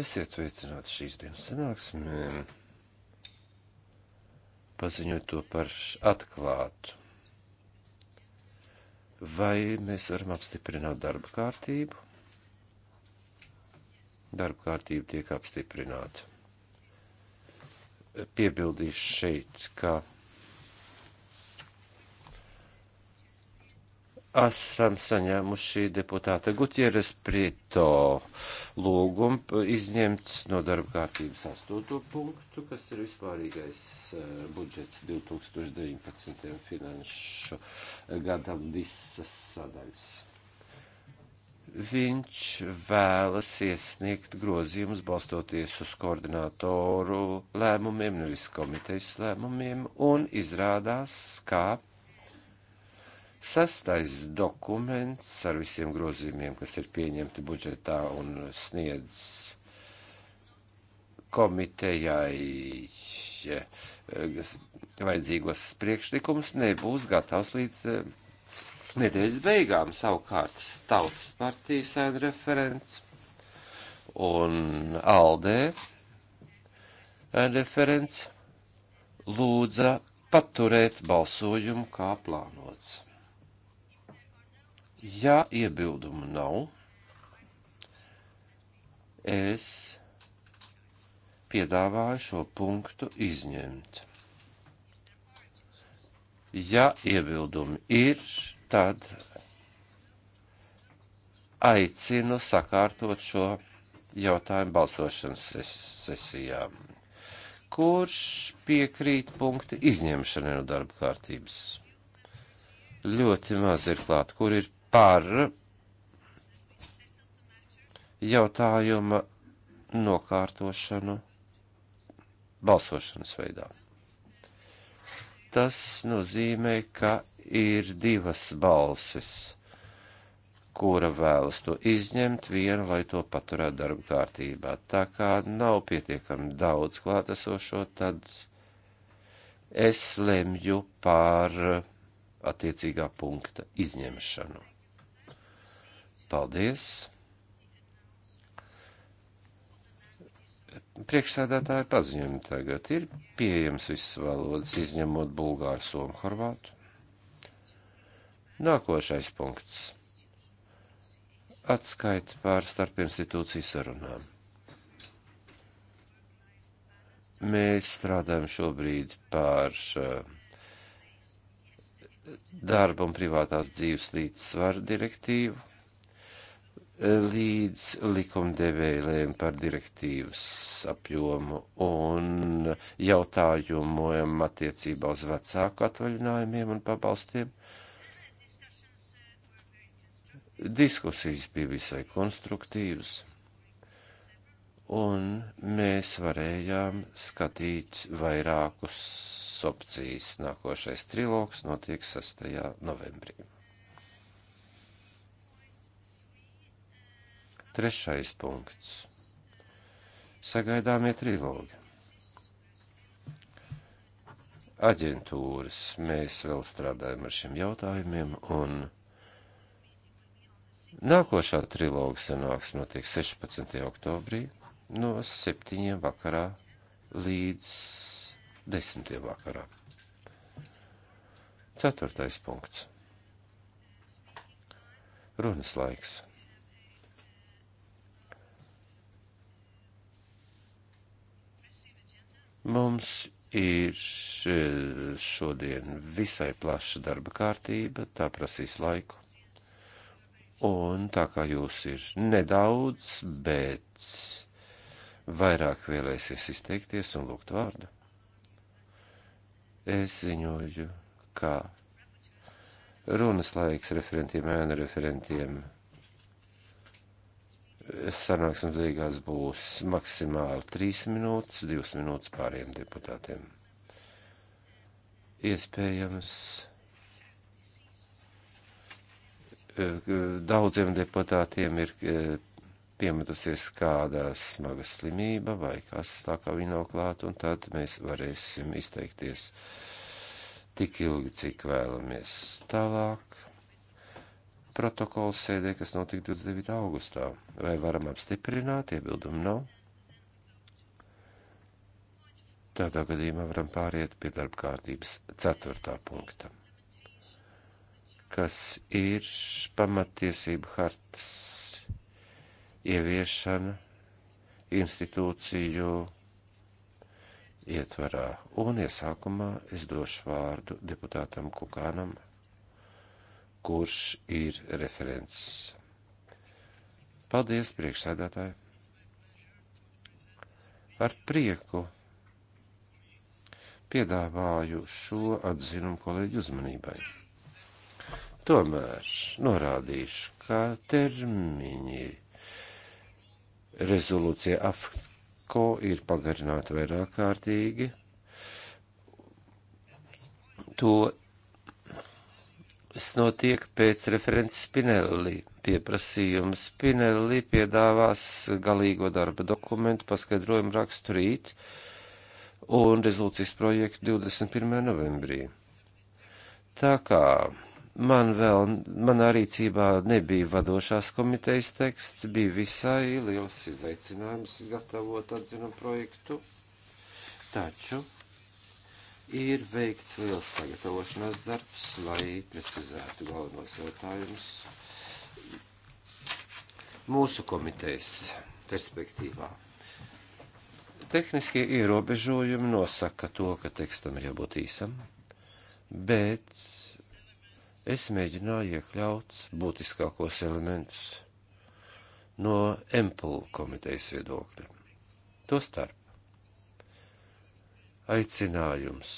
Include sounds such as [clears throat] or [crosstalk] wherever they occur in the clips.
Esiet sveicināti šīs dienas sanāksmē. Paziņot to par atklātu. Vai mēs varam apstiprināt darba kārtību? Darba kārtība tiek apstiprināta. Piebildīšu šeit, ka esam saņēmuši deputāta Gutieres Prieto lūgumu izņemt no darba kārtības 8. punktu, kas ir vispārīgais eh, budžets 2019. finanšu eh, gadam visas sadaļas. Viņš vēlas iesniegt grozījumus balstoties uz koordinātoru lēmumiem, nevis komitejas lēmumiem, un izrādās, ka Sastais dokuments ar visiem grozījumiem, kas ir pieņemti budžetā un sniedz komitejai eh, vajadzīgos priekšlikumus, nebūs gatavs līdz eh, nedēļas beigām. Savukārt Tautas partijas sēna referents un Aldē referents lūdza paturēt balsojumu kā plānots. Ja iebildumu nav, es piedāvāju šo punktu izņemt. Ja iebildumi ir, tad aicinu sakārtot šo jautājumu balsošanas sesijā. Kurš piekrīt punktu izņemšanai no darba kārtības? Ļoti maz ir klāt, kur ir par jautājuma nokārtošanu balsošanas veidā. Tas nozīmē, ka ir divas balses, kura vēlas to izņemt, viena, lai to paturētu darba kārtībā. Tā kā nav pietiekami daudz klātesošo, tad es lemju par attiecīgā punkta izņemšanu. Paldies! Priekšsēdētāja paziņojumi tagad ir pieejams visas valodas, izņemot bulgāru, somu, horvātu. Nākošais punkts. Atskaita pār starp institūciju sarunām. Mēs strādājam šobrīd pār eh, darba un privātās dzīves līdzsvaru direktīvu līdz likumdevēja lēma par direktīvas apjomu un jautājumiem attiecībā uz vecāku atvaļinājumiem un pabalstiem. Diskusijas bija visai konstruktīvas, un mēs varējām skatīt vairākus opcijas. Nākošais trilogs notiek 6. novembrī. Trešais punkts. Sagaidāmie trilogi. Aģentūras. Mēs vēl strādājam ar šiem jautājumiem un. Nākošā trilogu sanāks notiek 16. oktobrī no 7. vakarā līdz 10. vakarā. Ceturtais punkts. Runas laiks. Mums ir eh, šodien visai plaša darba kārtība, tā prasīs laiku. Un tā kā jūs ir nedaudz, bet vairāk vēlēsies izteikties un lūgt vārdu, es ziņoju, kā runas laiks referentiem, ēnu referentiem sanāksmes beigās būs maksimāli 3 minūtes, 2 minūtes pāriem deputātiem. Iespējams, e, daudziem deputātiem ir e, piemetusies kādā smaga slimība vai kas tā kā viņa nav klāta, un tad mēs varēsim izteikties tik ilgi, cik vēlamies. Tālāk protokolu sēdē, kas notika 29. augustā. Vai varam apstiprināt? Iebildumu nav. Tādā gadījumā varam pāriet pie darba kārtības ceturtā punkta, kas ir pamatiesību hartas ieviešana institūciju ietvarā. Un iesākumā es došu vārdu deputātam Kukānam kurš ir referents. Paldies, priekšsēdētāji! Ar prieku piedāvāju šo atzinumu kolēģi uzmanībai. Tomēr norādīšu, ka termiņi rezolūcija AFCO ir pagarināta vairāk kārtīgi. To Tas notiek pēc referents Spinelli. Pieprasījums Spinelli piedāvās galīgo darba dokumentu paskaidrojumu raksturīt un rezolūcijas projektu 21. novembrī. Tā kā man vēl, manā rīcībā nebija vadošās komitejas teksts, bija visai liels izaicinājums gatavot atzinu projektu, taču ir veikts liels sagatavošanās darbs, lai precizētu galvenos jautājumus mūsu komitejas perspektīvā. Tehniskie ierobežojumi nosaka to, ka tekstam ir jābūt īsam, bet es mēģināju iekļaut būtiskākos elementus no Empel komitejas viedokļa. Tostarp aicinājums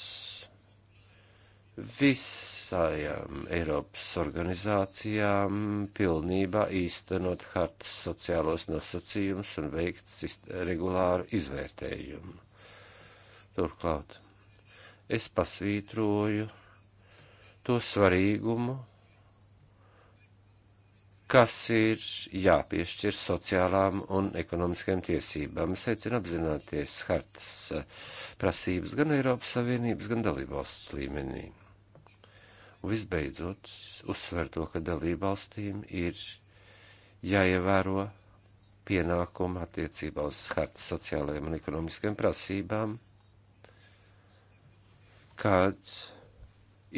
visām Eiropas organizācijām pilnībā īstenot hartas sociālos nosacījumus un veikt regulāru izvērtējumu. Turklāt es pasvītroju to svarīgumu, kas ir jāpiešķir sociālām un ekonomiskajām tiesībām. Es aicinu apzināties hartas eh, prasības gan Eiropas Savienības, gan dalībvalsts līmenī. Un visbeidzot, uzsver to, ka dalībvalstīm ir jāievēro pienākuma attiecībā uz hartas sociālajiem un ekonomiskajiem prasībām, kad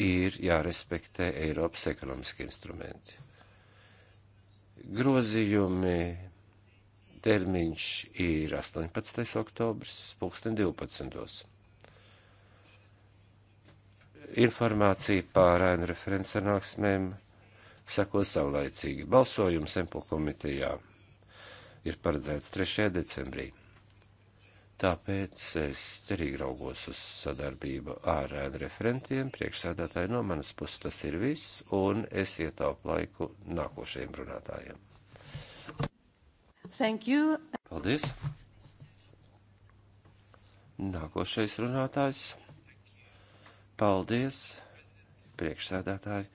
ir jārespektē Eiropas ekonomiski instrumenti. Grozījumi termiņš ir 18. oktobris, 2012. Informācija par ēnu referents sanāksmēm sako saulaicīgi. Balsojums Empul komitejā ir paredzēts 3. decembrī. Tāpēc es cerīgi raugos uz sadarbību ar referentiem, priekšsēdētāji no manas puses tas ir viss, un es ietaupu laiku nākošajiem runātājiem. Thank you. Paldies. Nākošais runātājs. Paldies, priekšsēdētāji.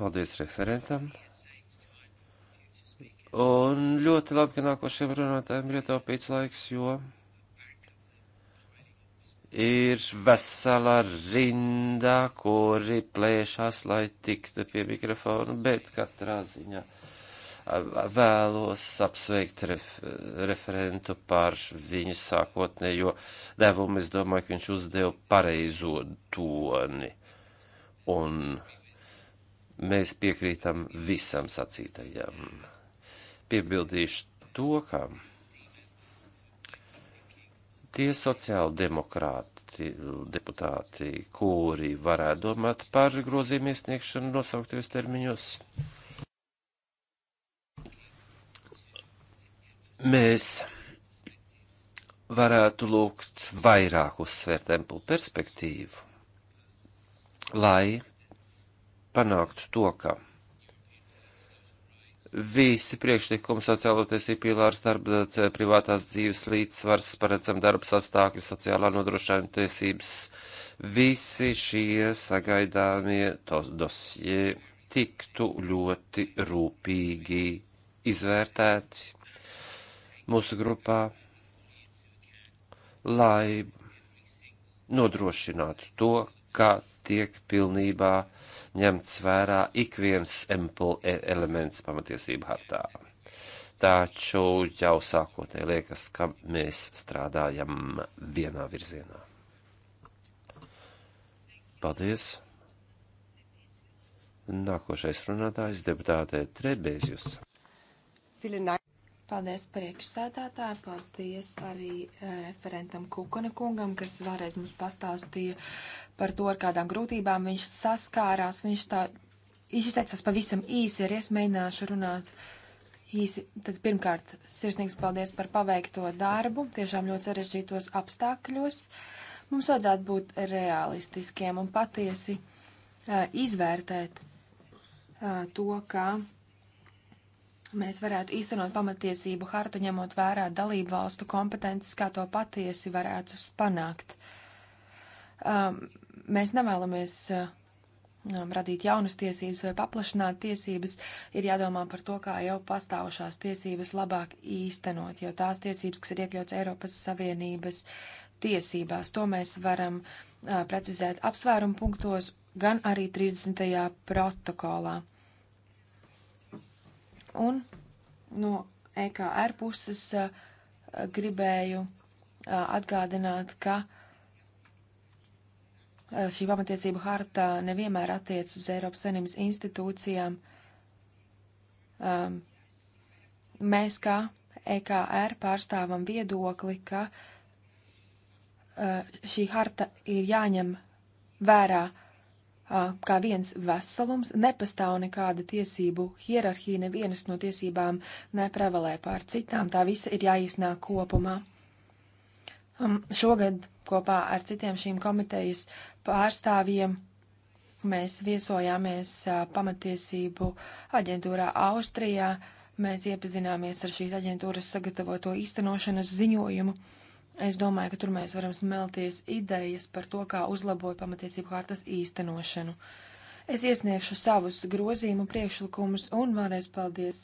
Paldies referentam. Un ļoti labi, ka nākošiem runātājiem ir ietaupīts laiks, jo ir vesela rinda, kuri plēšās, lai tiktu pie mikrofona, bet katrā ziņā vēlos apsveikt ref, referentu par viņa sākotnējo devumu. Es domāju, ka viņš uzdeva pareizo toni. Un mēs piekrītam visam sacītajam piebildīšu to, ka tie sociāli demokrāti deputāti, kuri varētu domāt par grozījumu iesniegšanu nosauktajos termiņos, mēs varētu lūgt vairāk uzsvērt templu perspektīvu, lai panāktu to, ka visi priekšlikumi sociālo tiesību pīlārs, darba eh, privātās dzīves līdzsvars, paredzam darbas apstākļi, sociālā nodrošinājuma tiesības, visi šie sagaidāmie dosie tiktu ļoti rūpīgi izvērtēti mūsu grupā, lai nodrošinātu to, ka tiek pilnībā uh, ņemts vērā ik viens MPL e elements pamatiesību hartā. Taču jau sākotnēji liekas, ka mēs strādājam vienā virzienā. Paldies! Nākošais runātājs deputātē Trebēzjus. Paldies priekšsēdētāji, paldies arī eh, referentam Kukona kungam, kas vēlreiz mums pastāstīja par to, ar kādām grūtībām viņš saskārās. Viņš tā izteicās pavisam īsi, arī es mēģināšu runāt īsi. Tad pirmkārt, sirsnīgs paldies par paveikto darbu, tiešām ļoti sarežģītos apstākļos. Mums vajadzētu būt realistiskiem un patiesi uh, izvērtēt uh, to, kā. Ka mēs varētu īstenot pamatiesību hartu, ņemot vērā dalību valstu kompetences, kā to patiesi varētu panākt. Um, mēs nevēlamies uh, um, radīt jaunas tiesības vai paplašināt tiesības, ir jādomā par to, kā jau pastāvošās tiesības labāk īstenot, jo tās tiesības, kas ir iekļauts Eiropas Savienības tiesībās, to mēs varam uh, precizēt apsvērumu punktos, gan arī 30. protokolā. Un no EKR puses eh, gribēju eh, atgādināt, ka eh, šī pamatiesība harta nevienmēr attiec uz Eiropas Savienības institūcijām. Um, mēs kā EKR pārstāvam viedokli, ka uh, šī harta ir jāņem vērā uh, kā viens veselums, nepastāv nekāda tiesību hierarhija, nevienas no tiesībām neprevalē pār citām, tā visa ir jāiznāk kopumā. Um, šogad kopā ar citiem šīm komitejas pārstāvjiem mēs viesojāmies uh, pamatiesību aģentūrā Austrijā, mēs iepazināmies ar šīs aģentūras sagatavoto īstenošanas ziņojumu. Uh, Es domāju, ka tur mēs varam smelties idejas par to, kā uzlabot pamatiesību hārtas īstenošanu. Es iesniegšu savus grozījumu priekšlikumus un vēlreiz paldies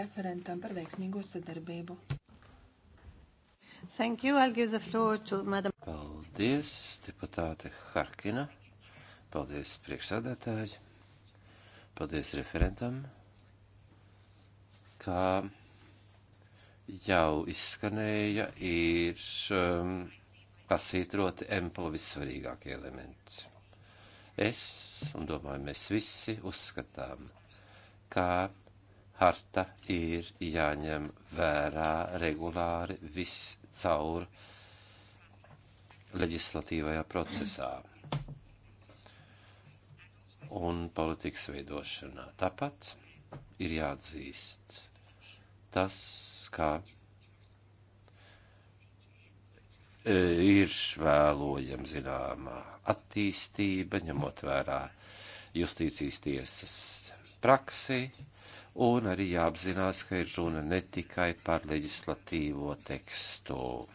referentam par veiksmīgo sadarbību. Thank you. I'll give the floor to Madam. Paldies, deputāte Harkina. Paldies, priekšsādātāji. Paldies referentam. Kā jau izskanēja, ir um, pasvītroti emplu vissvarīgākie elementi. Es, un domāju, mēs visi uzskatām, ka harta ir jāņem vērā regulāri viscaur leģislatīvajā procesā un politikas veidošanā. Tāpat ir jāatzīst tas, kā e, ir vēlojama zināmā attīstība, ņemot vērā justīcijas tiesas praksi, un arī jāapzinās, ka ir runa ne tikai par leģislatīvo tekstu e,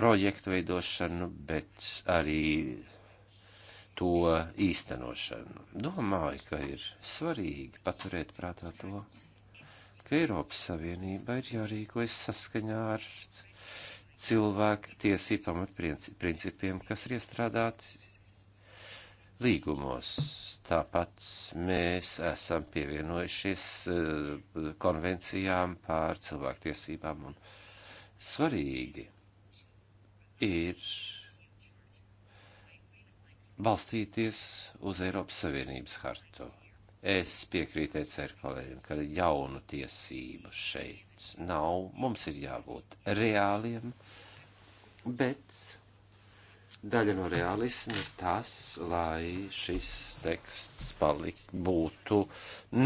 projektu veidošanu, bet arī to īstenošanu. Domāju, ka ir svarīgi paturēt prātā to, ka Eiropas Savienība ir jārīkojas saskaņā ar cilvēku tiesību pamatprincipiem, kas ir iestrādāti līgumos. Tāpat mēs esam pievienojušies eh, konvencijām pār cilvēktiesībām un svarīgi ir balstīties uz Eiropas Savienības hartu. Es piekrītu ECR kolēģiem, ka jaunu tiesību šeit nav. Mums ir jābūt reāliem, bet daļa no realisma ir tas, lai šis teksts palik, būtu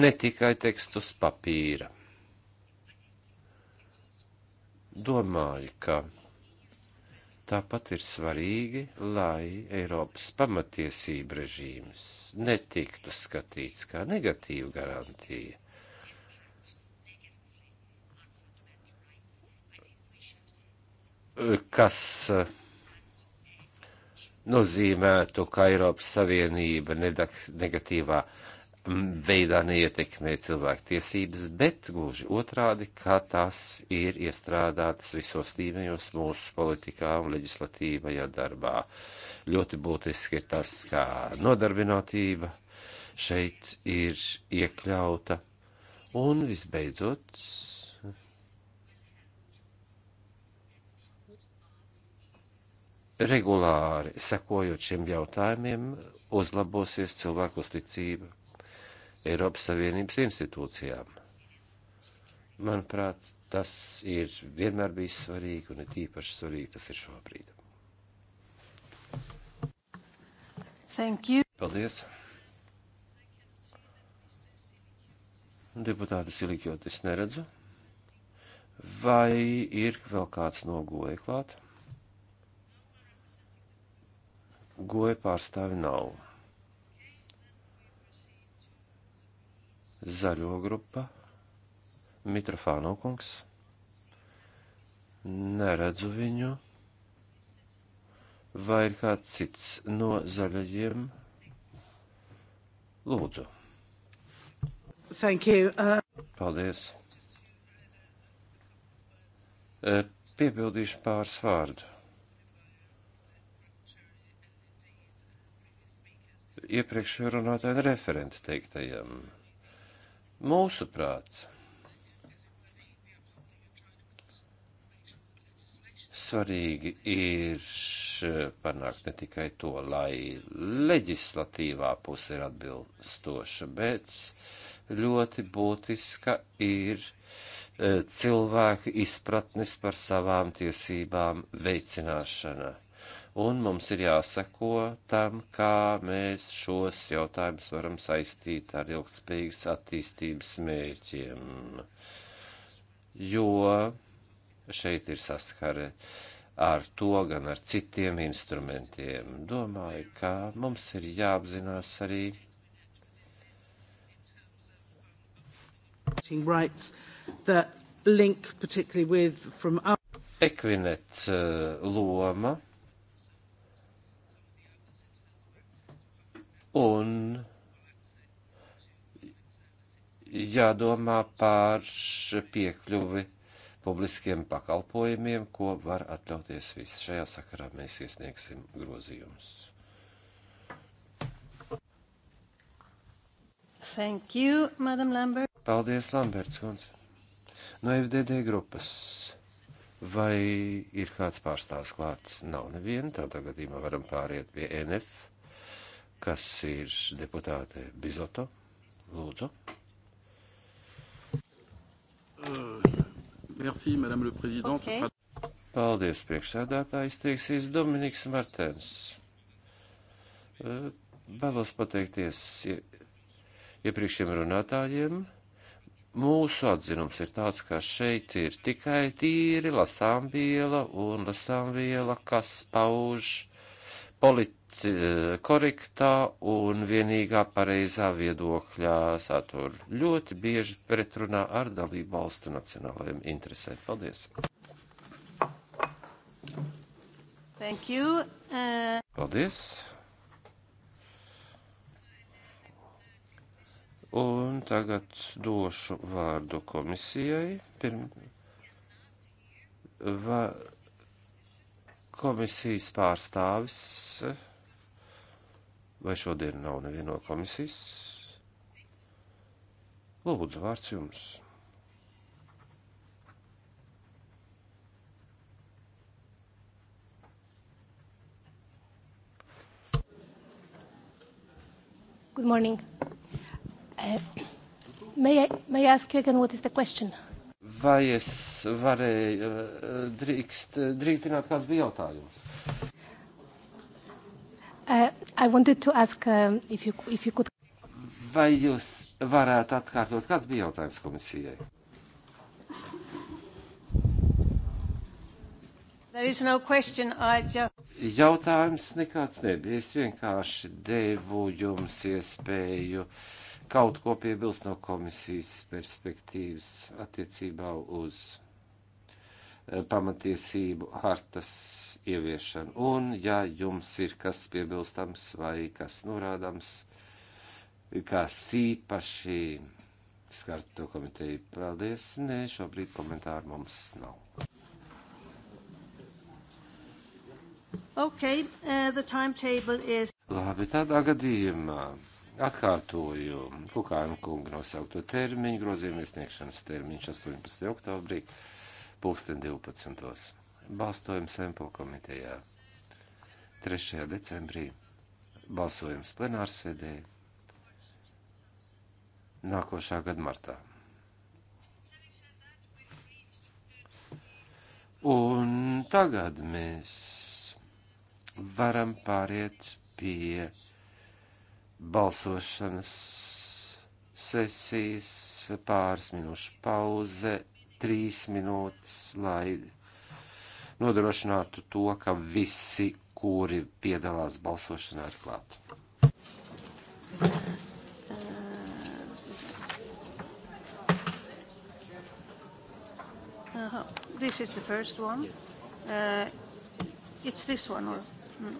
ne tikai teksts uz papīra. Domāju, ka Tāpat ir svarīgi, lai Eiropas pamatiesība režīms netiktu skatīts kā negatīva garantija. Kas eh, nozīmētu, ka Eiropas Savienība negatīvā uh, Mm, veidā neietekmē cilvēktiesības, bet gluži otrādi, kā tas ir iestrādātas visos līmeņos mūsu politikā un leģislatīvajā darbā. Ļoti būtiski ir tas, kā nodarbinātība šeit ir iekļauta. Un visbeidzot, regulāri sekojot šiem jautājumiem, uzlabosies cilvēku uzticība Eiropas Savienības institūcijām. Manuprāt, tas ir vienmēr bijis svarīgi un ir tīpaši svarīgi tas ir šobrīd. Thank you. Paldies. Deputāti Silikjot, es neredzu. Vai ir vēl kāds no goja klāt? Goja pārstāvi nav. Zaļo grupa. Mitrofāno kungs. Neredzu viņu. Vai ir kāds cits no zaļajiem? Lūdzu. Thank you. Uh... Paldies. E, piebildīšu pāris vārdu. Iepriekšējā runātāja referenta teiktajam. Mūsuprāt, svarīgi ir panākt ne tikai to, lai leģislatīvā puse ir atbilstoša, bet ļoti būtiska ir eh, cilvēku izpratnes par savām tiesībām veicināšana un mums ir jāseko tam, kā mēs šos jautājumus varam saistīt ar ilgspējīgas attīstības mērķiem, jo šeit ir saskare ar to, gan ar citiem instrumentiem. Domāju, ka mums ir jāapzinās arī. Rights that link particularly with from Ekvinet eh, loma un jādomā par piekļuvi publiskiem pakalpojumiem, ko var atļauties viss. Šajā sakarā mēs iesniegsim grozījumus. Thank you, Madam Lambert. Paldies, Lamberts kundze. No FDD grupas. Vai ir kāds pārstāvs klāts? Nav neviena, tādā gadījumā varam pāriet pie NF kas ir deputāte Bizoto. Lūdzu. Euh, merci, Madame le Président. Okay. Sera... Paldies, priekšsēdētājs. Teiksies Dominiks Martens. Euh, Vēlos pateikties iepriekšiem runātājiem. Mūsu atzinums ir tāds, ka šeit ir tikai tīri lasāmviela un lasāmviela, kas pauž polit Eh, korektā un vienīgā pareizā viedokļā satur ļoti bieži pretrunā ar dalību valstu nacionālajiem interesēm. Paldies! Thank you. Uh... Paldies! Un tagad došu vārdu komisijai. Pirm... Va... Komisijas pārstāvis. Uh, Vai šodien nav nevieno komisijas? Lūdzu, vārds jums. Good morning. Uh, may I, may I ask you again what is the question? Vai es varēju uh, drīkst, uh, drīkst zināt, kāds bija jautājums? Uh, I wanted to ask um, if, you, if you could. Vai jūs varētu atkārtot, kāds bija jautājums komisijai? No question, just... Jautājums nekāds nebija. Es vienkārši devu jums iespēju kaut ko piebilst no komisijas perspektīvas attiecībā uz. Eh, pamatiesību hartas ieviešanu. Un, ja jums ir kas piebilstams vai kas norādams, kas īpaši skar to komiteju, paldies, nē, šobrīd komentāru mums nav. Okay, uh, the timetable is. Labi, tādā gadījumā atkārtoju Kukānu kungu nosaukto termiņu, grozījumu iesniegšanas termiņš 18. oktobrī. Uh, pulksten 12. Balstojums Empel komitejā 3. decembrī, balsojums plenārsēdē nākošā gada martā. Un tagad mēs varam pāriet pie balsošanas sesijas, pāris minūšu pauze trīs minūtes, lai nodrošinātu to, ka visi, kuri piedalās balsošanā, ir klāt. Uh, this is the first one. Uh, it's this one. Or, mm.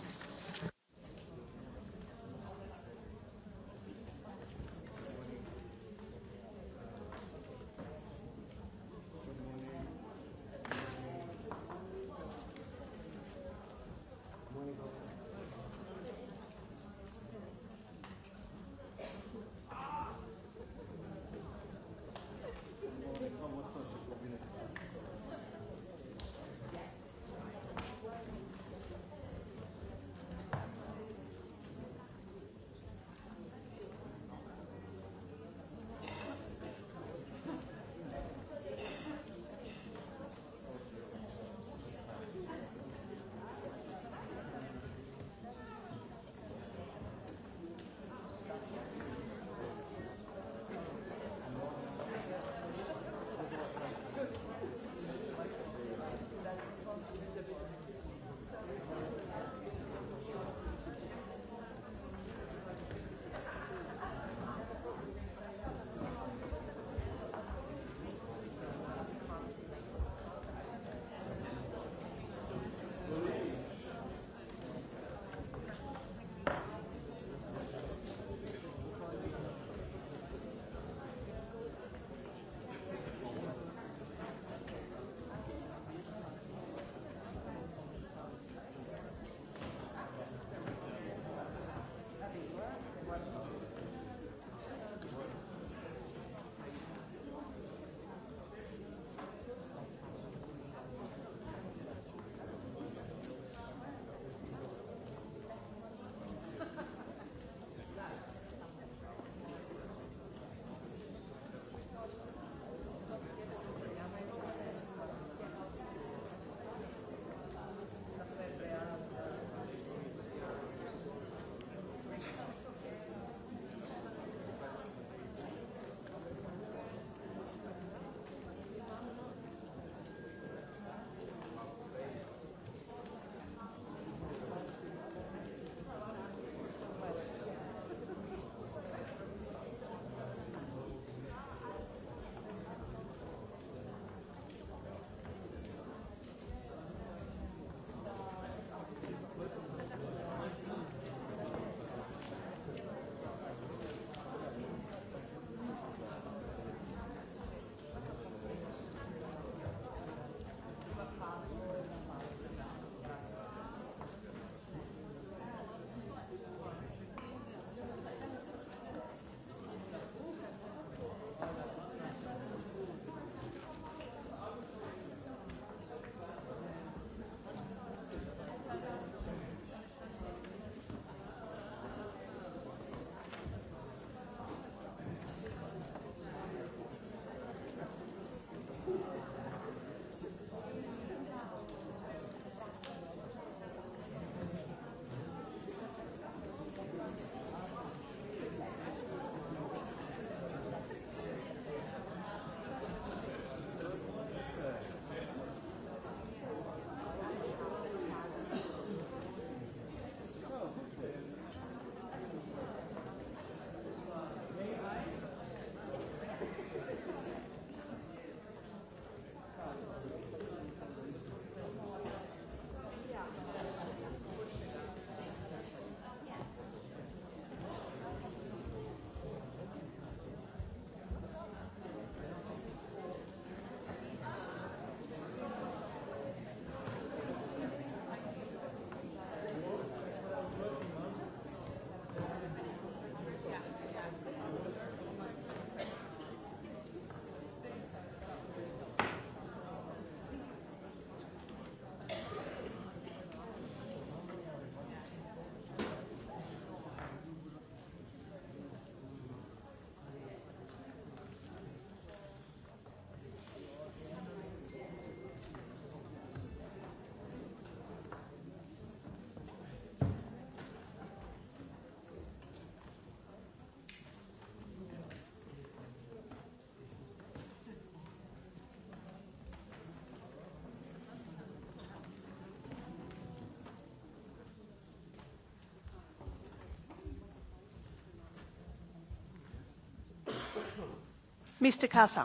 Mr. Kasa.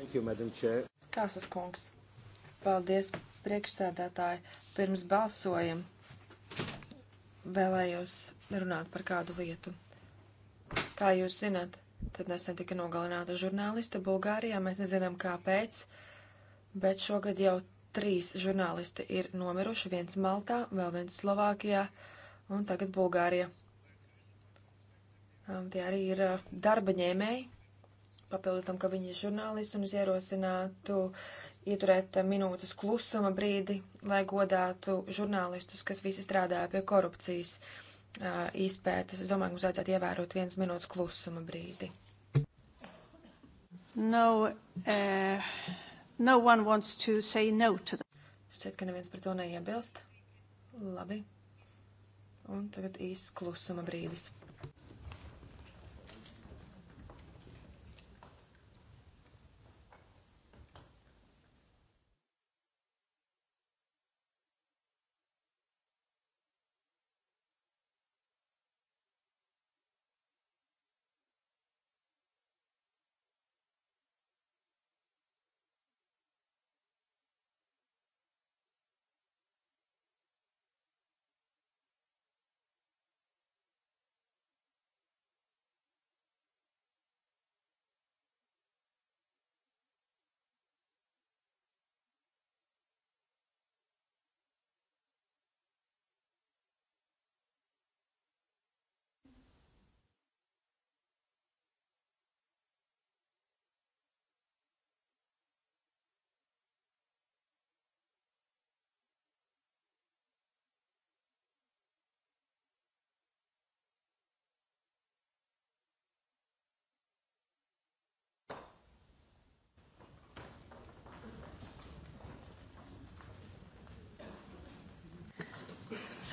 Thank you, Madam Chair. Kāsas kungs. Paldies, priekšsēdētāji. Pirms balsojam, vēlējos runāt par kādu lietu. Kā jūs zināt, tad nesen tika nogalināta žurnāliste Bulgārijā. Mēs nezinām, kāpēc, bet šogad jau trīs žurnālisti ir nomiruši. Viens Maltā, vēl viens Slovākijā un tagad Bulgārija. Tie arī ir darba ņēmēji, papildu tam, ka viņi ir žurnālisti un es ierosinātu ieturēt eh, minūtes klusuma brīdi, lai godātu žurnālistus, kas visi strādāja pie korupcijas uh, izpētes. Es domāju, ka mums vajadzētu ievērot viens minūtes klusuma brīdi. No, uh, no one wants to say no to that. Šķiet, ka neviens par to neiebilst. Labi. Un tagad īsts klusuma brīdis.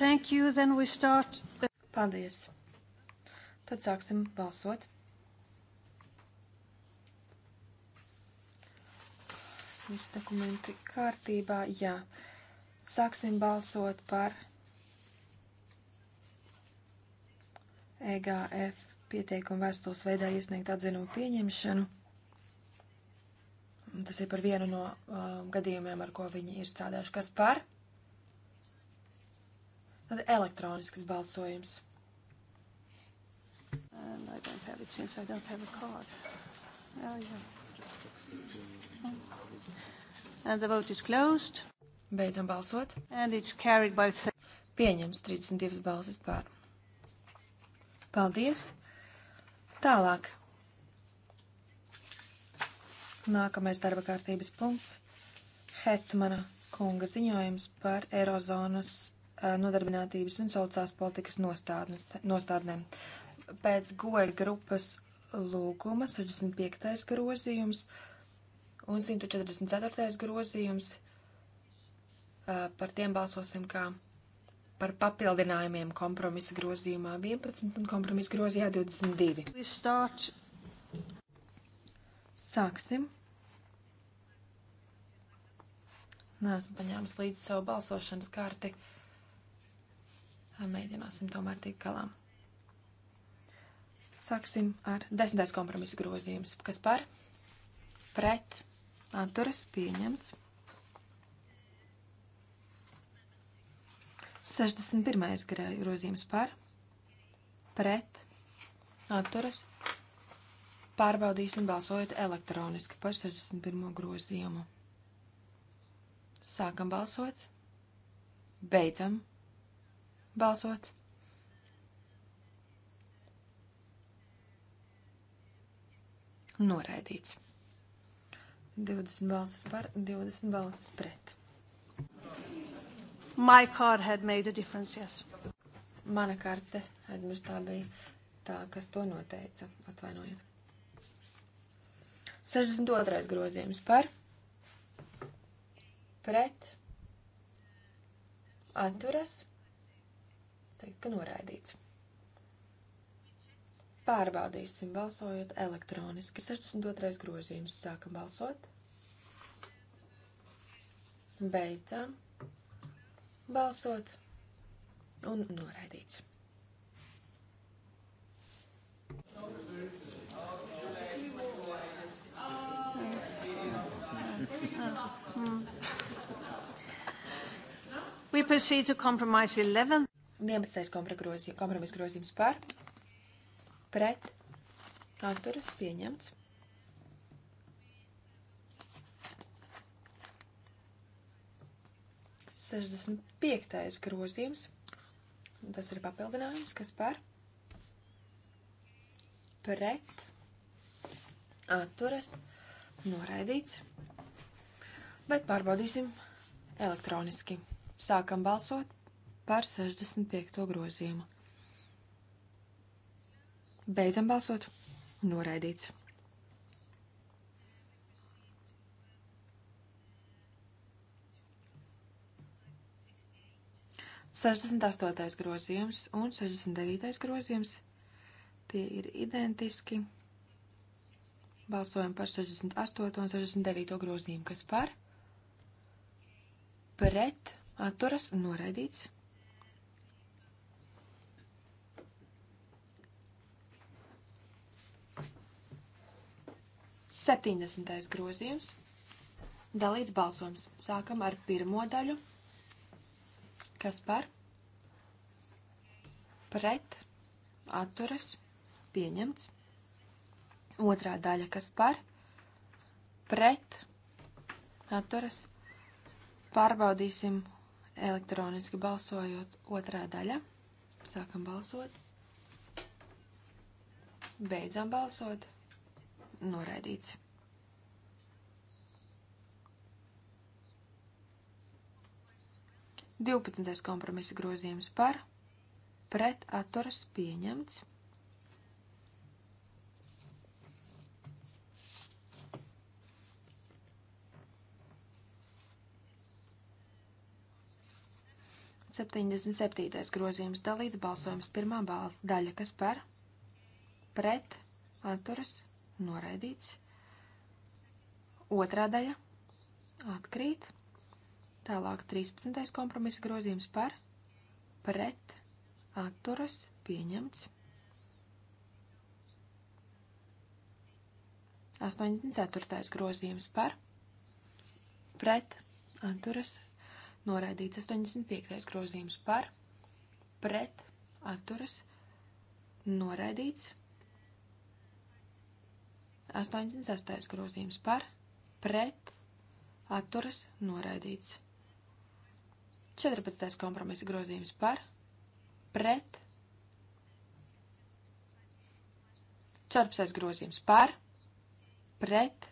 Thank you, then we start. Paldies. Tad sāksim balsot. Visi dokumenti kārtībā, jā. Sāksim balsot par EGF pieteikumu vēstules veidā iesniegt atzinumu pieņemšanu. Tas ir par vienu no uh, gadījumiem, ar ko viņi ir strādājuši. Kas par? Tad elektronisks balsojums. And I don't have it since I don't have a card. Oh, yeah. And the vote is closed. Beidzam balsot. And it's carried by... Pieņems 32 balsis pār. Paldies. Tālāk. Nākamais darba kārtības punkts. Hetmana kunga ziņojums par Eirozonas nodarbinātības un sociālās politikas nostādnēm. Pēc goja grupas lūguma 65. grozījums un 144. grozījums par tiem balsosim kā par papildinājumiem kompromisa grozījumā 11 un kompromisa grozījā 22. Sāksim. Nē, esmu paņēmis līdzi savu balsošanas karti. Uh, mēģināsim tomēr tikt galā. Sāksim ar desmitais kompromisa grozījums, kas par pret atturas pieņemts. 61. grozījums par pret atturas pārbaudīsim balsojot elektroniski par 61. grozījumu. Sākam balsot, beidzam balsot balsot. Noraidīts. 20 balsis par, 20 balsis pret. My card had made a difference, yes. Mana karte aizmirstā bija tā, kas to noteica. Atvainojiet. 62. grozījums par, pret, atturas, teikt, ka noraidīts. Pārbaudīsim, balsojot elektroniski. 62. grozījums. Sākam balsot. Beidzam. Balsot. Un noraidīts. We proceed to compromise 11. 11. kompromis grozījums par, pret, atturas pieņemts. Sešdesmit piektais grozījums, tas ir papildinājums, kas par, pret, atturas, noraidīts, bet pārbaudīsim elektroniski. Sākam balsot par 65. grozījumu. Beidzam balsot. Noraidīts. Sešdesmit astotais grozījums un sešdesmit devītais grozījums. Tie ir identiski. Balsojam par 68 un 69 grozījumu, kas par, pret, atturas, noraidīts. 70. grozījums. Dalīts balsojums. Sākam ar pirmo daļu. Kas par? Pret. Atturas. Pieņemts. Otrā daļa. Kas par? Pret. Atturas. Pārbaudīsim elektroniski balsojot otrā daļa. Sākam balsot. Beidzam balsot noraidīts. Divpadsmitais kompromisa grozījums par, pret atturas pieņemts. Septiņdesmit septītais grozījums dalīts balsojums pirmā balss daļa, kas par, pret atturas pieņemts noraidīts. Otrā daļa atkrīt. Tālāk 13. kompromisa grozījums par, pret, atturas, pieņemts. 84. grozījums par, pret, atturas, noraidīts. 85. grozījums par, pret, atturas, noraidīts. 86. grozījums par, pret, atturas, noraidīts. 14. kompromisa grozījums par, pret, 14. grozījums par, pret,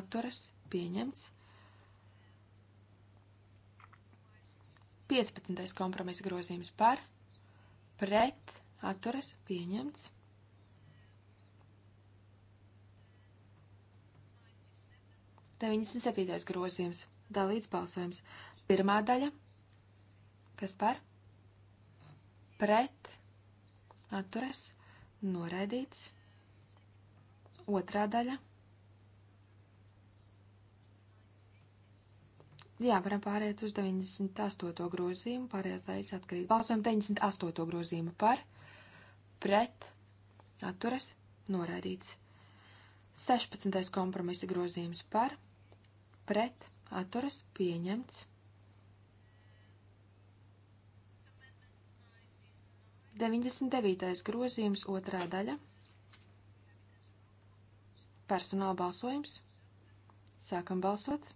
atturas, pieņemts. 15. kompromisa grozījums par, pret, atturas, pieņemts. 97. grozījums. Dalīts balsojums. Pirmā daļa. Kas par? Pret. Atturas. Noraidīts. Otrā daļa. Jā, varam pāriet uz 98. grozījumu, pārējās daļas atkarīgi. Balsojam 98. grozījumu par, pret, atturas, noraidīts. 16. kompromisa grozījums par, pret pret atturas pieņemts. 99. grozījums otrā daļa. Personāla balsojums. Sākam balsot.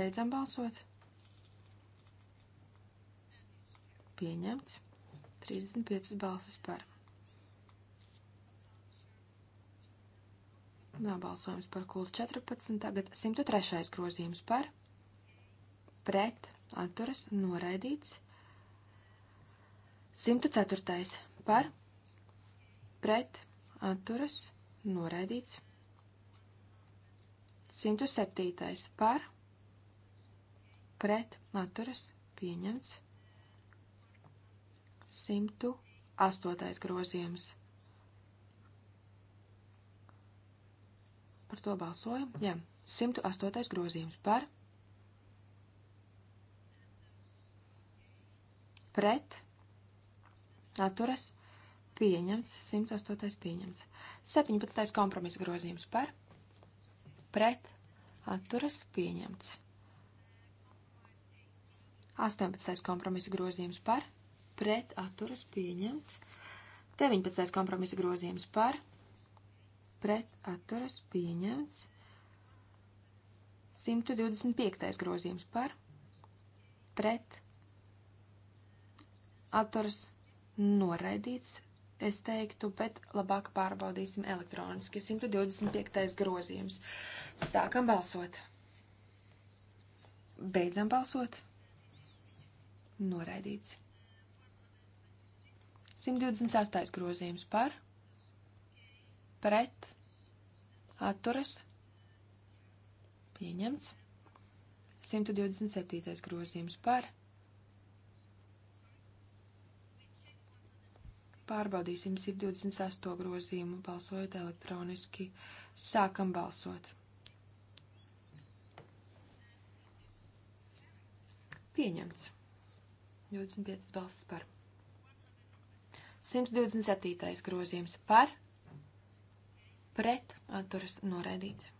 Beidzam balsot. Pieņemts. 35 balsis par. Nav balsojums par kultu 14. Tagad 103. grozījums par pret atturas noraidīts. 104. par pret atturas noraidīts. 107. par pret atturas pieņemts. 108. grozījums Par to balsojam. Jā, 108. grozījums par. Pret. Atturas. Pieņemts. 108. pieņemts. 17. kompromisa grozījums par. Pret. Atturas. Pieņemts. 18. kompromisa grozījums par. Pret. Atturas. Pieņemts. 19. kompromisa grozījums par. Pret pret atturas pieņemts. 125. grozījums par pret atturas noraidīts, es teiktu, bet labāk pārbaudīsim elektroniski. 125. grozījums. Sākam balsot. Beidzam balsot. Noraidīts. 128. grozījums par pret, atturas, pieņemts. 127. grozījums par. Pārbaudīsim 128. grozījumu, balsojot elektroniski. Sākam balsot. Pieņemts. 25 balsis par. 127. grozījums par pret atturas noraidīts.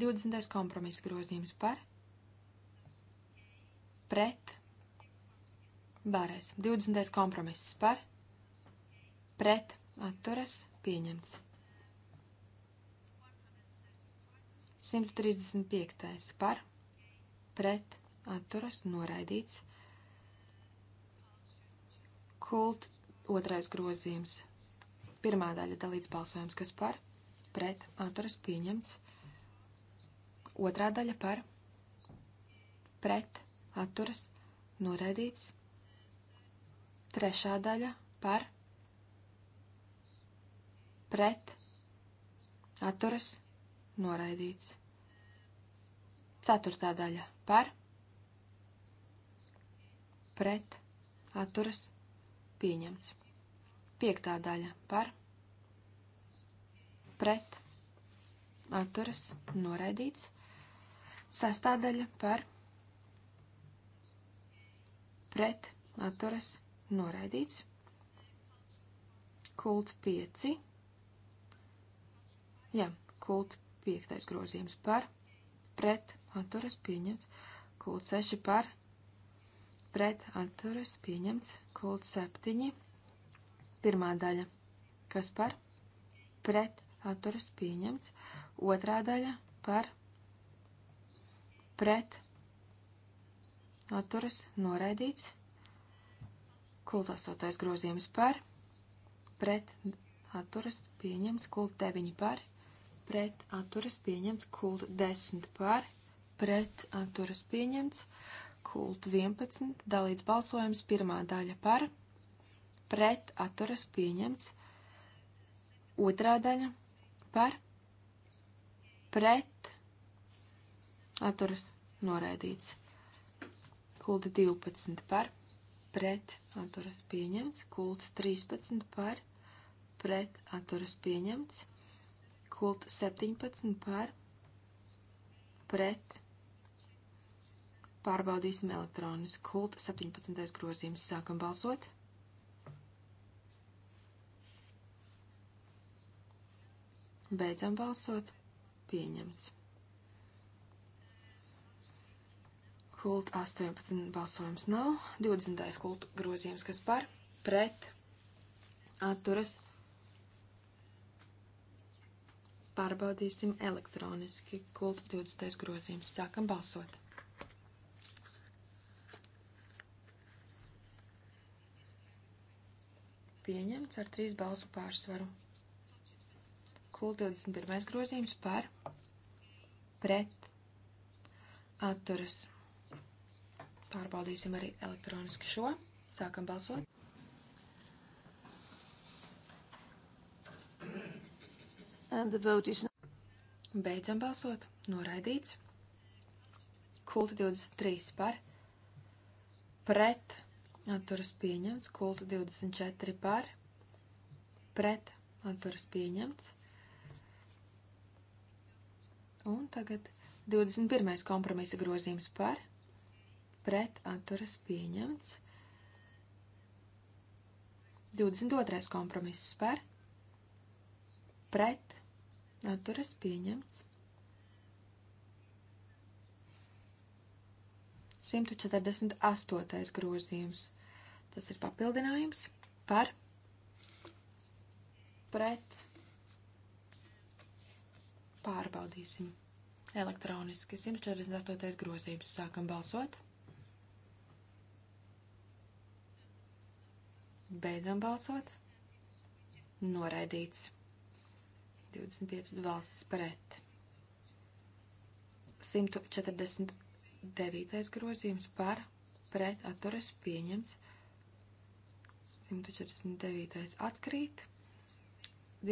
20. kompromisa grozījums par pret bārēs. 20. kompromiss par pret atturas pieņemts. 135. par pret atturas noraidīts. Kult otrais grozījums. Pirmā daļa dalīts balsojums, kas par pret pret atturas pieņemts. Otrā daļa par pret atturas noraidīts. Trešā daļa par pret atturas noraidīts. Ceturtā daļa par pret atturas pieņemts. Piektā daļa par pret pret atturas noraidīts. Sastādaļa par pret atturas noraidīts. Kult 5. Jā, kult 5. grozījums par pret atturas pieņemts. Kult 6 par pret atturas pieņemts. Kult 7. Pirmā daļa. Kas par? Pret atturas pieņemts. Otrā daļa par pret atturas noraidīts. Kultasotais grozījums par pret atturas pieņemts. Kult 9 par pret atturas pieņemts. Kult 10 par pret atturas pieņemts. Kult 11 dalīts balsojums pirmā daļa par pret atturas pieņemts. Otrā daļa par pret atturas noraidīts. Kulta 12 par pret atturas pieņemts. Kulta 13 par pret atturas pieņemts. Kulta 17 par pret pārbaudīsim elektronisku. Kulta 17. grozījums sākam balsot. Beidzam balsot. Pieņemts. Kult 18 balsojums nav. 20. kultu grozījums, kas par pret atturas. Pārbaudīsim elektroniski. Kult 20. grozījums. Sākam balsot. Pieņemts ar trīs balsu pārsvaru. Kul 21. grozījums par pret atturas. Pārbaudīsim arī elektroniski šo. Sākam balsot. And the vote is... Beidzam balsot. Noraidīts. Kulta 23 par pret atturas pieņemts. Kulta 24 par pret atturas pieņemts. Un tagad 21. kompromisa grozījums par pret atturas pieņemts. 22. kompromiss par pret atturas pieņemts. 148. grozījums. Tas ir papildinājums par pret Pārbaudīsim. Elektroniski 148. grozības sākam balsot. Beidzam balsot. Noraidīts. 25 balsis pret. 149. grozījums par pret atturas pieņemts. 149. atkrīt.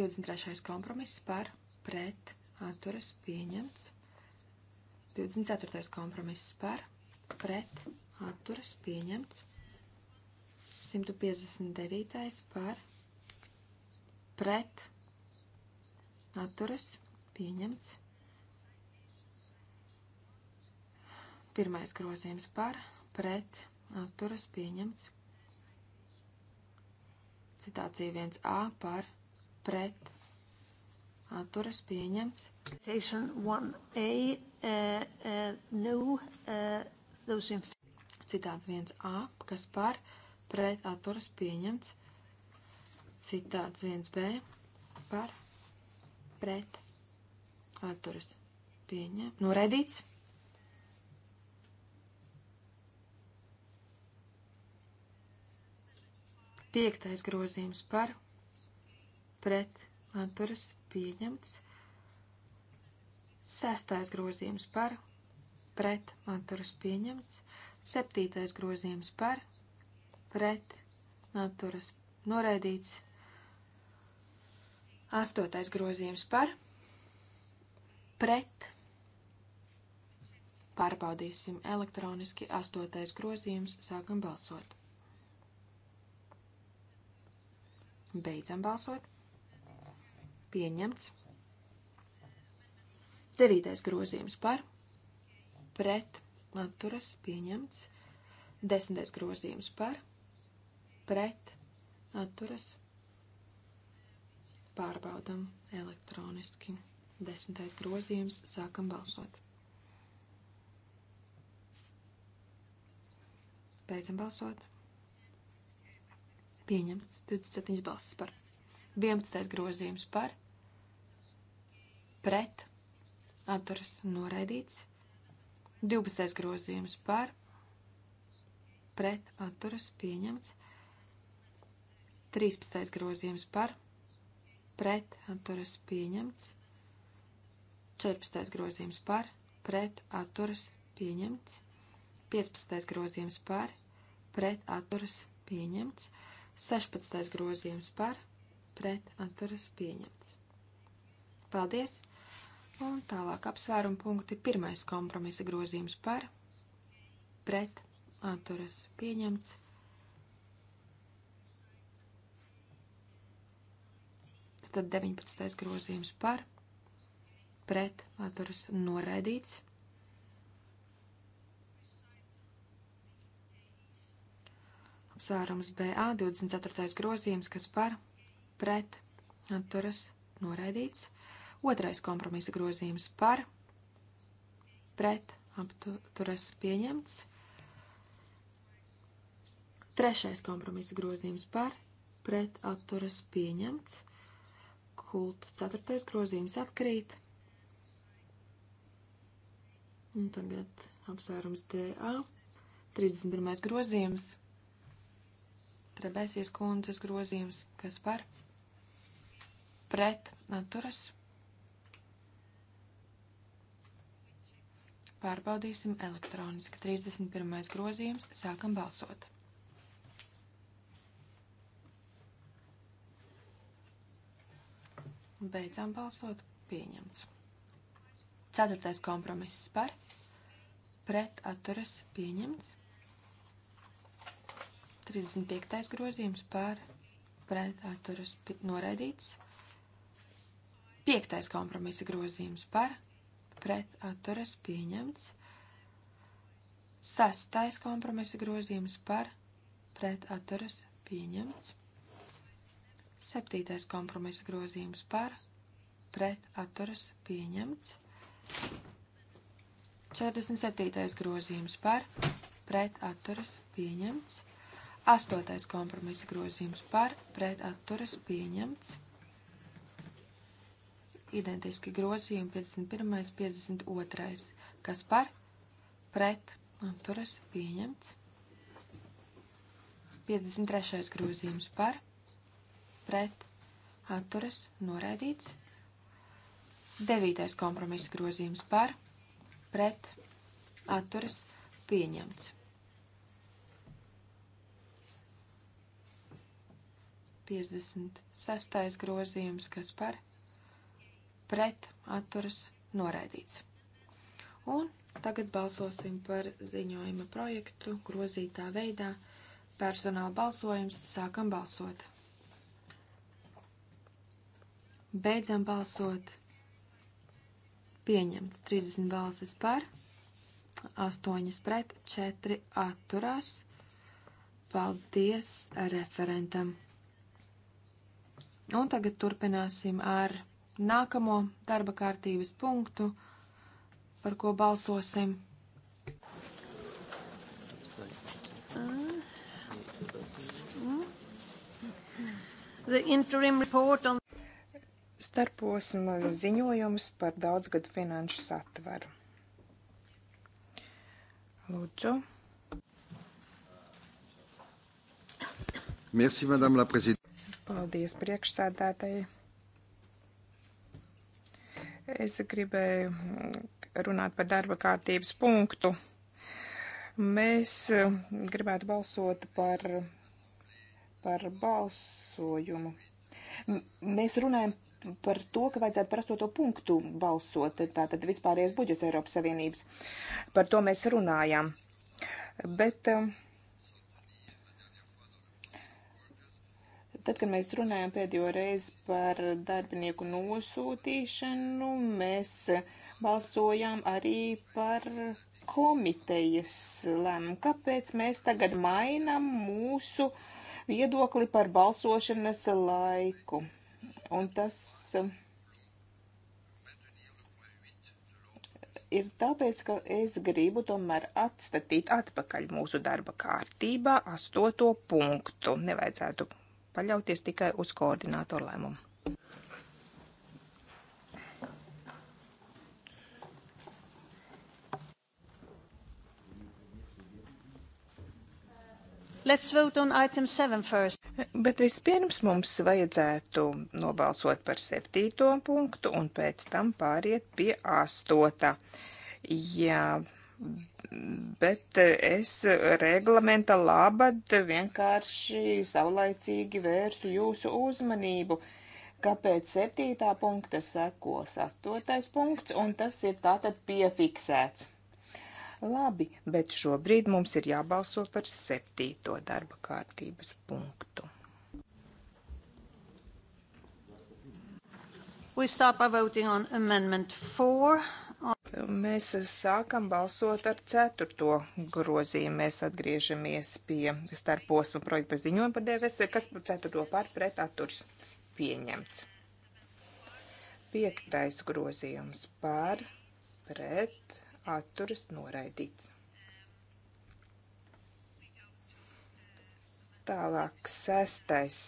23. kompromiss par pret atturas pieņemts. 24. kompromiss par, pret, atturas pieņemts. 159. par, pret, atturas pieņemts. Pirmais grozījums par, pret, atturas pieņemts. Citācija 1a par, pret, atturas pieņemts. Citation 1A, uh, uh, no, uh, those in... Citāts 1A, kas par pret atturas pieņemts. Citāts 1B, par pret atturas pieņemts. Noredīts. Piektais grozījums par pret atturas pieņemts pieņemts. Sestais grozījums par pret atturas pieņemts. Septītais grozījums par pret atturas noraidīts. Astotais grozījums par pret. Pārbaudīsim elektroniski astotais grozījums, sākam balsot. Beidzam balsot pieņemts. Devītais grozījums par, pret, atturas, pieņemts. Desmitais grozījums par, pret, atturas, pārbaudam elektroniski. Desmitais grozījums, sākam balsot. Beidzam balsot. Pieņemts 27 balsis par 11. grozījums par pret atturas noraidīts. 12. grozījums par pret atturas pieņemts. 13. grozījums par pret atturas pieņemts. 14. grozījums par pret atturas pieņemts. 15. grozījums par pret atturas pieņemts. 16. grozījums par pret atturas pieņemts. Paldies! Un tālāk apsvērumu punkti pirmais kompromisa grozījums par, pret, atturas pieņemts. Tad 19. grozījums par, pret, atturas noraidīts. Apsvērums BA 24. grozījums, kas par, pret pret atturas noraidīts. Otrais kompromisa grozījums par pret apturas pieņemts. Trešais kompromisa grozījums par pret atturas pieņemts. Kultu ceturtais grozījums atkrīt. Un tagad apsvērums DA. 31. grozījums. Trebēsies kundzes grozījums, kas par pret pret atturas. Pārbaudīsim elektroniski. 31. grozījums. Sākam balsot. Beidzām balsot. Pieņemts. Ceturtais kompromiss par. Pret atturas pieņemts. 35. grozījums par. Pret atturas noraidīts. Piektais kompromisa grozījums par pret atturas pieņemts. Sastais kompromisa grozījums par pret atturas pieņemts. Septītais kompromisa grozījums par pret atturas pieņemts. 47. grozījums par pret atturas pieņemts. 8. kompromisa grozījums par pret atturas pieņemts identiski grozījumi 51. 52. Kas par? Pret. Atturas pieņemts. 53. grozījums par? Pret. Atturas noraidīts. 9. kompromisa grozījums par? Pret. Atturas pieņemts. 56. grozījums, kas par? pret atturas noraidīts. Un tagad balsosim par ziņojuma projektu grozītā veidā. Personāla balsojums sākam balsot. Beidzam balsot. Pieņemts 30 balsis par, 8 pret, 4 atturās. Paldies referentam! Un tagad turpināsim ar nākamo darba kārtības punktu, par ko balsosim. On... Starposma ziņojums par daudzgadu finanšu satvaru. Lūdzu. Merci, Madame la Présidente. Paldies priekšsēdētāji. Es gribēju mm, runāt par darba kārtības punktu. Mēs mm, gribētu balsot par, par balsojumu. Mēs runājam par to, ka vajadzētu par astoto punktu balsot, tātad vispārējais budžets Eiropas Savienības. Par to mēs runājām. Bet uh, Tad, kad mēs runājam pēdējo reizi par darbinieku nosūtīšanu, mēs balsojām arī par komitejas lēmumu. Kāpēc mēs tagad mainām mūsu viedokli par balsošanas laiku? Un tas ir tāpēc, ka es gribu tomēr atstatīt atpakaļ mūsu darba kārtībā astoto punktu. Nevajadzētu paļauties tikai uz koordinātoru lēmumu. Let's vote on item 7 first. Bet vispirms mums vajadzētu nobalsot par septīto punktu un pēc tam pāriet pie astota. Ja bet eh, es reglamenta labad vienkārši saulaicīgi vērsu jūsu uzmanību, kāpēc septītā punkta sekos astotais punkts, un tas ir tātad piefiksēts. Labi, bet šobrīd mums ir jābalso par septīto darba kārtības punktu. We stop by voting on amendment 4. Mēs sākam balsot ar ceturto grozījumu. Mēs atgriežamies pie starposmu projekta par ziņojumu par DVS, kas par ceturto par pret atturs pieņemts. Piektais grozījums par pret atturs noraidīts. Tālāk sestais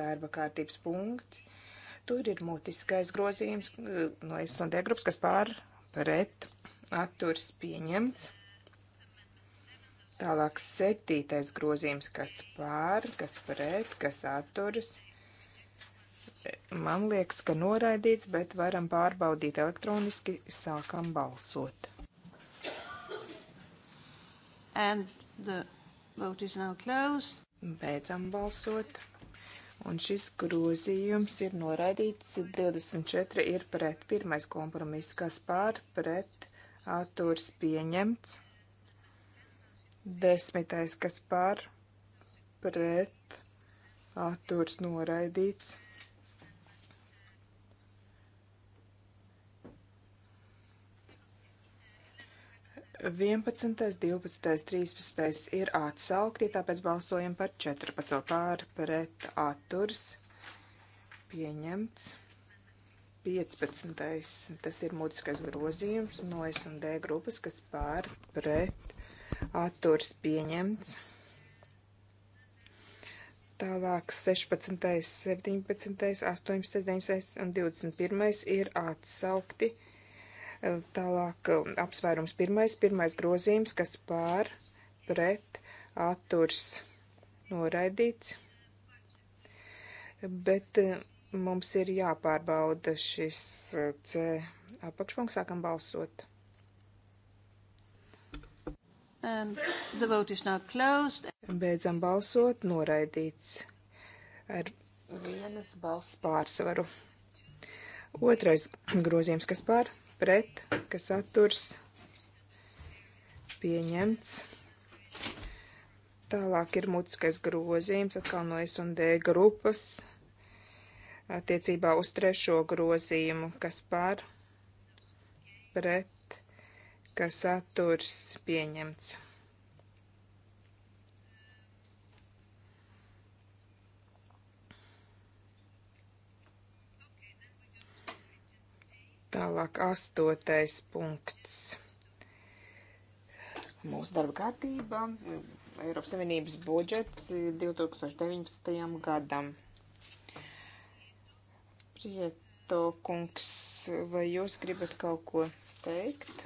darba kārtības punkts. Tur ir mutiskais grozījums eh, no S&D grupas, kas pār pret atturs pieņemts. Tālāk septītais grozījums, kas pār, kas pret, kas atturas. Man liekas, ka noraidīts, bet varam pārbaudīt elektroniski, sākam balsot. And the vote is now closed. Beidzam balsot. Un šis grozījums ir noraidīts, 24 ir pret. Pirmais kompromiss, kas pār pret atturs pieņemts. Desmitais, kas pār pret atturs noraidīts. 11, 12, 13 ir atsaukti, tāpēc balsojam par 14 pār pret atturs. Pieņemts. 15. Tas ir mūtiskais grozījums no S un D grupas, kas pār pret atturs pieņemts. Tālāk 16, 17, 18, 19 un 21 ir atsaukti. Ehm, tālāk ehm, apsvērums pirmais, pirmais grozījums, kas pār, pret, atturs noraidīts. Bet ehm, mums ir jāpārbauda šis C apakšpunkts, sākam balsot. Um, the vote is now closed. Beidzam balsot, noraidīts ar vienas balss pārsvaru. Otrais [clears throat] grozījums, kas pār pret, kas atturs pieņemts. Tālāk ir mutiskais grozījums, atkal no S&D grupas, attiecībā uz trešo grozījumu, kas par, pret, kas atturs pieņemts. Tālāk astotais punkts. Mūsu darba kārtība Eiropas Savienības budžets 2019. gadam. Prieto kungs, vai jūs gribat kaut ko teikt?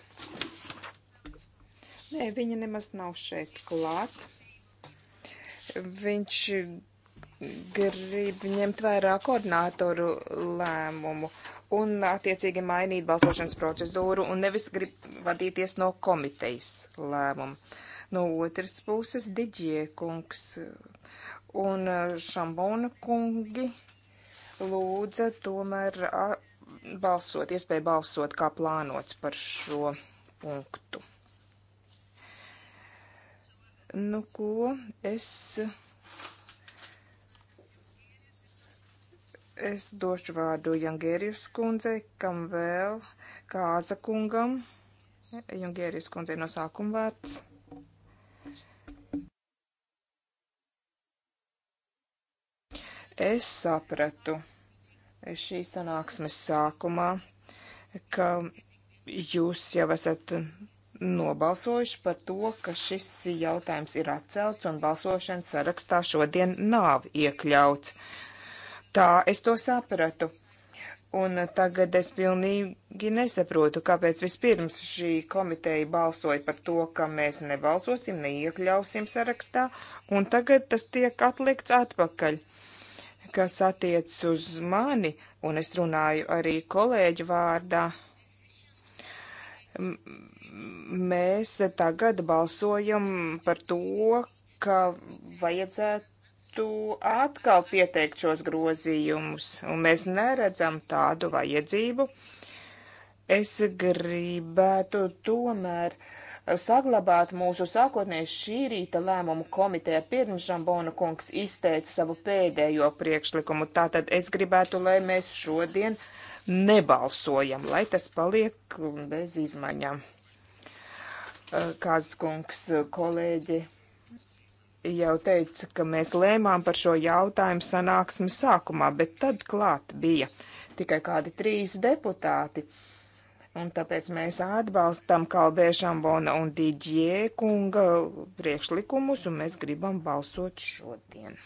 Nē, viņa nemaz nav šeit klāt. Viņš grib ņemt vērā koordinātoru lēmumu un attiecīgi mainīt balsošanas procedūru un nevis grib vadīties no komitejas lēmuma. No otras puses Diģie kungs un e, Šambona kungi lūdza tomēr balsot, iespēju balsot kā plānots par šo punktu. Nu ko, es Es došu vārdu Jangērijas kundzei, kam vēl Kāza kungam. Jangērijas kundzei no sākuma vārds. Es sapratu šīs sanāksmes sākumā, ka jūs jau esat nobalsojuši par to, ka šis jautājums ir atcelts un balsošanas sarakstā šodien nav iekļauts. Tā es to sapratu. Un tagad es pilnīgi nesaprotu, kāpēc vispirms šī komiteja balsoja par to, ka mēs nebalsosim, neiekļausim sarakstā, un tagad tas tiek atlikts atpakaļ. Kas attiec uz mani, un es runāju arī kolēģu vārdā, mēs tagad balsojam par to, ka vajadzētu varētu atkal pieteikt šos grozījumus, un mēs neredzam tādu vajadzību. Es gribētu tomēr saglabāt mūsu sākotnēju šī rīta lēmumu komitē pirms Žambona kungs izteica savu pēdējo priekšlikumu. Tātad es gribētu, lai mēs šodien nebalsojam, lai tas paliek bez izmaiņām. Kāds kungs, kolēģi? jau teica, ka mēs lēmām par šo jautājumu sanāksmes sākumā, bet tad klāt bija tikai kādi trīs deputāti. Un tāpēc mēs atbalstam Kalbēšambona un Didžie kunga priekšlikumus, un mēs gribam balsot šodien.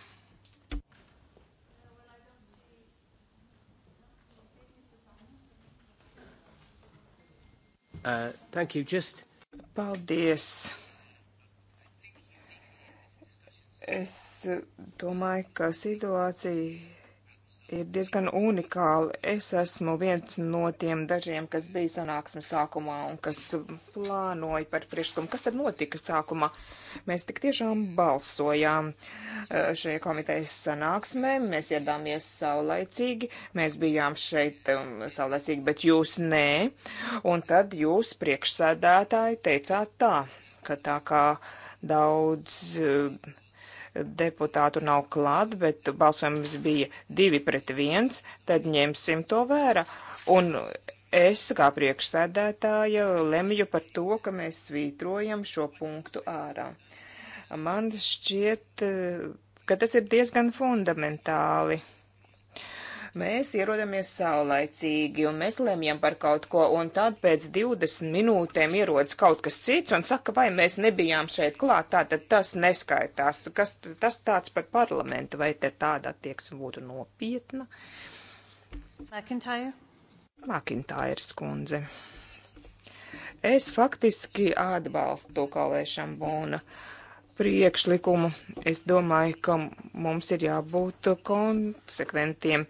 Uh, thank you. Just... Paldies. Es domāju, ka situācija ir diezgan unikāla. Es esmu viens no tiem dažiem, kas bija sanāksmes sākumā un kas plānoja par priekšlikumu. Kas tad notika sākumā? Mēs tik tiešām balsojām uh, šajā komitejas sanāksmē, mēs iedāmies saulaicīgi, mēs bijām šeit um, saulaicīgi, bet jūs nē. Un tad jūs priekšsēdētāji teicāt tā, ka tā kā daudz. Uh, deputātu nav klāt, bet balsojums bija divi pret viens, tad ņemsim to vērā. Un es kā priekšsēdētāja lemju par to, ka mēs svītrojam šo punktu ārā. Man šķiet, eh, ka tas ir diezgan fundamentāli. Mēs ierodamies saulaicīgi un mēs lemjam par kaut ko, un tad pēc 20 minūtēm ierodas kaut kas cits un saka, vai mēs nebijām šeit klāt, tātad tas neskaitās. Kas tas tāds par parlamentu, vai te tāda attieksme būtu nopietna? Makintāja. Makintājas kundze. Es faktiski atbalstu Kalēšanu Būnu. Uh, priekšlikumu. Es domāju, ka mums ir jābūt konsekventiem.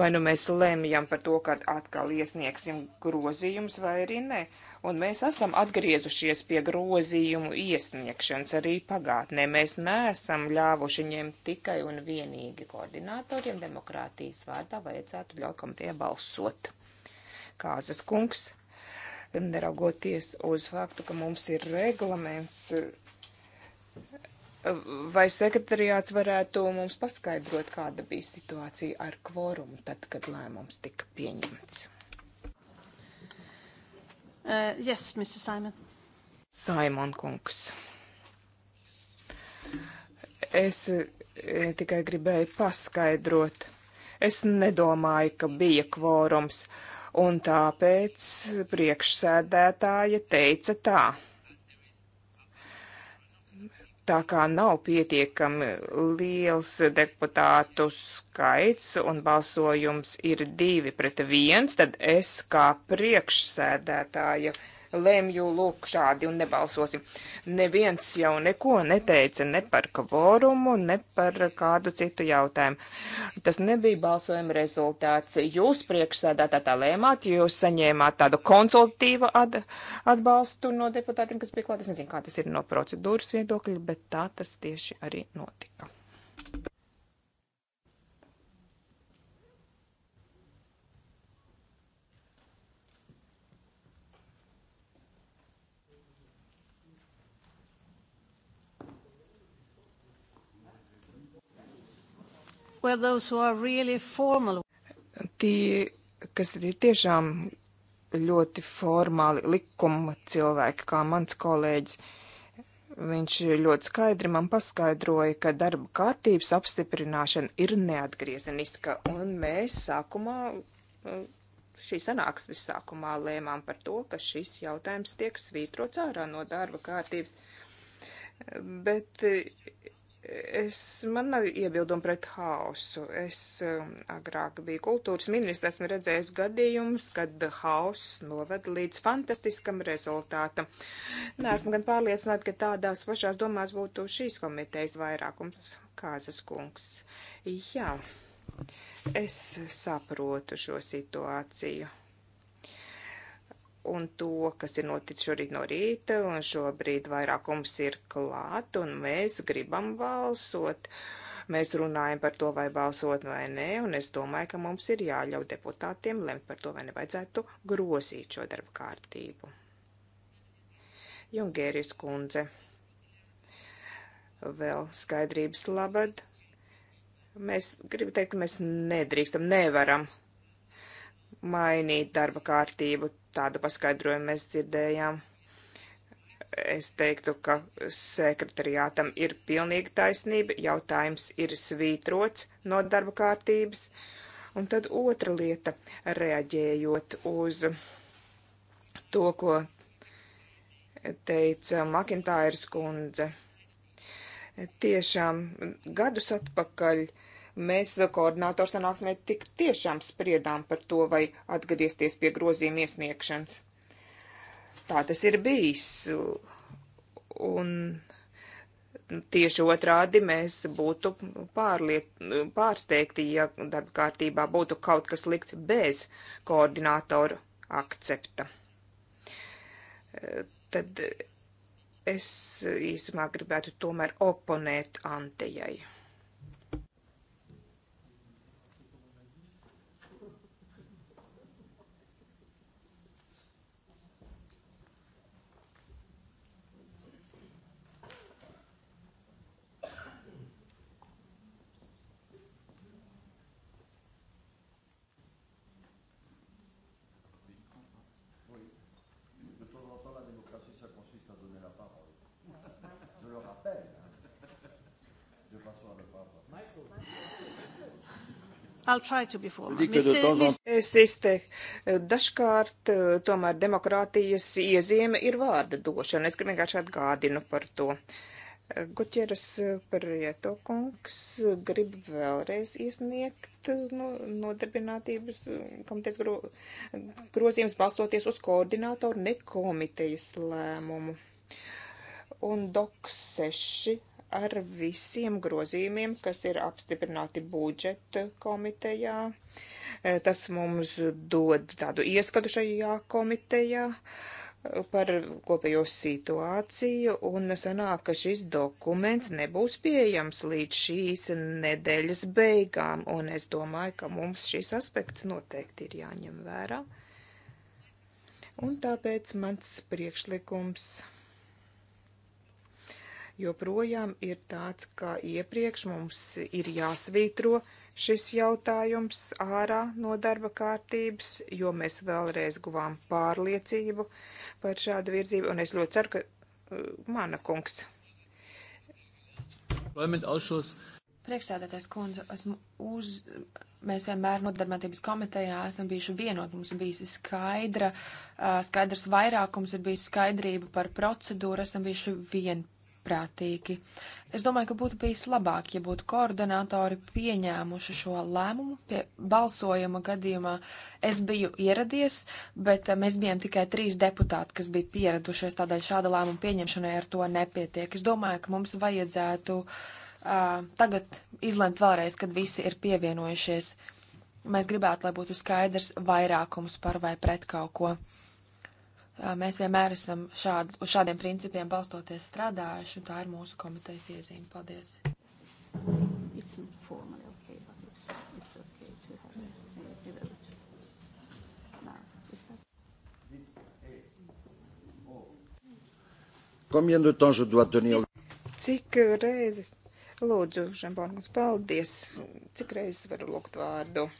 Vai nu mēs lemjam par to, ka atkal iesniegsim grozījumus vai arī nē. Un mēs esam atgriezušies pie grozījumu iesniegšanas arī pagātnē. Mēs neesam ļāvuši ņemt tikai un vienīgi koordinatoriem demokrātijas vārdā vajadzētu ļaut komitē balsot. Kāzas kungs, neraugoties uz faktu, ka mums ir reglaments Vai sekretariāts varētu mums paskaidrot, kāda bija situācija ar kvorumu tad, kad lēmums tika pieņemts? Uh, yes, Mr. Simon. Simon kungs. Es eh, tikai gribēju paskaidrot. Es nedomāju, ka bija kvorums, un tāpēc priekšsēdētāja teica tā tā kā nav pietiekami liels deputātu skaits un balsojums ir divi pret viens, tad es kā priekšsēdētāja lemju lūk šādi un nebalsosim. Neviens jau neko neteica ne par kvorumu, ne par kādu citu jautājumu. Tas nebija balsojuma rezultāts. Jūs priekšsēdētā tā lēmāt, jūs saņēmāt tādu konsultīvu at atbalstu no deputātiem, kas bija klāt. Es nezinu, kā tas ir no procedūras viedokļa, bet tā tas tieši arī notika. well, those who are really formal. Tie, kas ir tiešām ļoti formāli likuma cilvēki, kā mans kolēģis, viņš ļoti skaidri man paskaidroja, ka darba kārtības apstiprināšana ir neatgriezeniska, un mēs sākumā, šī sanāksmes sākumā lēmām par to, ka šis jautājums tiek svītrots ārā no darba kārtības. Bet Es, man nav iebildumi pret haosu. Es um, agrāk biju kultūras ministrs, esmu redzējis gadījumus, kad haoss noved līdz fantastiskam rezultātam. Nesmu gan pārliecināta, ka tādās pašās domās būtu šīs komitejas vairākums Kāzas kungs. Jā, es saprotu šo situāciju un to, kas ir noticis šorīt no rīta, un šobrīd vairākums ir klāt, un mēs gribam balsot. Mēs runājam par to, vai balsot vai nē, un es domāju, ka mums ir jāļauj deputātiem lemt par to, vai nevajadzētu grozīt šo darba kārtību. Jungēris kundze, vēl skaidrības labad. Mēs gribam teikt, ka mēs nedrīkstam, nevaram mainīt darba kārtību. Tādu paskaidrojumu mēs dzirdējām. Es teiktu, ka sekretariātam ir pilnīga taisnība, jautājums ir svītrots no darba kārtības. Un tad otra lieta, reaģējot uz to, ko teica Makintājas kundze. Tiešām gadus atpakaļ uh, Mēs koordinātoru sanāksmē tik tiešām spriedām par to, vai atgriezties pie grozījuma iesniegšanas. Tā tas ir bijis. Un tieši otrādi mēs būtu pārliet, pārsteigti, ja darba kārtībā būtu kaut kas likts bez koordinātoru akcepta. Tad es īsumā gribētu tomēr oponēt Antejai. Es izteiktu, eh, dažkārt eh, tomēr demokrātijas iezīme ir vārda došana. Es vienkārši atgādinu par to. Eh, Guķeras Prieto kungs grib vēlreiz iesniegt no, nodarbinātības komitejas gro, grozījums balstoties uz koordinātoru ne komitejas lēmumu. Un dok 6 ar visiem grozījumiem, kas ir apstiprināti budžeta komitejā. E, tas mums dod tādu ieskatu šajā komitejā e, par kopējo situāciju, un sanāk, ka šis dokuments nebūs pieejams līdz šīs nedēļas beigām, un es domāju, ka mums šis aspekts noteikti ir jāņem vērā. Un tāpēc mans priekšlikums joprojām ir tāds, kā iepriekš mums ir jāsvītro šis jautājums ārā no darba kārtības, jo mēs vēlreiz guvām pārliecību par šādu virzību, un es ļoti ceru, ka uh, mana kungs. Priekšsēdētājs kundze, esmu uz, mēs vienmēr nodarbinātības komitejā esam bijuši vienoti, mums ir bijusi skaidra, uh, skaidrs vairākums, ir bijusi skaidrība par procedūru, esam bijuši vien brīvprātīgi. Es domāju, ka būtu bijis labāk, ja būtu koordinātori pieņēmuši šo lēmumu. Pie balsojuma gadījumā es biju ieradies, bet eh, mēs bijām tikai trīs deputāti, kas bija pieradušies, tādēļ šāda lēmuma pieņemšanai ar to nepietiek. Es domāju, ka mums vajadzētu uh, tagad izlemt vēlreiz, kad visi ir pievienojušies. Mēs gribētu, lai būtu skaidrs vairākums par vai pret kaut ko. Mēs vienmēr esam šād, uz šādiem principiem balstoties strādājuši, un tā ir mūsu komitejas iezīme. Paldies! It's informal, okay, but it's, it's okay to have a, a vote. Now, is that... Combien de temps je dois tenir? Cik reizes? Lūdzu, Žemborgas, paldies. Cik reizes varu lūgt vārdu?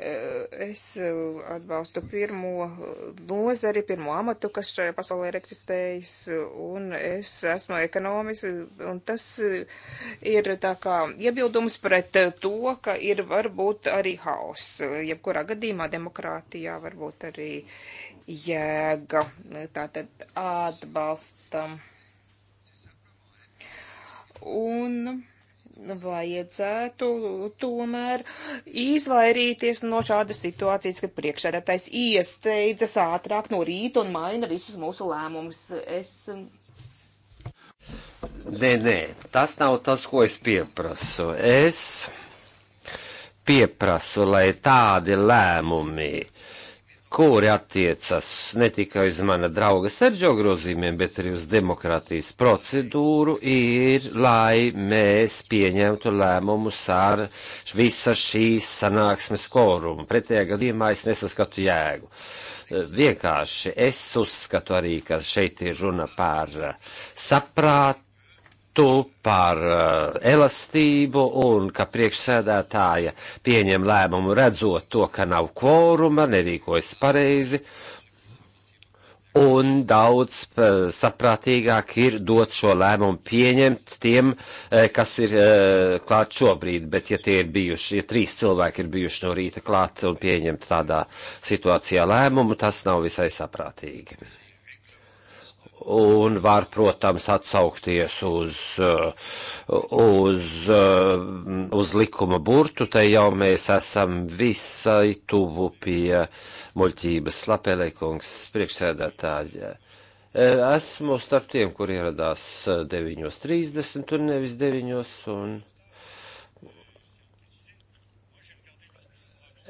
Eh, es eh, atbalstu pirmo eh, nozari, pirmo amatu, kas šajā pasaulē ir eksistējis, un es esmu ekonomis, un tas ir tā kā iebildums pret to, ka ir varbūt arī haus. Jebkurā gadījumā demokrātijā varbūt arī jēga. Tātad atbalstam. Un vajadzētu tomēr izvairīties no šādas situācijas, kad priekšsēdētājs iesteidzas ātrāk no rīta un maina visus mūsu lēmumus. Es... Nē, nē, tas nav tas, ko es pieprasu. Es pieprasu, lai tādi lēmumi uh, kuri attiecas ne tikai uz mana drauga Sergio grozījumiem, bet arī uz demokrātijas procedūru, ir, lai mēs pieņemtu lēmumus ar visa šīs sanāksmes korumu. Pretējā gadījumā es nesaskatu jēgu. Vienkārši es uzskatu arī, ka šeit ir runa par saprātu tu par uh, elastību un ka priekšsēdētāja pieņem lēmumu redzot to, ka nav kvoruma, nerīkojas pareizi. Un daudz uh, saprātīgāk ir dot šo lēmumu pieņemt tiem, uh, kas ir klāt šobrīd, bet ja tie ir bijuši, ja trīs cilvēki ir bijuši no rīta klāt un pieņemt tādā situācijā lēmumu, tas nav visai saprātīgi un var, protams, atsaukties uz, uz, uz likuma burtu, te jau mēs esam visai tuvu pie muļķības slapelēkungs priekšsēdētāja. Esmu starp tiem, kur ieradās 9.30 un nevis 9. Un...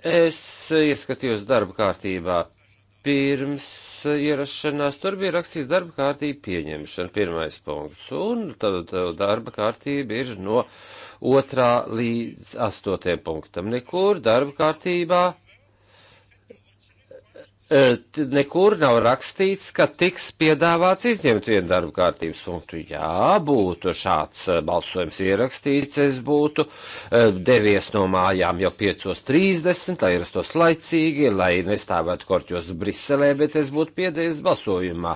Es ieskatījos darba kārtībā pirms ierašanās tur bija rakstīts darba kārtība pieņemšana, pirmais punkts, un tad darba kārtība ir no otrā līdz astotajam punktam. Nekur darba kārtībā nekur nav rakstīts, ka tiks piedāvāts izņemt vienu darbu kārtības punktu. Jā, būtu šāds balsojums ierakstīts, es būtu devies no mājām jau 5.30, lai ierastos laicīgi, lai nestāvētu korķos Briselē, bet es būtu piedējies balsojumā.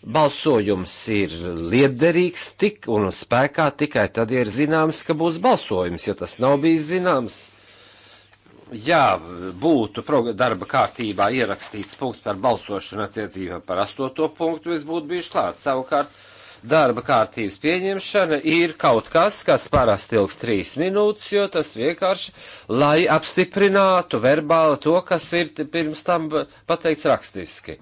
Balsojums ir liederīgs tik un spēkā tikai tad, ja ir zināms, ka būs balsojums, ja tas nav bijis zināms ja būtu darba kārtībā ierakstīts punkts par balsošanu attiecībā par astoto punktu, es būtu bijuši klāt. Savukārt, darba kārtības pieņemšana ir kaut kas, kas parasti ilgs trīs minūtes, jo tas vienkārši, lai apstiprinātu verbāli to, kas ir pirms tam pateikts rakstiski.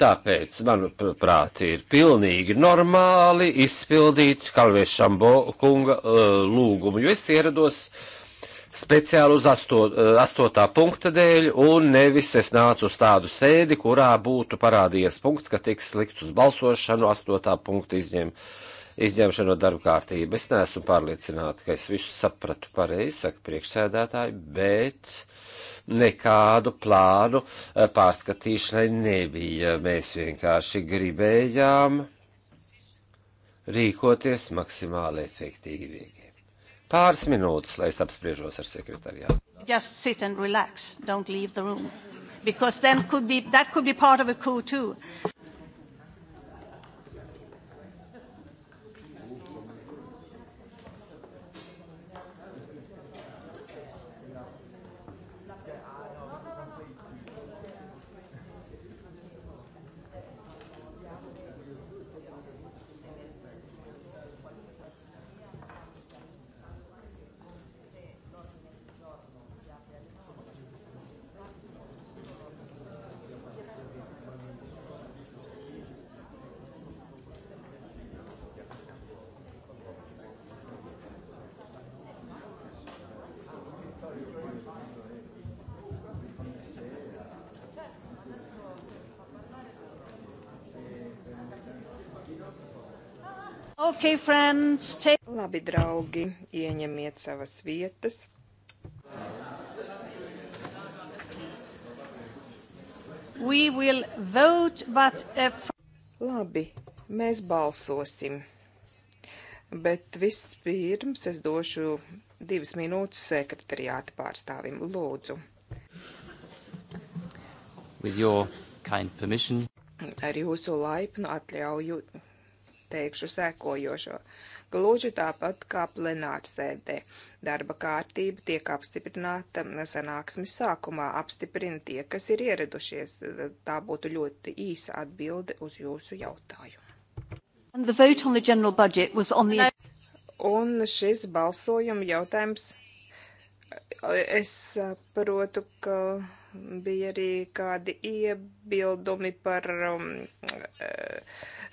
Tāpēc, manuprāt, ir pilnīgi normāli izpildīt Kalviešambo kunga uh, lūgumu, jo es ierados uh, speciāli uz asto, eh, astotā punkta dēļ, un nevis es nācu uz tādu sēdi, kurā būtu parādījies punkts, ka tiks slikts uz balsošanu astotā punkta izņem, izņemšanu no darba kārtība. Es neesmu pārliecināta, ka es visu sapratu pareizi, saka priekšsēdētāji, bet nekādu plānu eh, pārskatīšanai nebija. Mēs vienkārši gribējām rīkoties maksimāli efektīvi pāris minūtes, lai es apspriežos ar sekretariātu. Just sit and relax, don't leave the room. Because then could be, that could be part of a coup too. Hey friends, take... Labi, draugi, ieņemiet savas vietas. We will vote, but if... Labi, mēs balsosim. Bet vispirms es došu divas minūtes sekretariāta pārstāvim. Lūdzu. With your kind permission. Ar jūsu laipnu atļauju teikšu sekojošo. Gluži tāpat kā plenārsēdē. Darba kārtība tiek apstiprināta sanāksmes sākumā, apstiprina tie, kas ir ieradušies. Tā būtu ļoti īsa atbilde uz jūsu jautājumu. The... Un šis balsojuma jautājums, es saprotu, ka bija arī kādi iebildumi par um, e,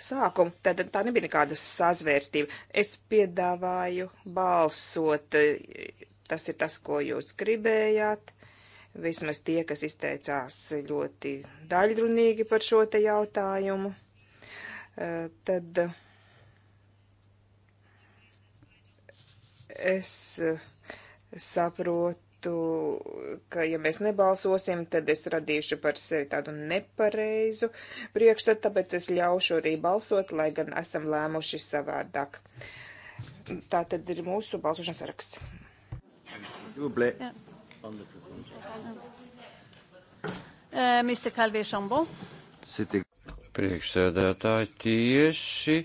sākumu. Tad tā nebija nekāda sazvērstība. Es piedāvāju balsot. Tas ir tas, ko jūs gribējāt. Vismaz tie, kas izteicās ļoti daļrunīgi par šo te jautājumu. Uh, tad es saprotu uzskatu, ka ja mēs nebalsosim, tad es radīšu par sevi tādu nepareizu priekšstatu, tāpēc es ļaušu arī balsot, lai gan esam lēmuši savādāk. Tā tad ir mūsu balsošanas saraksts. Yeah. Uh, Mr. Calvé Chambon. Priekšsēdētāji tieši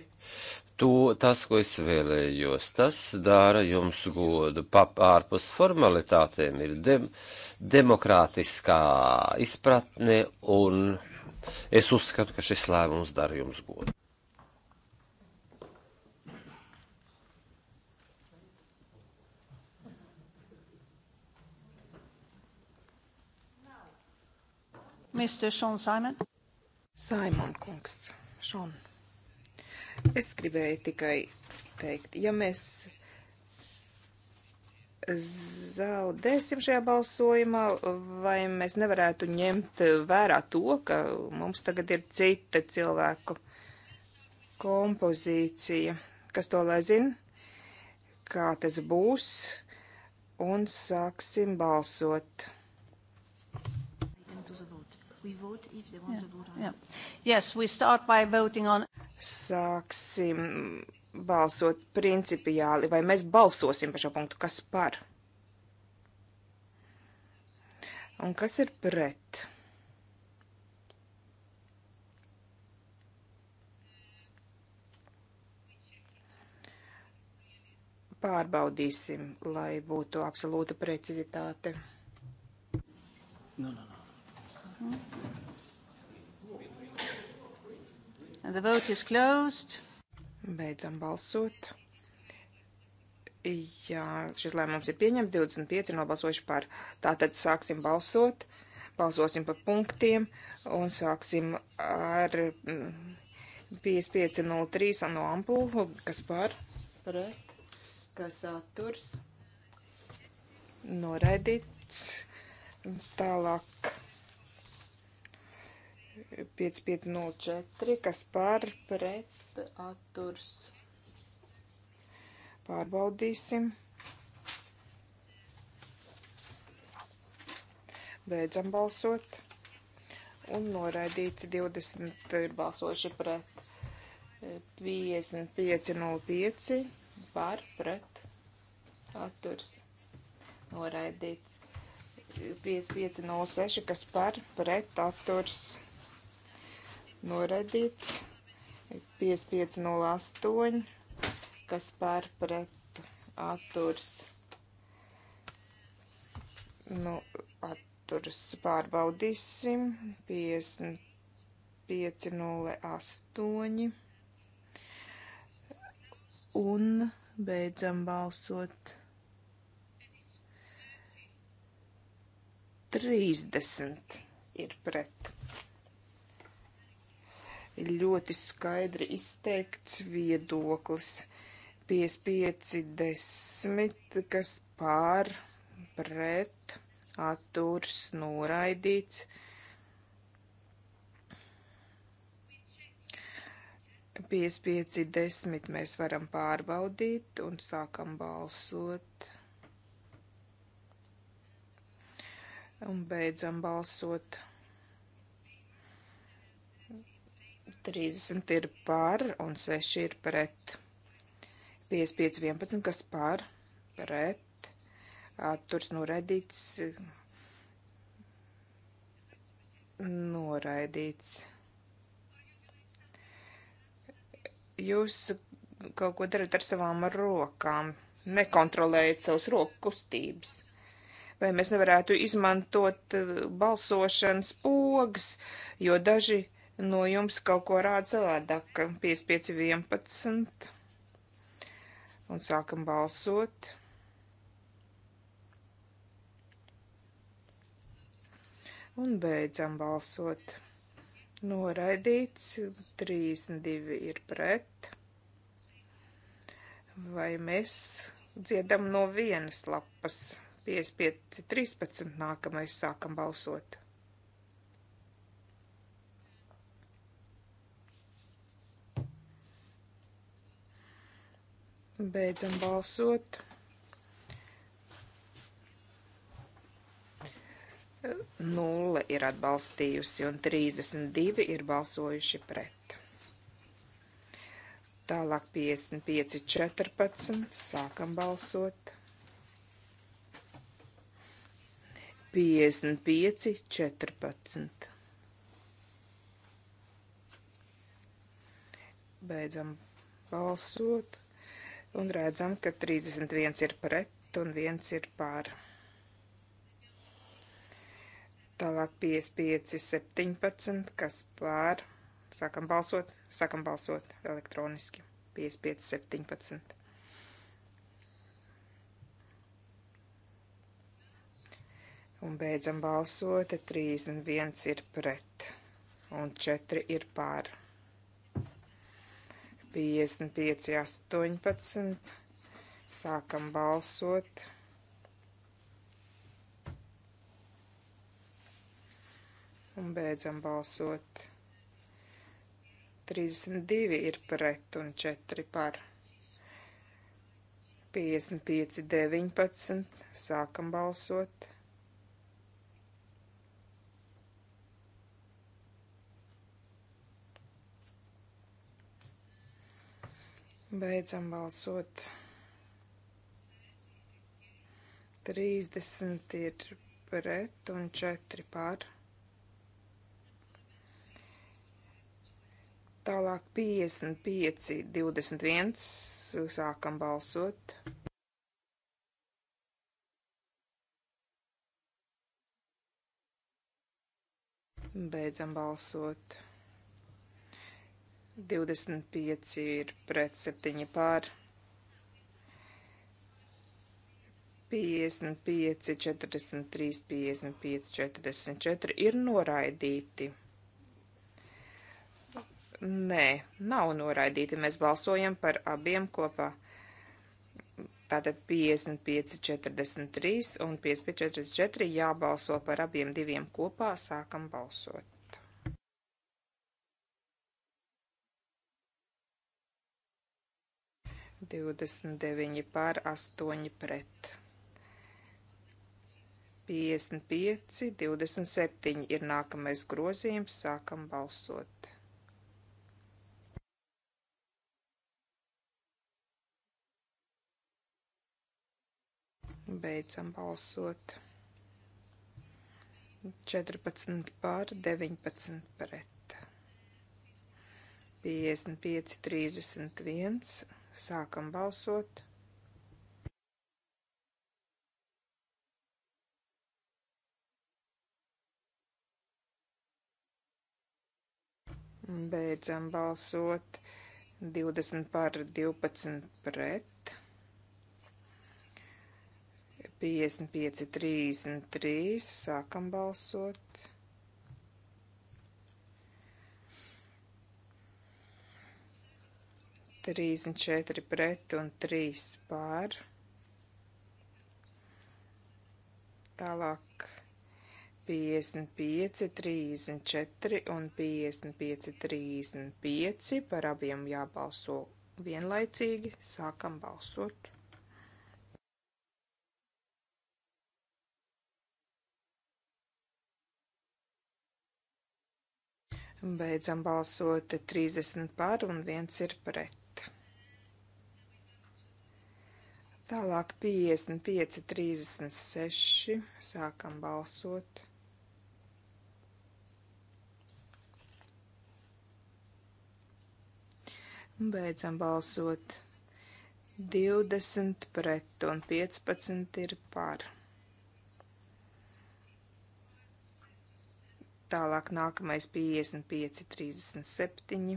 to, tas, ko es vēlējos, tas dara jums godu. Pārpus formalitātēm ir dem, demokrātiskā izpratne, un es uzskatu, ka šis lēmums dara jums godu. Mr. Sean Simon. Simon kungs. Sean. Es gribēju tikai teikt, ja mēs zaudēsim šajā balsojumā, vai mēs nevarētu ņemt vērā to, ka mums tagad ir cita cilvēku kompozīcija, kas to lai zina, kā tas būs, un sāksim balsot. We vote if they want yeah. to vote on yeah. it. Yes, we start by voting on Sāksim balsot principiāli, vai mēs balsosim par šo punktu, kas par? Un kas ir pret? pārbaudīsim, lai būtu absolūta precizitāte. No, no, no. The vote is closed. Beidzam balsot. Jā, šis lēmums ir pieņemts. 25 nobalsojuši par. Tātad sāksim balsot. Balsosim par punktiem un sāksim ar 5503 mm, no ampulu. Kas par? Pret. Kas atturs? Noraidīts. Tālāk 5504, kas par pret atturs. Pārbaudīsim. Beidzam balsot. Un noraidīts 20 ir balsoši pret 5505 par pret atturs. Noraidīts 5506, kas par pret atturs noraidīts. 5508, kas pārpret atturs, nu, atturs pārbaudīsim. 5508 un beidzam balsot. 30 ir pret ir ļoti skaidri izteikts viedoklis. 5510, kas pār, pret, atturs, noraidīts. Pies pieci desmit mēs varam pārbaudīt un sākam balsot. Un beidzam balsot. 30 ir par un 6 ir pret. 55, 11, kas par, pret, atturs noraidīts, noraidīts. Jūs kaut ko darat ar savām rokām, nekontrolējat savus roku kustības. Vai mēs nevarētu izmantot eh, balsošanas pogas, jo daži no nu, jums kaut ko rāda savādāk. 55, 11. Un sākam balsot. Un beidzam balsot. Noraidīts, 32 ir pret. Vai mēs dziedam no vienas lapas? 55, 13 nākamais sākam balsot. Beidzam balsot. Nulle ir atbalstījusi un 32 ir balsojuši pret. Tālāk 55, 14. Sākam balsot. 55, 14. Beidzam balsot un redzam, ka 31 ir pret un 1 ir pār. Tālāk 55, 17, kas pār. Sākam balsot, sākam balsot elektroniski. 55, 17. Un beidzam balsot, 31 ir pret un 4 ir pār. 55, 18. Sākam balsot. Un beidzam balsot. 32 ir pret un 4 par. 55, 19. Sākam balsot. Beidzam balsot. 30 ir pret un 4 pār. Tālāk 55, 21. Sākam balsot. Beidzam balsot. 25 ir pret 7 pār. 55, 43, 55, 44 ir noraidīti. Nē, nav noraidīti. Mēs balsojam par abiem kopā. Tātad 55, 43 un 55, 44 jābalso par abiem diviem kopā. Sākam balsot. 29 pār 8 pret. 55, 27 ir nākamais grozījums, sākam balsot. Beidzam balsot. 14 pār 19 pret. 55, 31 Sākam balsot. Beidzam balsot 20 par 12 pret. 55, 33. Sākam balsot. 34 pret un 3 pār. Tālāk 55, 34 un 55, 35 par abiem jābalso vienlaicīgi. Sākam balsot. Beidzam balsot 30 par un 1 ir pret. Tālāk 55, 36. Sākam balsot. Un beidzam balsot. 20 pret un 15 ir par. Tālāk nākamais 55, 37.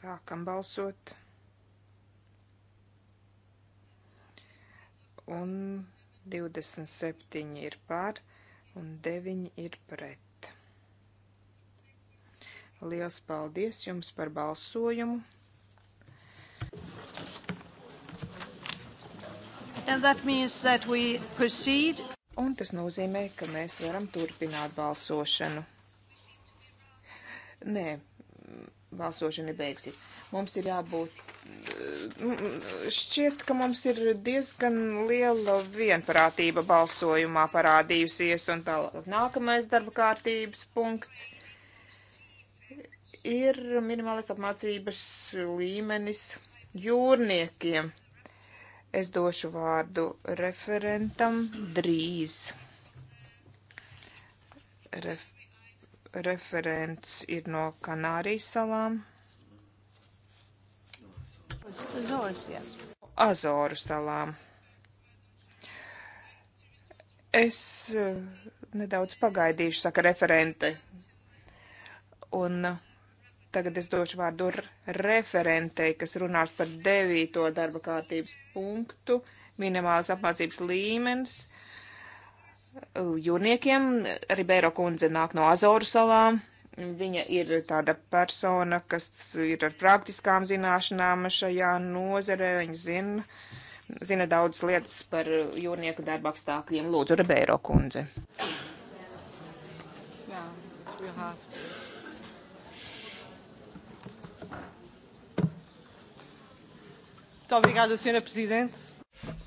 Sākam balsot. Un 27 ir par un 9 ir pret. Liels paldies jums par balsojumu. And that means that we proceed un tas nozīmē, ka mēs varam turpināt balsošanu. Nē, balsošana ir beigusies. Mums ir jābūt, eh, šķiet, ka mums ir diezgan liela vienprātība balsojumā parādījusies, un tālāk nākamais darba kārtības punkts ir minimālais apmācības līmenis jūrniekiem. Es došu vārdu referentam drīz. Ref Referents ir no Kanārijas salām. Azores, yes. Azoru salām. Es eh, nedaudz pagaidīšu, saka referente. Un eh, tagad es došu vārdu referentei, kas runās par devīto darba kārtības punktu minimāls apmācības līmenis jūrniekiem. Ribeiro kundze nāk no Azoru salām. Viņa ir tāda persona, kas ir ar praktiskām zināšanām šajā nozarē. Viņa zina, zina daudz lietas par jūrnieku darba apstākļiem. Lūdzu, Ribeiro kundze. Yeah. Yeah, Muito obrigada, Sra. Presidente.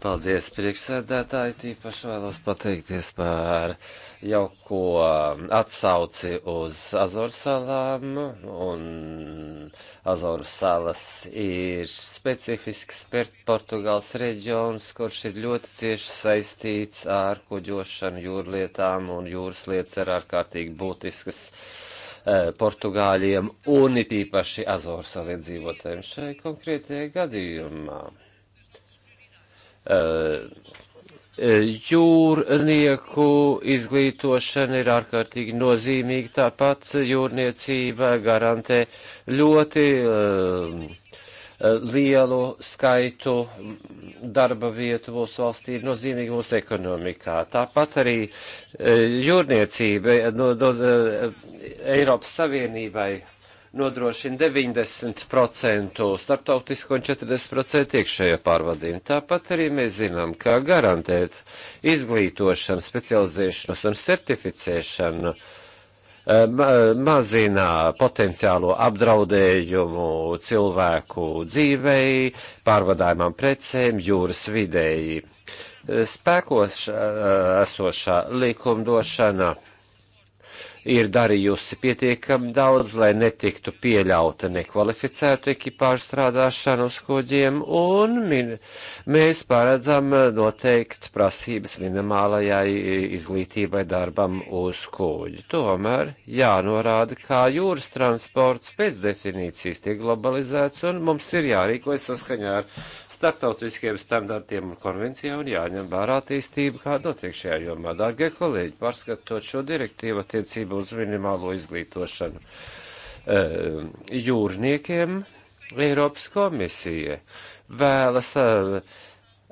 Paldies, priekšsēdētāji, tīpaši vēlos pateikties par jauko atsauci uz Azoru salām, un Azoru salas ir specifisks Portugāls reģions, kurš ir ļoti cieši saistīts ar kuģošanu jūrlietām, un jūras lietas ir ārkārtīgi būtiskas. E, Portugāļiem un it īpaši Azoru saliedzīvotājiem šai konkrētajā gadījumā. Eh, eh, jūrnieku izglītošana ir ārkārtīgi nozīmīga, tāpat jūrniecība garantē ļoti eh, lielu skaitu darba vietu mūsu valstī ir nozīmīga mūsu ekonomikā. Tāpat arī jūrniecība no, no, Eiropas Savienībai nodrošina 90% starptautisko un 40% iekšējo pārvadījumu. Tāpat arī mēs zinām, kā garantēt izglītošanu, specializēšanos un certificēšanu eh, mazina potenciālo apdraudējumu cilvēku dzīvei, pārvadājumam precēm, jūras vidēji. Eh, Spēkos eh, esošā likumdošana ir darījusi pietiekami daudz, lai netiktu pieļauta nekvalificētu ekipāžu strādāšana uz kuģiem, un min, mēs paredzam noteikt prasības minimālajai izglītībai darbam uz kuģi. Tomēr jānorāda, kā jūras transports pēc definīcijas tiek globalizēts, un mums ir jārīkojas saskaņā ar startautiskiem standartiem un konvencijām un jāņem vērā attīstība, kāda notiek šajā jomā. Dārgie kolēģi, pārskatot šo direktīvu attiecību uz minimālo izglītošanu e, jūrniekiem, Eiropas komisija vēlas e,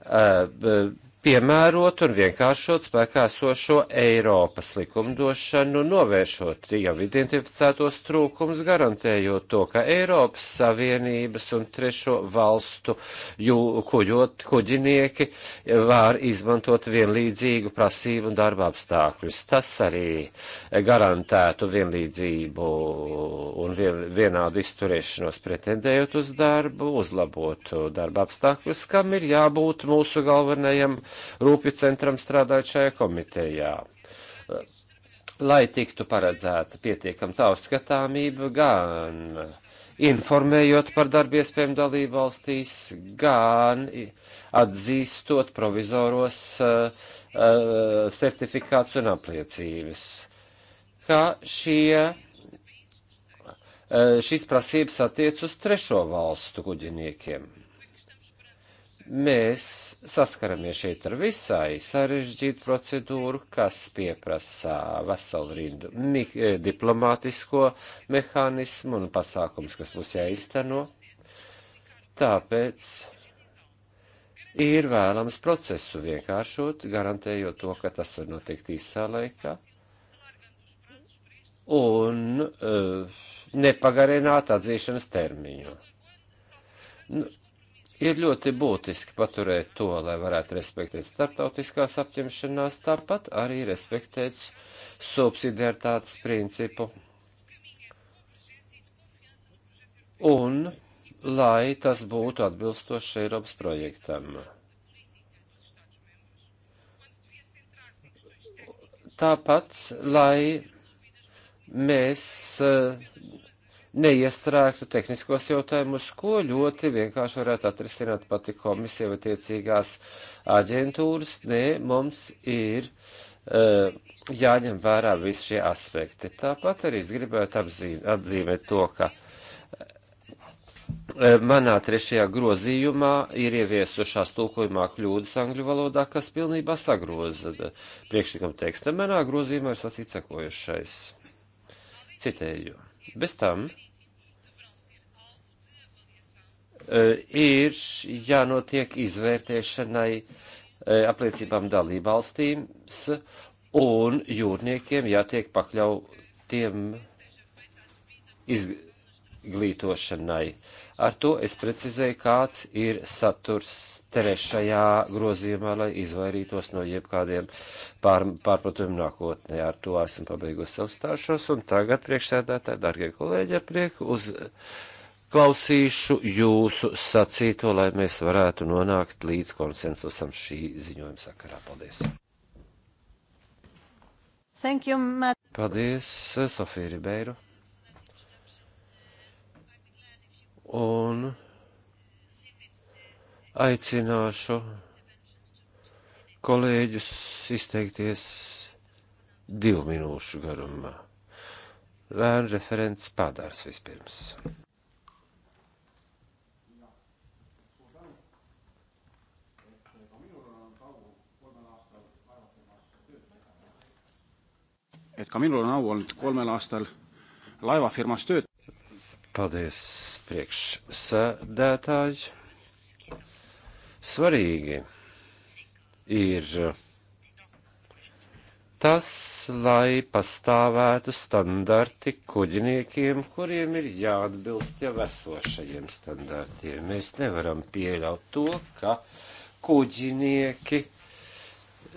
e, piemērot un vienkāršot spēkā sošo Eiropas likumdošanu, novēršot jau identificētos trūkums, garantējot to, ka Eiropas Savienības un trešo valstu jū, kuģot, kuģinieki var izmantot vienlīdzīgu prasību un darba apstākļus. Tas arī garantētu vienlīdzību un vien, vienādu izturēšanos pretendējot uz darbu, uzlabotu darba apstākļus, kam ir jābūt mūsu galvenajam rūpju centram strādājot šajā komitejā. Lai tiktu paredzēta pietiekama caurskatāmība gan informējot par darbiespējām dalību valstīs, gan atzīstot provizoros uh, uh, certifikātus un apliecības, ka šie, uh, šīs prasības attiec uz trešo valstu kuģiniekiem. Mēs saskaramies šeit ar visai sarežģītu procedūru, kas pieprasā veselu rindu e, diplomātisko mehānismu un pasākums, kas būs jāizteno. Tāpēc ir vēlams procesu vienkāršot, garantējot to, ka tas var notikt īsā laikā. Un uh, nepagarināt atzīšanas termiņu. Nu, Ir ļoti būtiski paturēt to, lai varētu respektēt starptautiskās apņemšanās, tāpat arī respektēt subsidiaritātes principu. Un lai tas būtu atbilstoši Eiropas projektam. Tāpat, lai mēs uh, neiestrēgtu tehniskos jautājumus, ko ļoti vienkārši varētu atrisināt pati komisija vai tiecīgās aģentūras. Nē, mums ir uh, jāņem vērā visi šie aspekti. Tāpat arī es gribētu atzīmēt to, ka eh, manā trešajā grozījumā ir ieviesušās tulkojumā kļūdas angļu valodā, kas pilnībā sagroza eh, priekšlikumu tekstu. Manā grozījumā ir sacīts sekojušais. Citēju. Bez tam Eh, ir jānotiek izvērtēšanai eh, apliecībām dalībvalstīm un jūrniekiem jātiek pakļautiem izglītošanai. Ar to es precizēju, kāds ir saturs trešajā grozījumā, lai izvairītos no jebkādiem pār, pārpratumiem nākotnē. Ar to esmu pabeigusi savu stāšos, un tagad priekšsēdētāji, dargie kolēģi, ar prieku uz. Uh, klausīšu jūsu sacīto, lai mēs varētu nonākt līdz konsensusam šī ziņojuma sakarā. Paldies! Thank you, Matt. Paldies, Sofija Ribeiru. Un aicināšu kolēģus izteikties divu minūšu garumā. Vēnu referents padārs vispirms. et ka minul on au olnud kolmel aastal laevafirmas tööd. paldies, priekšsēdētāji. Svarīgi ir tas, lai pastāvētu standarti kuģiniekiem, kuriem ir jāatbilst jau esošajiem standartiem. Mēs nevaram pieļaut to, ka kuģinieki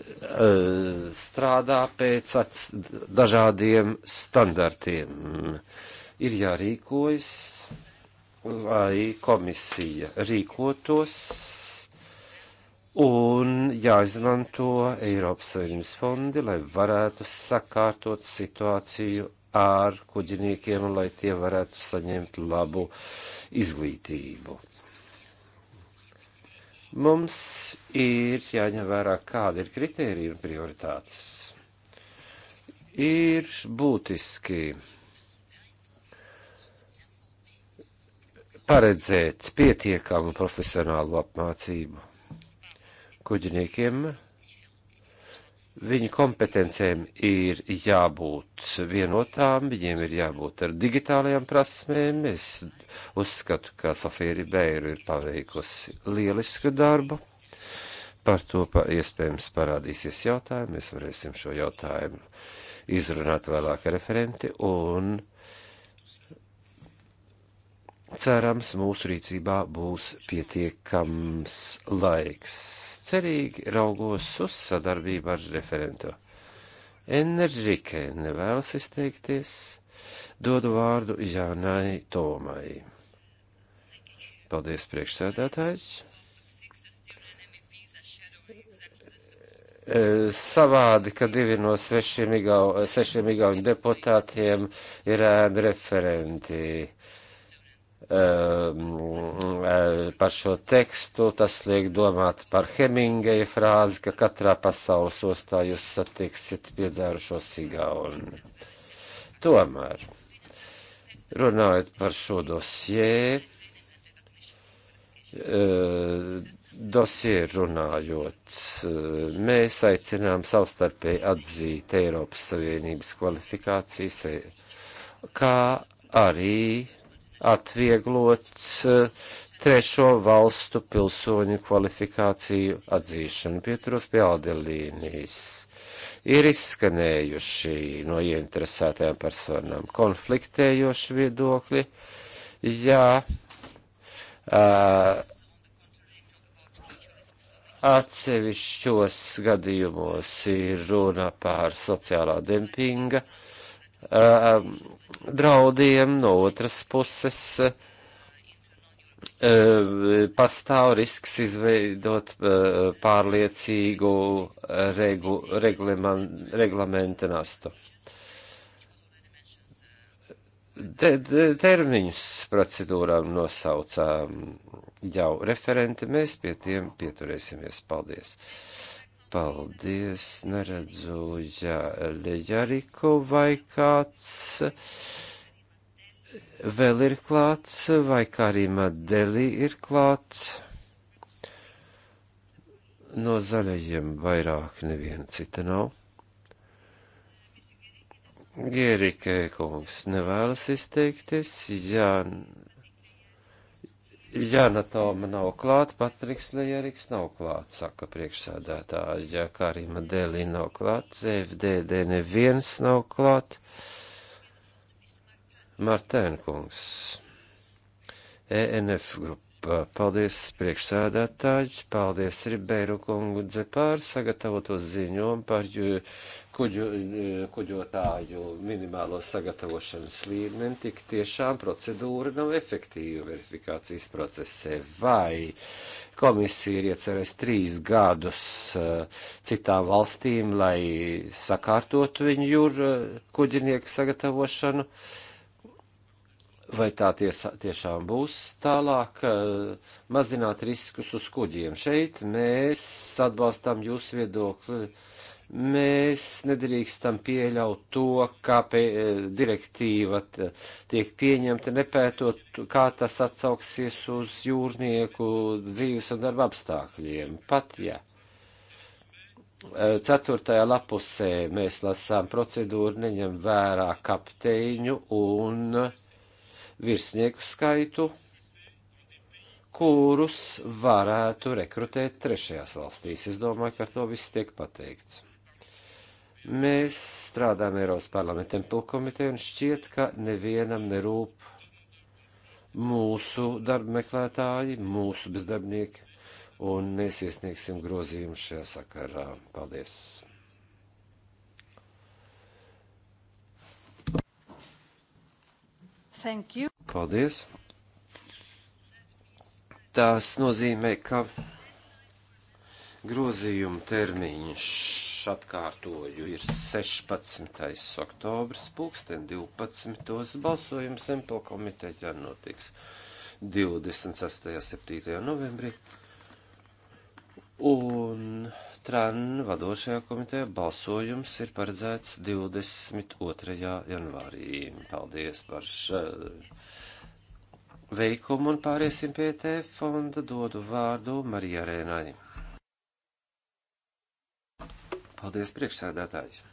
E, strādā pēc dažādiem standartiem. Ir jārīkojas, lai komisija rīkotos un jāizmanto Eiropas Savienības fondi, lai varētu sakārtot situāciju ar kuģiniekiem un lai tie varētu saņemt labu izglītību. Mums ir jāņem vērā, kāda ir kritērija un prioritātes. Ir būtiski paredzēt pietiekamu profesionālu apmācību kuģiniekiem Viņu kompetencēm ir jābūt vienotām, viņiem ir jābūt ar digitālajām prasmēm. Es uzskatu, ka Sofija Ribeiro ir paveikusi lielisku darbu. Par to pa, iespējams parādīsies jautājumi. Mēs varēsim šo jautājumu izrunāt vēlāk referenti un cerams mūsu rīcībā būs pietiekams laiks cerīgi raugos uz sadarbību ar referentu. Enerģike nevēlas izteikties, dodu vārdu Jānai Tomai. Paldies, priekšsēdētājs! E, savādi, ka divi no svešiem igau, sešiem igauņu deputātiem ir ēnu referenti. Ehm, eh, par šo tekstu. Tas liek domāt par Hemingeja frāzi, ka katrā pasaules ostā jūs satiksiet piedzērušo sigauni. Tomēr, runājot par šo dosie, eh, dosie runājot, eh, mēs aicinām savstarpēji atzīt Eiropas Savienības kvalifikācijas, kā arī atvieglot eh, trešo valstu pilsoņu kvalifikāciju atzīšanu. Pieturos pie Aldelīnijas. Ir izskanējuši no ieinteresētajām personām konfliktējoši viedokļi. Jā, uh, atsevišķos gadījumos ir runa par sociālā dempinga um, draudiem, no otras puses e, pastāv risks izveidot e, pārliecīgu regu, reglamenta nastu. Te, te, termiņus procedūrām nosaucām jau referenti, mēs pie tiem pieturēsimies. Paldies! Paldies, neredzu, ja Leģariku vai kāds vēl ir klāts, vai kā arī Madeli ir klāts. No zaļajiem vairāk neviena cita nav. Gierikē kungs nevēlas izteikties, jā, Jana nu Toma nav klāt, Patriks Lejeriks nav klāt, saka priekšsādātāja, Karima Dēlī nav klāt, FDD neviens nav klāt. Martēnkungs, ENF grupa. Paldies priekšsēdētāji, paldies Ribeiro kungudze par sagatavoto ziņojumu par kuģu, kuģotāju minimālo sagatavošanas līmeni. Tik tiešām procedūra nav efektīva verifikācijas procesē. Vai komisija ir iecerējusi trīs gadus citām valstīm, lai sakārtotu viņu jūru kuģinieku sagatavošanu? Uh, vai tā tiesa, tiešām būs tālāk, eh, mazināt riskus uz kuģiem. Šeit mēs atbalstām jūsu viedokli. Mēs nedrīkstam pieļaut to, kā pie, eh, direktīva tiek pieņemta, nepētot, kā tas atsauksies uz jūrnieku dzīves un darba apstākļiem. Pat, ja eh, ceturtajā lapusē mēs lasām procedūru, neņem vērā kapteiņu un uh, virsnieku skaitu, kurus varētu rekrutēt trešajās valstīs. Es domāju, ka ar to viss tiek pateikts. Mēs strādājam Eiropas parlamenta tempelkomiteju un šķiet, ka nevienam nerūp mūsu darba meklētāji, mūsu bezdarbnieki, un mēs iesniegsim grozījumus šajā sakarā. Paldies! Thank you. Paldies. Tās nozīmē, ka grozījuma termiņš atkārtoju ir 16. oktobrs, pulksten 12. balsojums MPL komiteķā notiks 26. 7. novembrī. Un TRAN vadošajā komitejā balsojums ir paredzēts 22. janvārī. Paldies par šo veikumu un pāriesim pie T fonda dodu vārdu Marija Rēnai. Paldies priekšsēdētāji.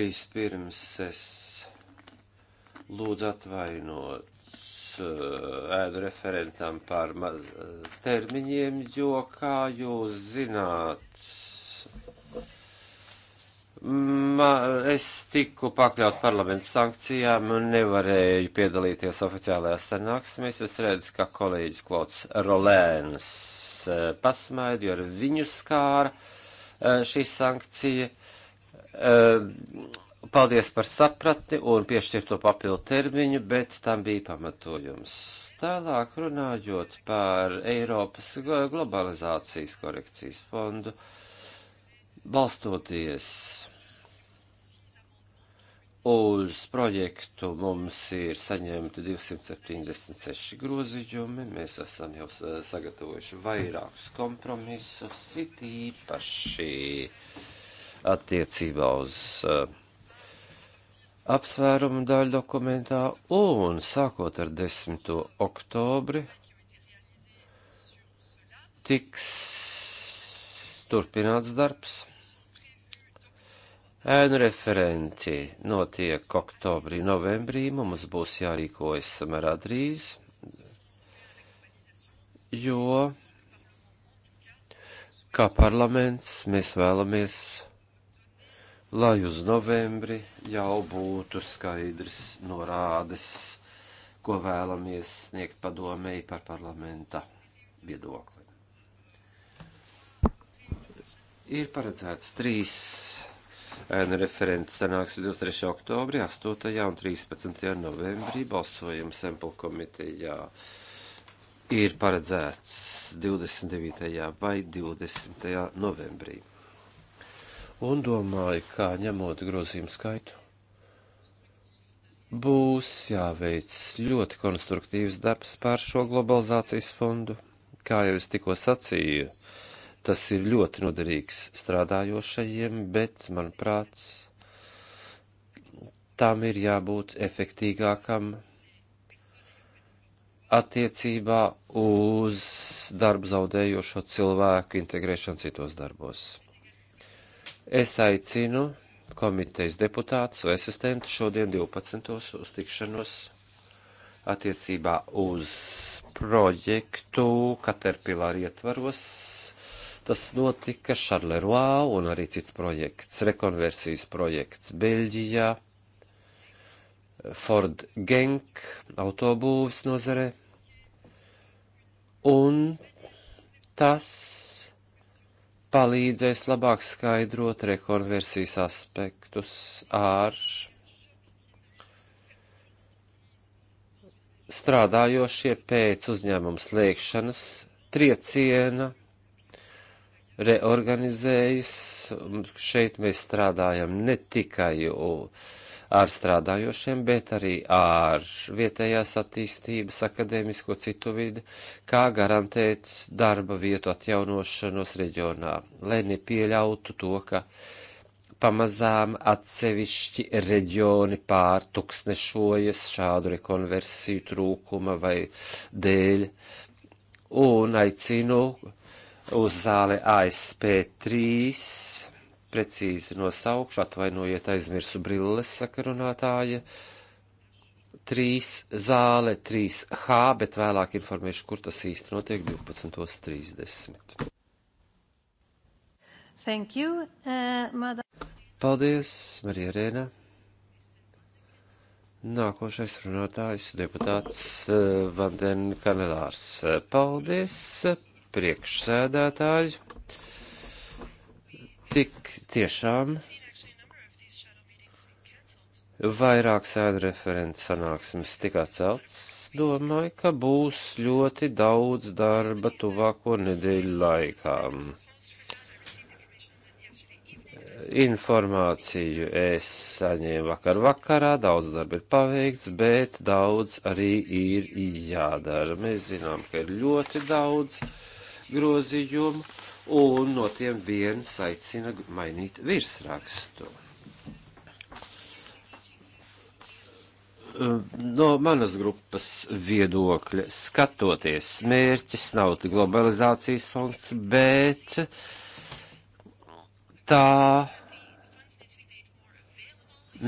Vispirms es lūdzu atvainot Eh, ēdu referentam par maz eh, termiņiem, jo, kā jūs zināt, ma, es tiku pakļaut parlamentu sankcijām un nevarēju piedalīties oficiālajās sanāksmēs. Es redzu, ka kolēģis Klots Rolēns eh, pasmaid, jo ar viņu skāra šī sankcija. Uh, Paldies par saprati un piešķirto papildu termiņu, bet tam bija pamatojums. Tālāk runājot par Eiropas globalizācijas korekcijas fondu, balstoties uz projektu mums ir saņemti 276 grozījumi, mēs esam jau sagatavojuši vairākus kompromisus, it īpaši attiecībā uz uh, apsvērumu daļu dokumentā un sākot ar 10. oktobri tiks turpināts darbs. Ēnu referenti notiek oktobrī, novembrī, mums būs jārīkojas samērā drīz, jo kā parlaments mēs vēlamies lai uz novembri jau būtu skaidrs norādes, ko vēlamies sniegt padomēji par parlamenta viedokli. Ir paredzēts trīs ēnu referents sanāks 23. oktobrī, 8. un 13. novembrī balsojums Empul komitejā ir paredzēts 29. vai 20. novembrī un domāju, kā ņemot grozījumu skaitu, būs jāveic ļoti konstruktīvs darbs pār šo globalizācijas fondu. Kā jau es tikko sacīju, tas ir ļoti noderīgs strādājošajiem, bet, manuprāt, tam ir jābūt efektīgākam attiecībā uz darbu zaudējošo cilvēku integrēšanu citos darbos. Es aicinu komitejas deputātus vai asistentus šodien 12. uz tikšanos attiecībā uz projektu Caterpillar ietvaros. Tas notika Šarleroā un arī cits projekts, rekonversijas projekts Beļģijā, Ford Genk autobūvis nozare. Un tas palīdzēs labāk skaidrot rekonversijas aspektus ar strādājošie pēc uzņēmuma slēgšanas trieciena reorganizējas. Šeit mēs strādājam ne tikai ar strādājošiem, bet arī ar vietējās attīstības, akadēmisko citu vidi, kā garantēt darba vietu atjaunošanos reģionā, lai nepieļautu to, ka pamazām atsevišķi reģioni pārtuksnešojas šādu rekonversiju trūkuma vai dēļ, un aicinu uz zāli ASP 3 precīzi nosaukšu, atvainojiet, aizmirsu brilles sakarunātāja. 3 zāle 3H, bet vēlāk informēšu, kur tas īsti notiek 12.30. Thank you, uh, madam. Paldies, Marija Rēna. Nākošais runātājs deputāts uh, Vanden Kanelārs. Paldies, priekšsēdētāji. Tik tiešām vairāk sēdu referentu sanāksmes tika atceltas. Domāju, ka būs ļoti daudz darba tuvāko nedēļu laikā. Informāciju es saņēmu vakar vakarā, daudz darba ir paveikts, bet daudz arī ir jādara. Mēs zinām, ka ir ļoti daudz grozījumu un no tiem viens aicina mainīt virsrakstu. Hm, no manas grupas viedokļa skatoties, mērķis nav globalizācijas fonds, bet tā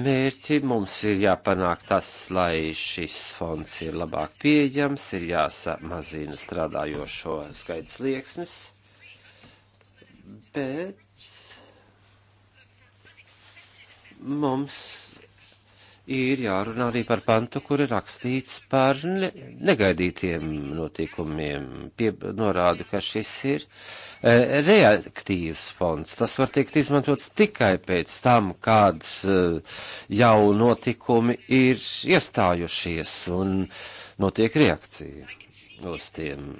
mērķi mums ir jāpanāk tas, lai šis fonds ir labāk pieejams, ir jāsamazina strādājošo skaits lieksnes bet mums ir jārunā arī par pantu, kur ir rakstīts par ne, negaidītiem notikumiem. Pie, norāda, ka šis ir e, reaktīvs fonds. Tas var tikt izmantots tikai pēc tam, kādas e, jau notikumi ir iestājušies un notiek reakcija uz tiem.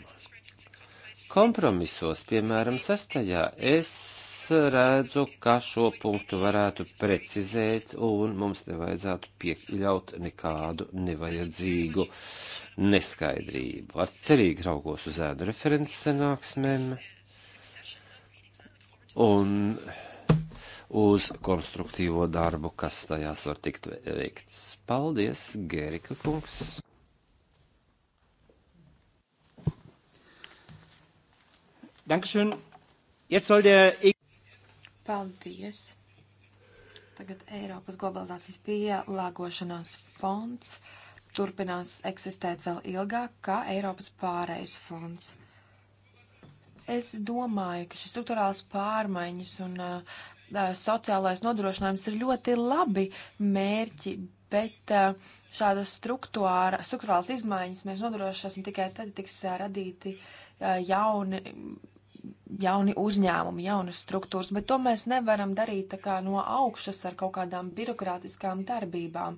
Kompromisos, piemēram, sestajā, es redzu, ka šo punktu varētu precizēt un mums nevajadzētu piekļaut nekādu nevajadzīgu neskaidrību. Ar cerīgi raugos uz ēdu referents sanāksmēm un uz konstruktīvo darbu, kas tajās var tikt veikts. Paldies, Gerika kungs! Dankeschön. Jetzt soll der. E- Paldies. Tagad Eiropas globalizācijas pielāgošanās fonds turpinās eksistēt vēl ilgāk kā Eiropas pārējais fonds. Es domāju, ka šis struktūrāls pārmaiņas un uh, sociālais nodrošinājums ir ļoti labi mērķi, bet uh, šādas struktūrālas izmaiņas mēs nodrošināsim tikai tad, tiks uh, radīti uh, jauni jauni uzņēmumi, jaunas struktūras, bet to mēs nevaram darīt tā kā no augšas ar kaut kādām birokrātiskām darbībām.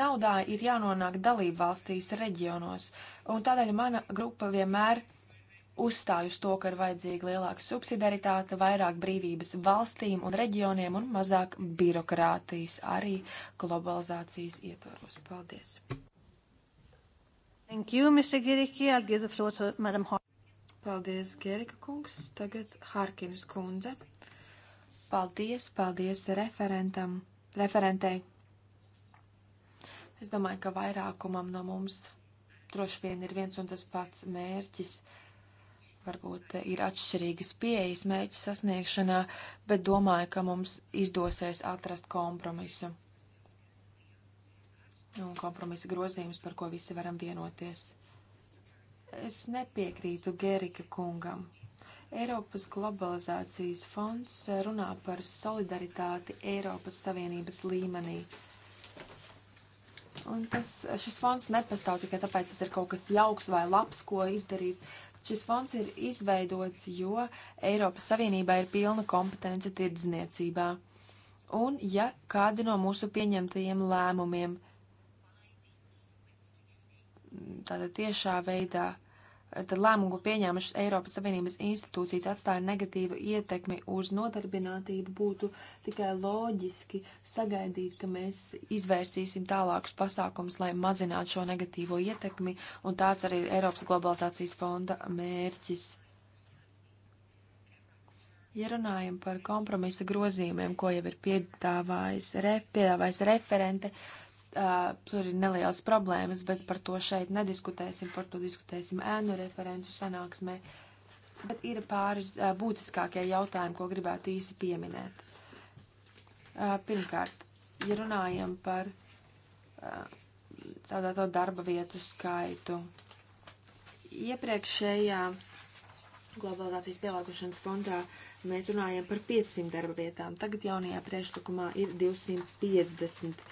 Naudā ir jānonāk dalību valstīs reģionos, un tādēļ mana grupa vienmēr uzstāj uz to, ka ir vajadzīga lielāka subsidiaritāte, vairāk brīvības valstīm un reģioniem un mazāk birokrātijas arī globalizācijas ietvaros. Paldies! Thank you, Mr. Giriki. I'll give the floor to Madam Hart. Paldies, Gerika kungs. Tagad Harkinas kundze. Paldies, paldies referentam, referentei. Es domāju, ka vairākumam no mums droši vien ir viens un tas pats mērķis. Varbūt ir atšķirīgas pieejas mērķa sasniegšanā, bet domāju, ka mums izdosies atrast kompromisu. Un kompromisa grozījums, par ko visi varam vienoties. Es nepiekrītu Gerika kungam. Eiropas globalizācijas fonds runā par solidaritāti Eiropas Savienības līmenī. Un tas, šis fonds nepastāv tikai tāpēc, tas ir kaut kas jauks vai labs, ko izdarīt. Šis fonds ir izveidots, jo Eiropas Savienībā ir pilna kompetence tirdzniecībā. Un ja kādi no mūsu pieņemtajiem lēmumiem tāda tiešā veidā tad lēmumu pieņēmušas Eiropas Savienības institūcijas atstāja negatīvu ietekmi uz nodarbinātību, būtu tikai loģiski sagaidīt, ka mēs izvērsīsim tālākus pasākumus, lai mazinātu šo negatīvo ietekmi, un tāds arī ir Eiropas globalizācijas fonda mērķis. Ja runājam par kompromisa grozījumiem, ko jau ir piedāvājis, ref, piedāvājis referente, uh, Uh, tur ir nelielas problēmas, bet par to šeit nediskutēsim, par to diskutēsim ēnu referentu sanāksmē. Bet ir pāris uh, būtiskākie jautājumi, ko gribētu īsi pieminēt. Uh, pirmkārt, ja runājam par caudāto darba vietu skaitu, iepriekšējā globalizācijas pielāgošanas fondā mēs runājam par 500 darba vietām, tagad jaunajā priekšlikumā ir 250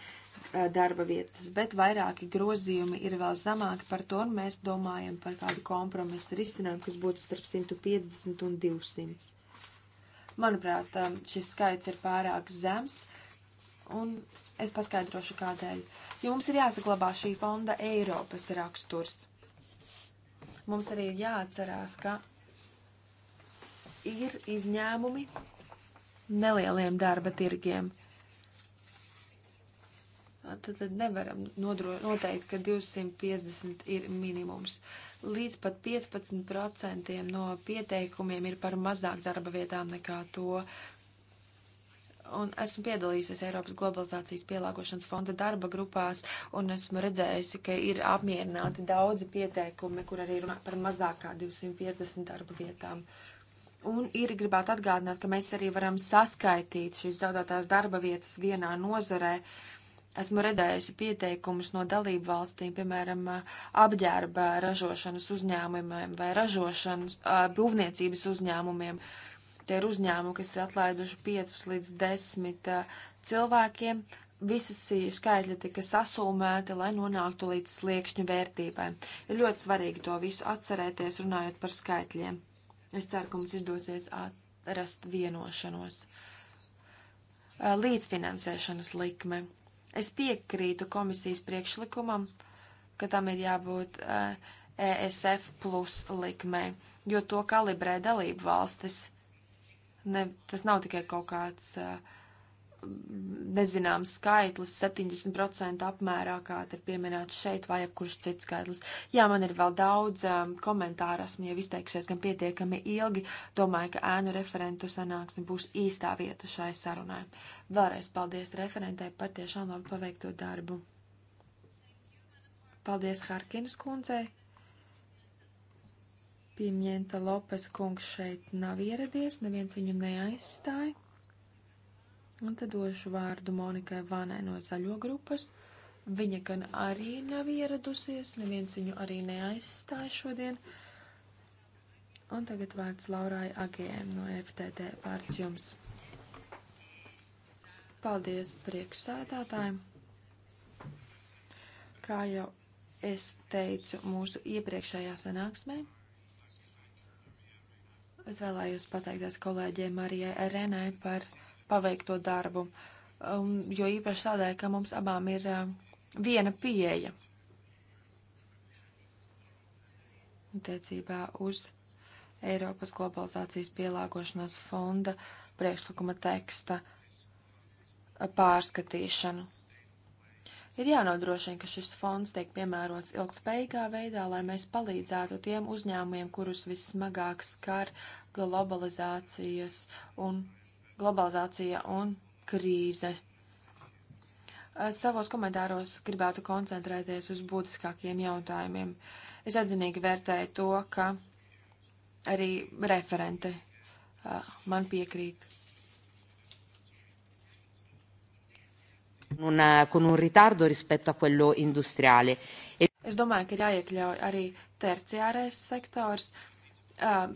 Uh, darba vietas, bet vairāki grozījumi ir vēl zamāki par to, un mēs domājam par kādu kompromisu risinājumu, kas būtu starp 150 un 200. Manuprāt, um, šis skaits ir pārāk zems, un es paskaidrošu kādēļ. Jo mums ir jāsaglabā šī fonda Eiropas raksturs. Mums arī ir jāatcerās, ka ir izņēmumi nelieliem darba tirgiem – tad, tad nevaram nodro, noteikt, ka 250 ir minimums. Līdz pat 15% no pieteikumiem ir par mazāk darba vietām nekā to. Un esmu piedalījusies Eiropas globalizācijas pielāgošanas fonda darba grupās, un esmu redzējusi, ka ir apmierināti daudzi pieteikumi, kur arī runā par mazāk kā 250 darba vietām. Un ir gribētu atgādināt, ka mēs arī varam saskaitīt šīs zaudētās darba vietas vienā nozarē, uh, Esmu redzējusi pieteikumus no dalību valstīm, piemēram, apģērba ražošanas uzņēmumiem vai ražošanas, būvniecības uzņēmumiem. Tie ir uzņēmumi, kas ir atlaiduši 5 līdz 10 cilvēkiem. Visas šī skaitļa tika sasulmēti, lai nonāktu līdz sliekšņu vērtībai. Ir ļoti svarīgi to visu atcerēties, runājot par skaitļiem. Es ceru, ka mums izdosies atrast vienošanos. Līdzfinansēšanas likme. Es piekrītu komisijas priekšlikumam, ka tam ir jābūt uh, eh, ESF plus likmē, jo to kalibrē dalību valstis. Ne, tas nav tikai kaut kāds uh, nezināms skaitlis, 70% apmērā, kā te pieminēts šeit, vai jebkurš cits skaitlis. Jā, man ir vēl daudz um, komentāru, esmu jau izteikusies gan pietiekami ilgi, domāju, ka ēnu referentu sanāksme būs īstā vieta šai sarunai. Vēlreiz paldies referentē par tiešām labi paveikto darbu. Paldies Harkinas kundzei. Pimienta Lopes kungs šeit nav ieradies, neviens viņu neaizstāja. Un tad došu vārdu Monikai Vānai no zaļo grupas. Viņa gan arī nav ieradusies, neviens viņu arī neaizstāja šodien. Un tagad vārds Laurai Agiem no FTD vārds jums. Paldies priekšsēdātājiem! Kā jau es teicu mūsu iepriekšējā sanāksmē, es vēlējos pateikties kolēģiem Marijai Renai par paveikto darbu, um, jo īpaši tādēļ, ka mums abām ir uh, viena pieeja attiecībā uz Eiropas globalizācijas pielāgošanās fonda priekšlikuma teksta uh, pārskatīšanu. Ir jānodrošina, ka šis fonds tiek piemērots ilgspējīgā veidā, lai mēs palīdzētu tiem uzņēmumiem, kurus vissmagāk skar globalizācijas un globalizācija un krīze. Savos komentāros gribētu koncentrēties uz būtiskākiem jautājumiem. Es atzinīgi vērtēju to, ka arī referente man piekrīt. Un, con un ritardo rispetto a quello industriale. E es domāju, ka jāiekļauj arī terciārais sektors. Uh,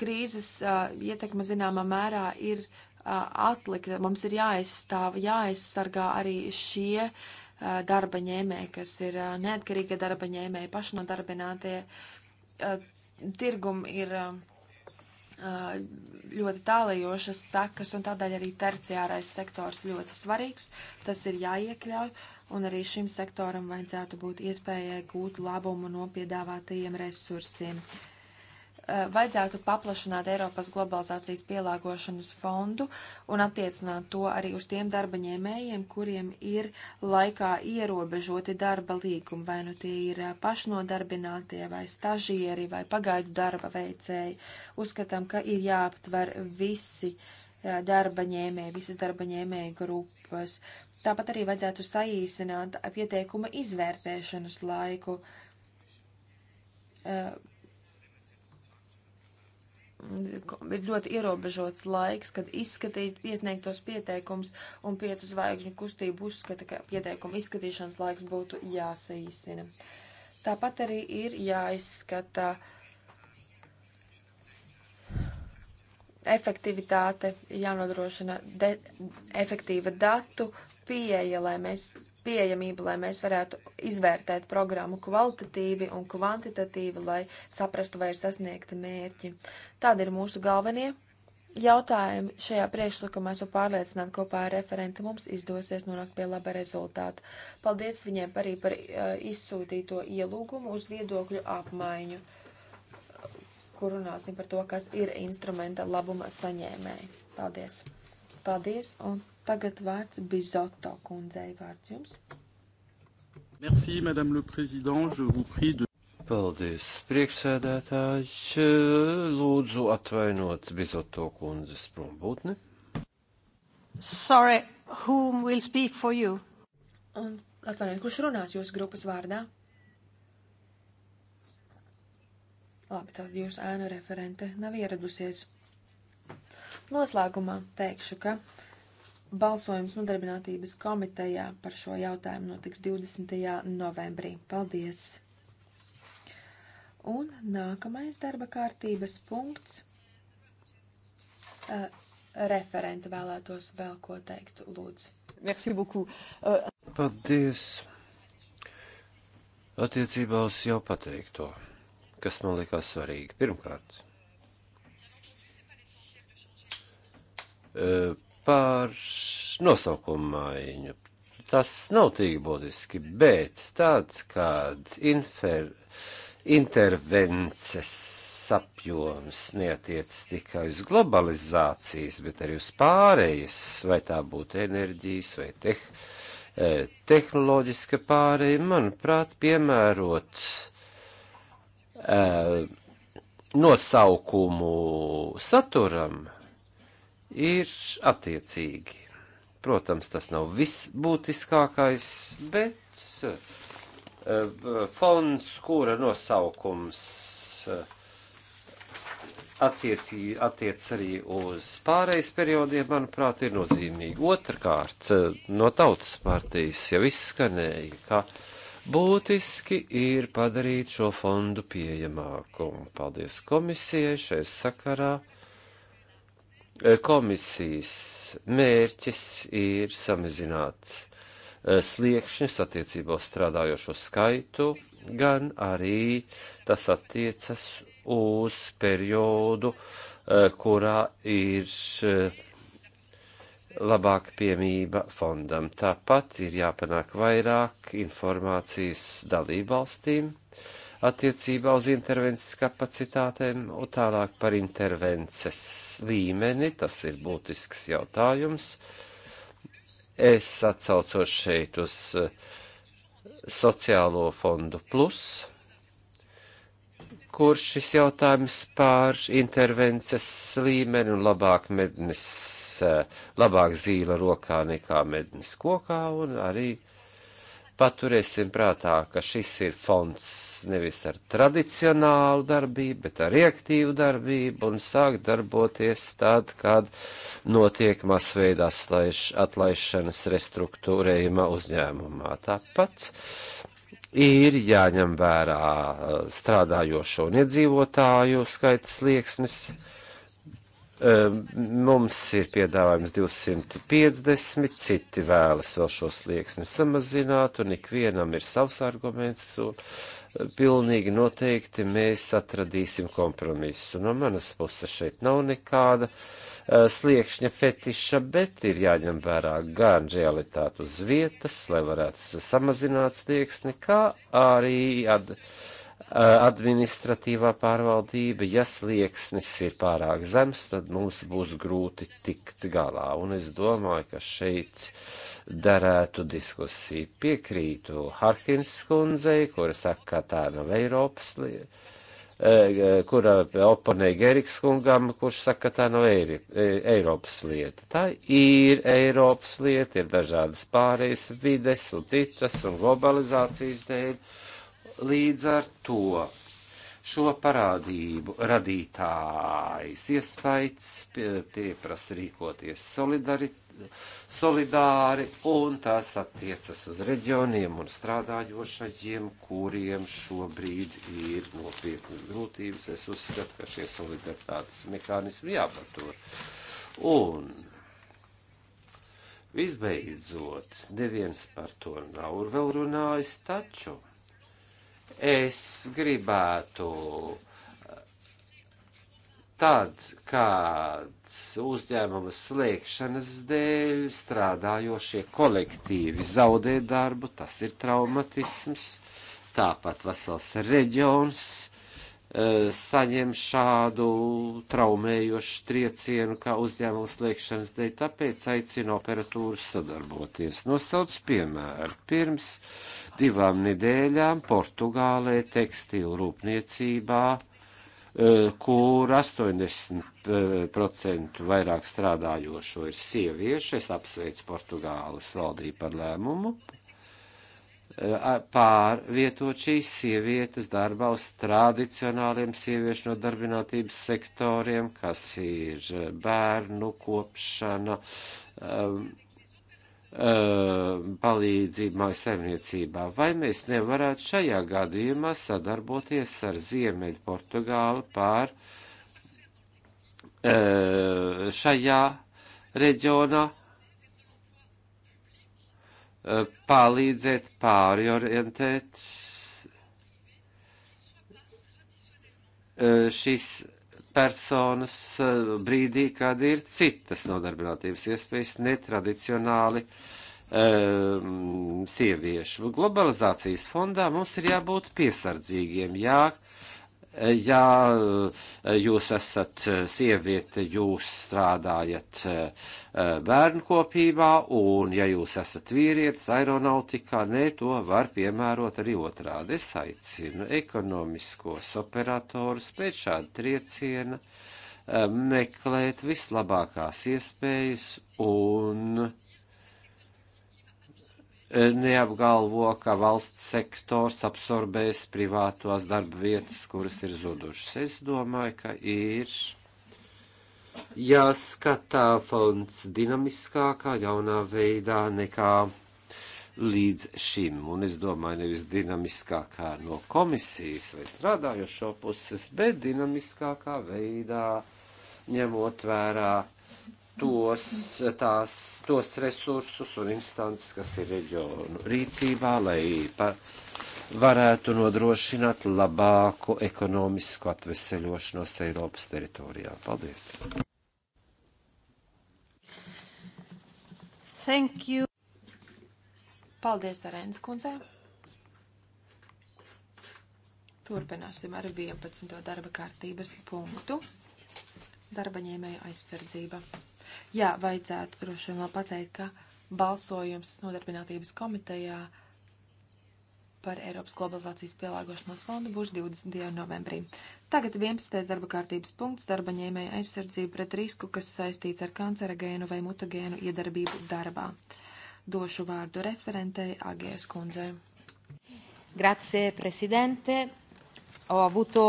krīzes uh, ietekme zināmā mērā ir uh, atlikta. Mums ir jāaizstāv, jāaizsargā arī šie uh, darba ņēmēji, kas ir uh, neatkarīga darba ņēmēji, pašnodarbinātie. Uh, tirgumi ir uh, ļoti tālajošas sekas, un tādēļ arī terciārais sektors ļoti svarīgs. Tas ir jāiekļauj, un arī šim sektoram vajadzētu būt iespējai gūt labumu no piedāvātajiem resursiem. Uh, Eh, vajadzētu paplašināt Eiropas globalizācijas pielāgošanas fondu un attiecināt to arī uz tiem darba ņēmējiem, kuriem ir laikā ierobežoti darba līgumi, vai nu tie ir eh, pašnodarbinātie, vai stažieri, vai pagaidu darba veicēji. Uzskatām, ka ir jāaptver visi eh, darba ņēmēji, visas darba ņēmēju grupas. Tāpat arī vajadzētu saīsināt pieteikuma izvērtēšanas laiku ir ļoti ierobežots laiks, kad izskatīt iesniegtos pieteikums un pietu zvaigžņu kustību uzskata, ka pieteikuma izskatīšanas laiks būtu jāsaīsina. Tāpat arī ir jāizskata efektivitāte, jānodrošina de, efektīva datu pieeja, lai mēs pieejamību, lai mēs varētu izvērtēt programmu kvalitatīvi un kvantitatīvi, lai saprastu, vai ir sasniegti mērķi. Tādi ir mūsu galvenie jautājumi šajā priekšlikumā. Esmu pārliecināta, kopā ar referenti mums izdosies nonākt pie laba rezultāta. Paldies viņiem arī par uh, izsūtīto ielūgumu uz viedokļu apmaiņu, kur runāsim par to, kas ir instrumenta labuma saņēmēji. Paldies! Paldies! Un Tagad vārds Bizoto kundzei vārds jums. Merci, madame le président, je vous prie de. Paldies, priekšsēdētāji. Lūdzu atvainot Bizoto kundzes prombūtni. Sorry, whom will speak for you? Un atvainojiet, kurš runās jūsu grupas vārdā? Labi, tad jūsu ēnu referente nav ieradusies. Noslēgumā teikšu, ka Balsojums nodarbinātības komitejā par šo jautājumu notiks 20. novembrī. Paldies! Un nākamais darba kārtības punkts. Uh, eh, referenta vēlētos vēl ko teikt, lūdzu. Merci beaucoup. Uh... Paldies. Attiecībā uz jau pateikto, kas man likās svarīgi. Pirmkārt, uh, par nosaukumu maiņu. Tas nav tik būtiski, bet tāds kāds infer, intervences apjoms neatiec tikai uz globalizācijas, bet arī uz pārējas, vai tā būtu enerģijas vai teh, e, tehnoloģiska pārēja, manuprāt, piemērot eh, nosaukumu saturam ir attiecīgi. Protams, tas nav viss būtiskākais, bet uh, fonds, kura nosaukums uh, eh, attiec, attiec arī uz pārejas periodiem, manuprāt, ir nozīmīgi. Otrkārt, eh, no tautas partijas jau izskanēja, ka būtiski ir padarīt šo fondu pieejamāku. Paldies komisijai šai sakarā. Eh, komisijas mērķis ir samazināt eh, sliekšņus attiecībā uz strādājošo skaitu, gan arī tas attiecas uz periodu, eh, kurā ir labāka piemība fondam. Tāpat ir jāpanāk vairāk informācijas dalībvalstīm attiecībā uz intervences kapacitātēm un tālāk par intervences līmeni. Tas ir būtisks jautājums. Es atsaucos šeit uz eh, sociālo fondu plus, kur šis jautājums pār intervences līmeni un labāk mednis, eh, labāk zīla rokā nekā mednis kokā un arī uh, Paturēsim prātā, ka šis ir fonds nevis ar tradicionālu darbību, bet ar reaktīvu darbību un sāk darboties tad, kad notiek masveida atlaišanas restruktūrējuma uzņēmumā. Tāpat ir jāņem vērā strādājošo un iedzīvotāju skaita slieksnis. Ehm, mums ir piedāvājums 250, citi vēlas vēl šo slieksni samazināt, un ikvienam ir savs arguments, un ehm, pilnīgi noteikti mēs atradīsim kompromisu. No manas puses šeit nav nekāda ehm, sliekšņa fetiša, bet ir jāņem vērā gan realitāte uz vietas, lai varētu samazināt slieksni, kā arī atbildēt Eh, administratīvā pārvaldība, ja slieksnis ir pārāk zems, tad mums būs grūti tikt galā. Un es domāju, ka šeit derētu diskusiju. Piekrītu Harkins skundzei, kura saka, ka tā nav Eiropas lieta eh, kura oponēja Geriks kungam, kurš saka, ka tā nav no e, Eiropas lieta. Tā ir Eiropas lieta, ir dažādas pārējas vides un citas un globalizācijas dēļ. Uh, Līdz ar to šo parādību radītājs iespējas pie, pieprasa rīkoties solidari, solidāri, un tas attiecas uz reģioniem un strādājošajiem, kuriem šobrīd ir nopietnas grūtības. Es uzskatu, ka šie solidaritātes mehānismi jāpatur. Un visbeidzot, neviens par to nav vēl runājis, taču. Es gribētu tad, kad uzņēmuma slēgšanas dēļ strādājošie kolektīvi zaudē darbu, tas ir traumatisms, tāpat vesels reģions Eh, saņem šādu traumējošu triecienu kā uzņēmumu slēgšanas dēļ, tāpēc aicinu operatūras sadarboties. Nosauc piemēru. Pirms divām nedēļām Portugālē tekstīlu rūpniecībā, eh, kur 80% eh, vairāk strādājošo ir sievieši, es apsveicu Portugāles valdību par lēmumu, Eh, pārvietot šīs sievietes darbā uz tradicionāliem sieviešu nodarbinātības sektoriem, kas ir eh, bērnu kopšana, um, um, palīdzība mājas saimniecībā. Vai mēs nevarētu šajā gadījumā sadarboties ar Ziemeļu Portugāli pār um, šajā reģionā? Eh, palīdzēt pāriorientēt eh, šīs personas eh, brīdī, kad ir citas nodarbinātības iespējas, netradicionāli um, sieviešu. Globalizācijas fondā mums ir jābūt piesardzīgiem, jā, ja eh, jūs esat eh, sieviete, jūs strādājat eh, bērnkopībā, un ja jūs esat vīrietis aeronautikā, nē, to var piemērot arī otrādi. Es aicinu ekonomiskos operatorus pēc šāda trieciena meklēt vislabākās iespējas un E, neapgalvo, ka valsts sektors absorbēs privātos darba vietas, kuras ir zudušas. Es domāju, ka ir jāskatā fonds dinamiskākā, jaunā veidā nekā līdz šim. Un es domāju, nevis dinamiskākā no komisijas vai strādājošo puses, bet dinamiskākā veidā ņemot vērā uh, tos, tās, tos resursus un instances, kas ir reģionu rīcībā, lai pa, varētu nodrošināt labāku ekonomisku atveseļošanos Eiropas teritorijā. Paldies! Thank you. Paldies, Arēns kundzē. Turpināsim ar 11. darba kārtības punktu. Darba ņēmēja aizsardzība. Jā, vajadzētu droši vien vēl pateikt, ka balsojums nodarbinātības komitejā par Eiropas globalizācijas pielāgošanos fondu būs 20. novembrī. Tagad 11. darba kārtības punkts - darba ņēmēja aizsardzība pret risku, kas saistīts ar kancerogēnu vai mutagēnu iedarbību darbā. Došu vārdu referentei Agies kundzei. Grazie, prezidente. Ho avuto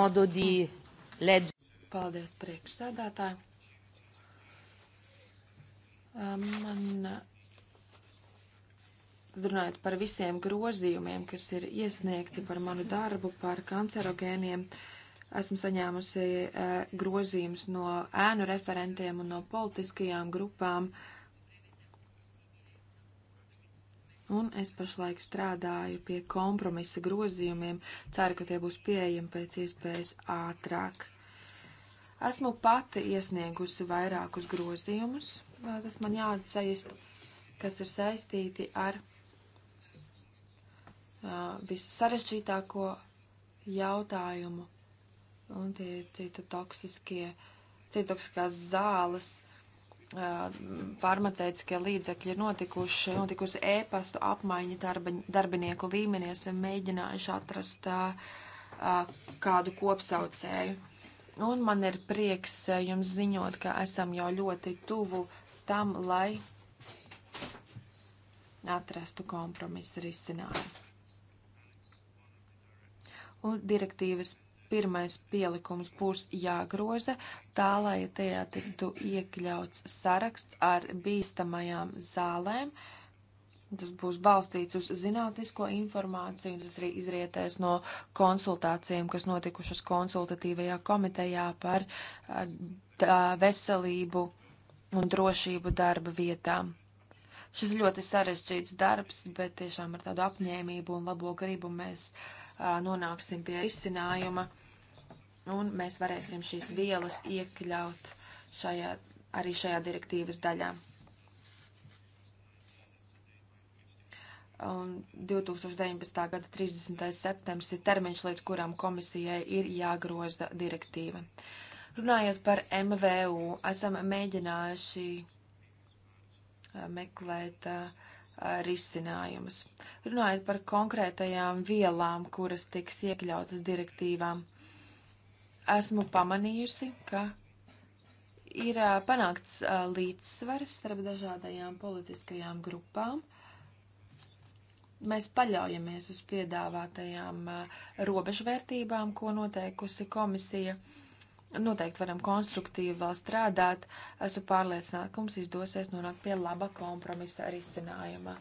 modo di leggere. Paldies, priekšsēdētāji Man runājot par visiem grozījumiem, kas ir iesniegti par manu darbu, par kancerogēniem, esmu saņēmusi grozījumus no ēnu referentiem un no politiskajām grupām. Un es pašlaik strādāju pie kompromisa grozījumiem. Ceru, ka tie būs pieejami pēc iespējas ātrāk. Esmu pati iesniegusi vairākus grozījumus kas man jāatsaist, kas ir saistīti ar uh, vissarežģītāko jautājumu. Un tie ir citotoksiskie, citotoksiskās zāles, uh, farmaceitiskie līdzekļi ir notikuši, notikusi ēpastu apmaiņa darba, darbinieku līmenī. Esam mēģinājuši atrast uh, kādu kopsaucēju. Un man ir prieks jums ziņot, ka esam jau ļoti tuvu tam, lai atrastu kompromisu risinājumu. Un direktīvas pirmais pielikums būs jāgroza tā, lai tajā tiktu iekļauts saraksts ar bīstamajām zālēm. Tas būs balstīts uz zinātnisko informāciju, un tas arī izrietēs no konsultācijām, kas notikušas konsultatīvajā komitejā par veselību un drošību darba vietām. Šis ļoti sarežģīts darbs, bet tiešām ar tādu apņēmību un labo gribu mēs a, nonāksim pie risinājuma, un mēs varēsim šīs vielas iekļaut šajā, arī šajā direktīvas daļā. Un 2019. gada 30. septembris ir termiņš, līdz kuram komisijai ir jāgroza direktīva. Uh, Runājot par MVU, esam mēģinājuši meklēt uh, risinājumus. Runājot par konkrētajām vielām, kuras tiks iekļautas direktīvām, esmu pamanījusi, ka ir uh, panākts uh, līdzsvars starp dažādajām politiskajām grupām. Mēs paļaujamies uz piedāvātajām robežvērtībām, ko noteikusi komisija. Uh, noteikti varam konstruktīvi vēl strādāt. Esmu pārliecināta, ka mums izdosies nonākt pie laba kompromisa risinājuma.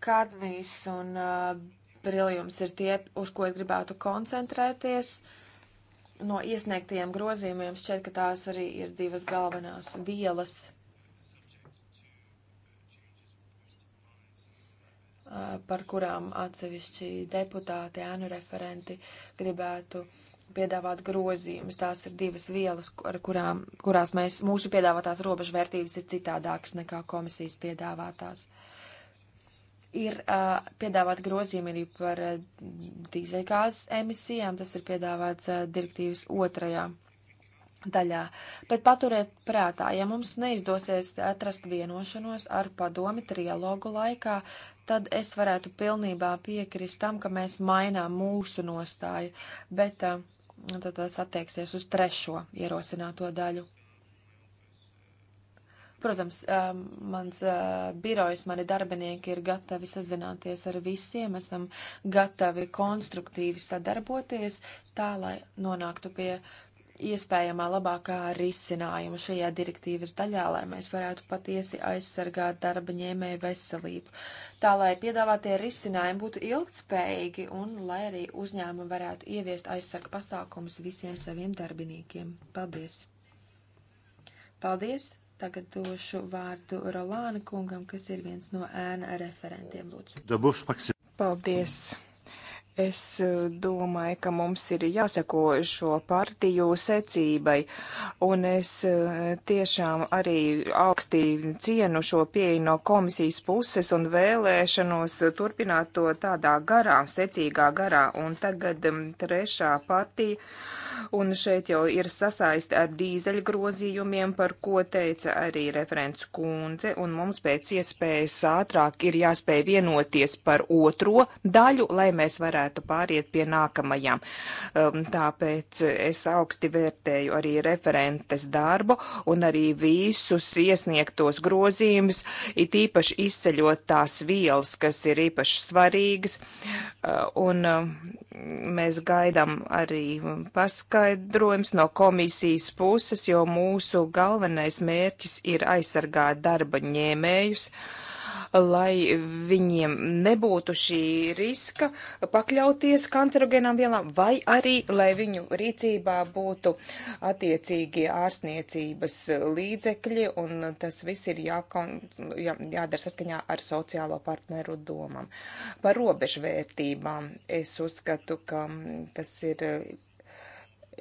Kadmijs un uh, briljums ir tie, uz ko es gribētu koncentrēties. No iesniegtajiem grozījumiem šķiet, ka tās arī ir divas galvenās vielas. Uh, par kurām atsevišķi deputāti, ēnu referenti gribētu uh, piedāvāt grozījumus. Tās ir divas vielas, ar kurām, kurās mēs, mūsu piedāvātās robežvērtības ir citādākas nekā komisijas piedāvātās. Ir uh, piedāvāti grozījumi arī par uh, dīzeļgāzes emisijām, tas ir piedāvāts uh, direktīvas otrajā daļā. Bet paturiet prātā, ja mums neizdosies atrast vienošanos ar padomi trialogu laikā, tad es varētu pilnībā piekrist tam, ka mēs mainām mūsu nostāju. Bet uh, tad tas attieksies uz trešo ierosināto daļu. Protams, um, mans uh, birojs, mani darbinieki ir gatavi sazināties ar visiem, esam gatavi konstruktīvi sadarboties tā, lai nonāktu pie iespējamā labākā risinājuma šajā direktīvas daļā, lai mēs varētu patiesi aizsargāt darba ņēmēju veselību, tā lai piedāvātie risinājumi būtu ilgtspējīgi un lai arī uzņēmumi varētu ieviest aizsarga pasākumus visiem saviem darbiniekiem. Paldies! Paldies! Tagad došu vārdu Rolāna kungam, kas ir viens no ēna referentiem. Lūdzu. Paldies! Es e, domāju, ka mums ir jāseko šo partiju secībai, un es e, tiešām arī augstī cienu šo pieeju no komisijas puses un vēlēšanos turpināt to tādā garā, secīgā garā. Un tagad trešā partija un šeit jau ir sasaiste ar dīzeļu grozījumiem, par ko teica arī referents kundze, un mums pēc iespējas ātrāk ir jāspēj vienoties par otro daļu, lai mēs varētu pāriet pie nākamajām. Um, tāpēc es augsti vērtēju arī referentes darbu un arī visus iesniegtos grozījumus, it īpaši izceļot tās vielas, kas ir īpaši svarīgas, uh, un uh, mēs gaidām arī paskatījumus, paskaidrojums no komisijas puses, jo mūsu galvenais mērķis ir aizsargāt darba ņēmējus, lai viņiem nebūtu šī riska pakļauties kancerogēnām vielām, vai arī, lai viņu rīcībā būtu attiecīgie ārstniecības līdzekļi, un tas viss ir jākon, jā, jādara saskaņā ar sociālo partneru domām. Par robežvērtībām es uzskatu, ka tas ir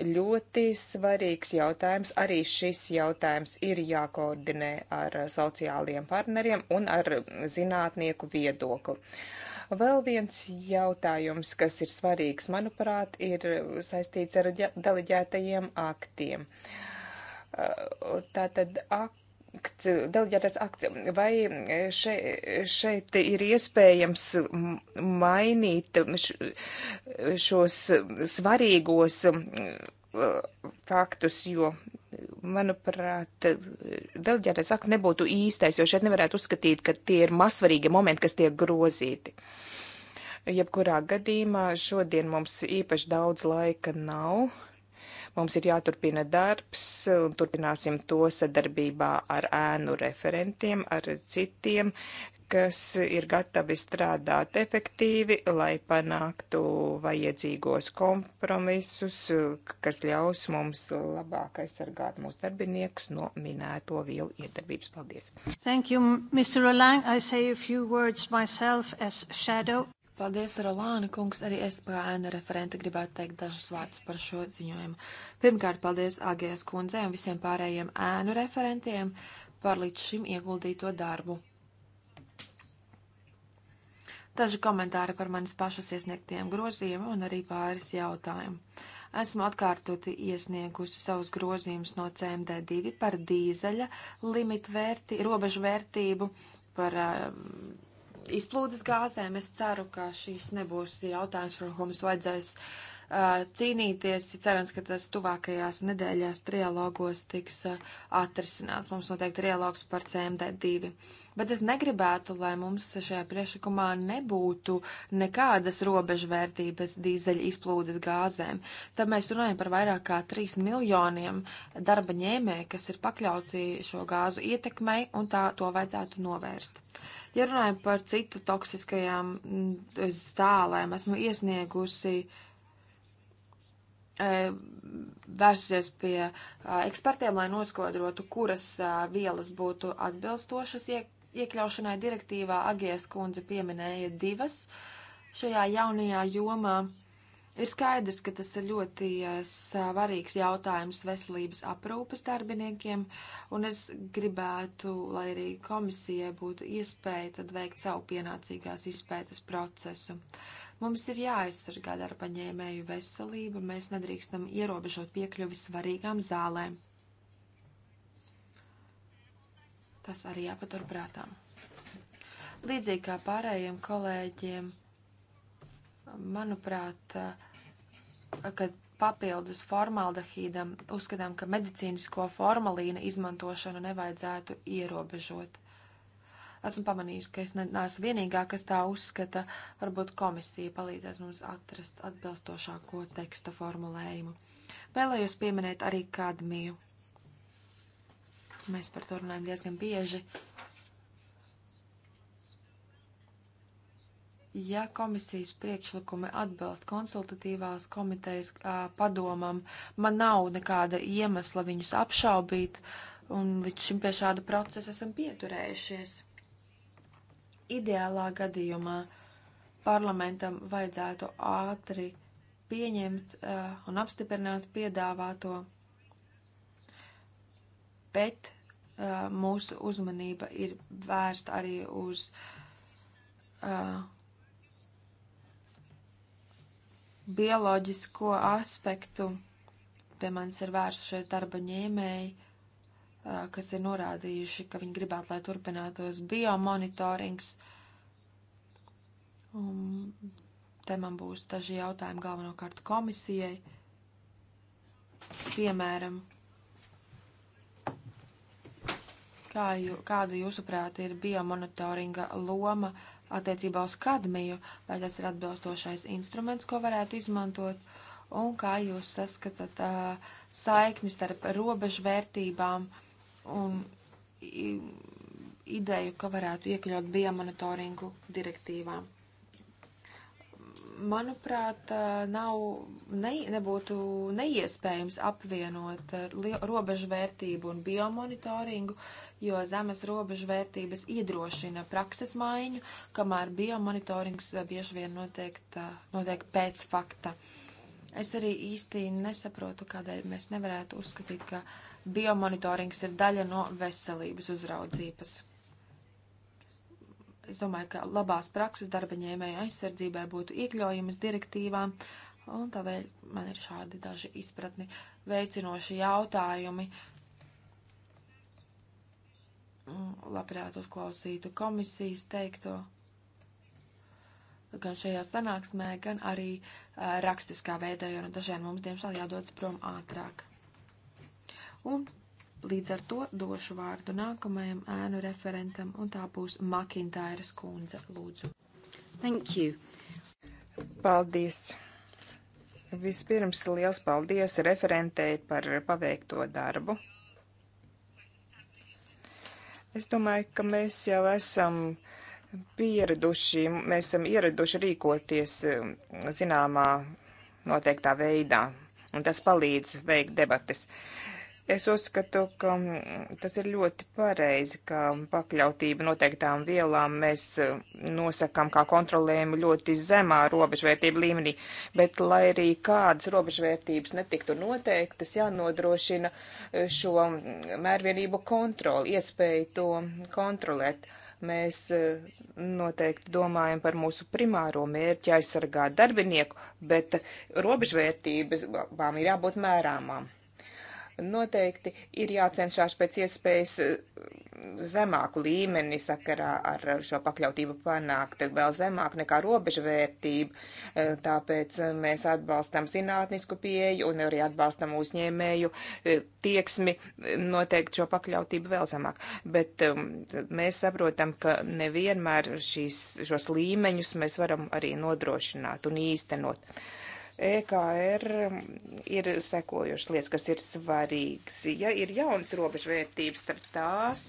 ļoti svarīgs jautājums. Arī šis jautājums ir jākoordinē ar sociālajiem partneriem un ar zinātnieku viedokli. Vēl viens jautājums, kas ir svarīgs, manuprāt, ir saistīts ar deleģētajiem aktiem. Tātad ak deleģētais akts, vai še, šeit ir iespējams mainīt šos svarīgos faktus, jo, manuprāt, deleģētais akts nebūtu īstais, jo šeit nevarētu uzskatīt, ka tie ir mazsvarīgi momenti, kas tiek grozīti. Jebkurā gadījumā šodien mums īpaši daudz laika nav Mums ir jāturpina darbs un turpināsim to sadarbībā ar ēnu referentiem, ar citiem, kas ir gatavi strādāt efektīvi, lai panāktu vajadzīgos kompromisus, kas ļaus mums labāk aizsargāt mūsu darbiniekus no minēto vielu iedarbības. Paldies! Thank you, Mr. Rolang. I say a few words myself as shadow. Paldies, Rolāna kungs. Arī es pēnu referenta gribētu teikt dažus vārdus par šo ziņojumu. Pirmkārt, paldies Agijas kundzei un visiem pārējiem ēnu referentiem par līdz šim ieguldīto darbu. Daži komentāri par manis pašas iesniegtiem grozījumiem un arī pāris jautājumu. Esmu atkārtoti iesniegusi savus grozījumus no CMD2 par dīzeļa limitvērtību, robežu vērtību, par uh, izplūdes gāzēm. Es ceru, ka šis nebūs jautājums, par ko mums vajadzēs uh, cīnīties. Cerams, ka tas tuvākajās nedēļās trialogos tiks atrisināts. Mums noteikti trialogs par CMD2. Bet es negribētu, lai mums šajā priešakumā nebūtu nekādas robežvērtības dīzeļa izplūdes gāzēm. Tad mēs runājam par vairāk kā 3 miljoniem darba ņēmēju, kas ir pakļauti šo gāzu ietekmei, un tā to vajadzētu novērst. Ja runājam par citu toksiskajām mm, zālēm, esmu iesniegusi uh, E, vērsusies pie a, e, ekspertiem, lai noskodrotu, kuras a, e, vielas būtu atbilstošas iek, iekļaušanai direktīvā. Agies kundze pieminēja divas šajā jaunajā jomā. Ir skaidrs, ka tas ir ļoti eh, svarīgs jautājums veselības aprūpas darbiniekiem, un es gribētu, lai arī komisijai būtu iespēja tad veikt savu pienācīgās izpētes procesu. Mums ir jāaizsargā darba ņēmēju veselība, mēs nedrīkstam ierobežot piekļuvi svarīgām zālēm. Tas arī jāpaturprātā. Līdzīgi kā pārējiem kolēģiem, manuprāt, uh, kad papildus formaldehīdam uzskatām, ka medicīnisko formalīna izmantošanu nevajadzētu ierobežot. Esmu pamanījusi, ka es neesmu vienīgā, kas tā uzskata. Varbūt komisija palīdzēs mums atrast atbilstošāko teksta formulējumu. Vēlējos pieminēt arī kadmiju. Mēs par to runājam diezgan bieži. ja komisijas priekšlikumi atbilst konsultatīvās komitejas a, padomam, man nav nekāda iemesla viņus apšaubīt, un līdz šim pie šāda procesa esam pieturējušies. Ideālā gadījumā parlamentam vajadzētu ātri pieņemt a, un apstiprināt piedāvāto, bet a, mūsu uzmanība ir vērsta arī uz uh, bioloģisko aspektu. Pie manis ir vērsušies darba ņēmēji, kas ir norādījuši, ka viņi gribētu, lai turpinātos biomonitorings. Un te man būs daži jautājumi galvenokārt komisijai. Piemēram, kā jū, kāda jūsuprāt ir biomonitoringa loma? Uh, attiecībā uz kadmiju, vai tas ir atbilstošais instruments, ko varētu izmantot, un kā jūs saskatāt uh, saikni starp robežvērtībām un ideju, ka varētu iekļaut biomonitoringu direktīvām manuprāt, nav, ne, nebūtu neiespējams apvienot robežu vērtību un biomonitoringu, jo zemes robežu vērtības iedrošina prakses maiņu, kamēr biomonitorings bieži vien notiek, tā, notiek pēc fakta. Es arī īsti nesaprotu, kādēļ mēs nevarētu uzskatīt, ka biomonitorings ir daļa no veselības uzraudzības. Es domāju, ka labās prakses darbaņēmēju aizsardzībai būtu iekļaujamas direktīvām, un tādēļ man ir šādi daži izpratni veicinoši jautājumi. Mm, Labprāt uzklausītu komisijas teikto gan šajā sanāksmē, gan arī uh, rakstiskā veidā, jo no nu dažiem mums, diemžēl, jādodas prom ātrāk. Un Līdz ar to došu vārdu nākamajam ēnu referentam, un tā būs Makintāras kundze, lūdzu. Thank you. Paldies. Vispirms liels paldies referentei par paveikto darbu. Es domāju, ka mēs jau esam pieraduši, mēs esam ieraduši rīkoties zināmā noteiktā veidā, un tas palīdz veikt debates. Uh, Es uzskatu, ka mm, tas ir ļoti pareizi, ka pakļautība noteiktām vielām mēs mm, nosakām kā kontrolējumu ļoti zemā robežvērtību līmenī, bet lai arī kādas robežvērtības netiktu noteiktas, jānodrošina eh, šo mm, mērvienību kontroli, iespēju to kontrolēt. Mēs eh, noteikti domājam par mūsu primāro mērķi aizsargāt darbinieku, bet robežvērtības bām ir jābūt mērāmām noteikti ir jācenšās pēc iespējas eh, zemāku līmeni sakarā ar šo pakļautību panākt, vēl zemāk nekā robeža vērtība. Eh, tāpēc mēs atbalstam zinātnisku pieeju un arī atbalstam uzņēmēju eh, tieksmi noteikt šo pakļautību vēl zemāk. Bet ehm, mēs saprotam, ka nevienmēr šīs, šos līmeņus mēs varam arī nodrošināt un īstenot. EKR mm, ir sekojušas lietas, kas ir svarīgas. Ja ir jaunas robežvērtības, tad tās,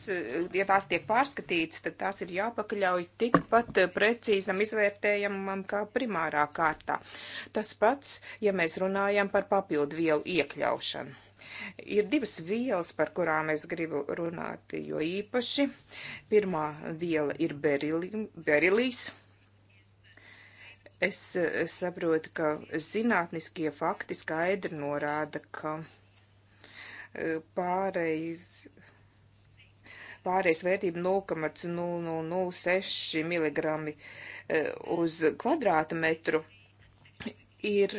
ja tās tiek pārskatītas, tad tās ir jāpakļauj tikpat precīzam izvērtējumam kā primārā kārtā. Tas pats, ja mēs runājam par papildu vielu iekļaušanu. Ir divas vielas, par kurām es gribu runāt, jo īpaši pirmā viela ir berili, berilijs, Es saprotu, ka zinātniskie fakti skaidri norāda, ka e, pāreiz pārējais vērtība 0,006 mg e, uz kvadrātmetru ir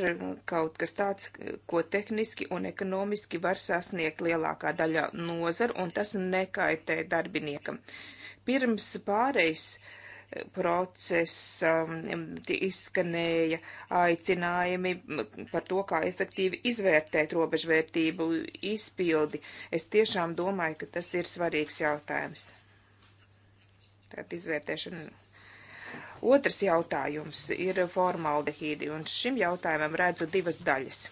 kaut kas tāds, ko tehniski un ekonomiski var sasniegt lielākā daļa nozaru, un tas nekaitē darbiniekam. Pirms pārējais uh, procesa um, izskanēja aicinājumi par to, kā efektīvi izvērtēt robežvērtību izpildi. Es tiešām domāju, ka tas ir svarīgs jautājums. Tātad izvērtēšana. Otrs jautājums ir formaldehīdi, un šim jautājumam redzu divas daļas.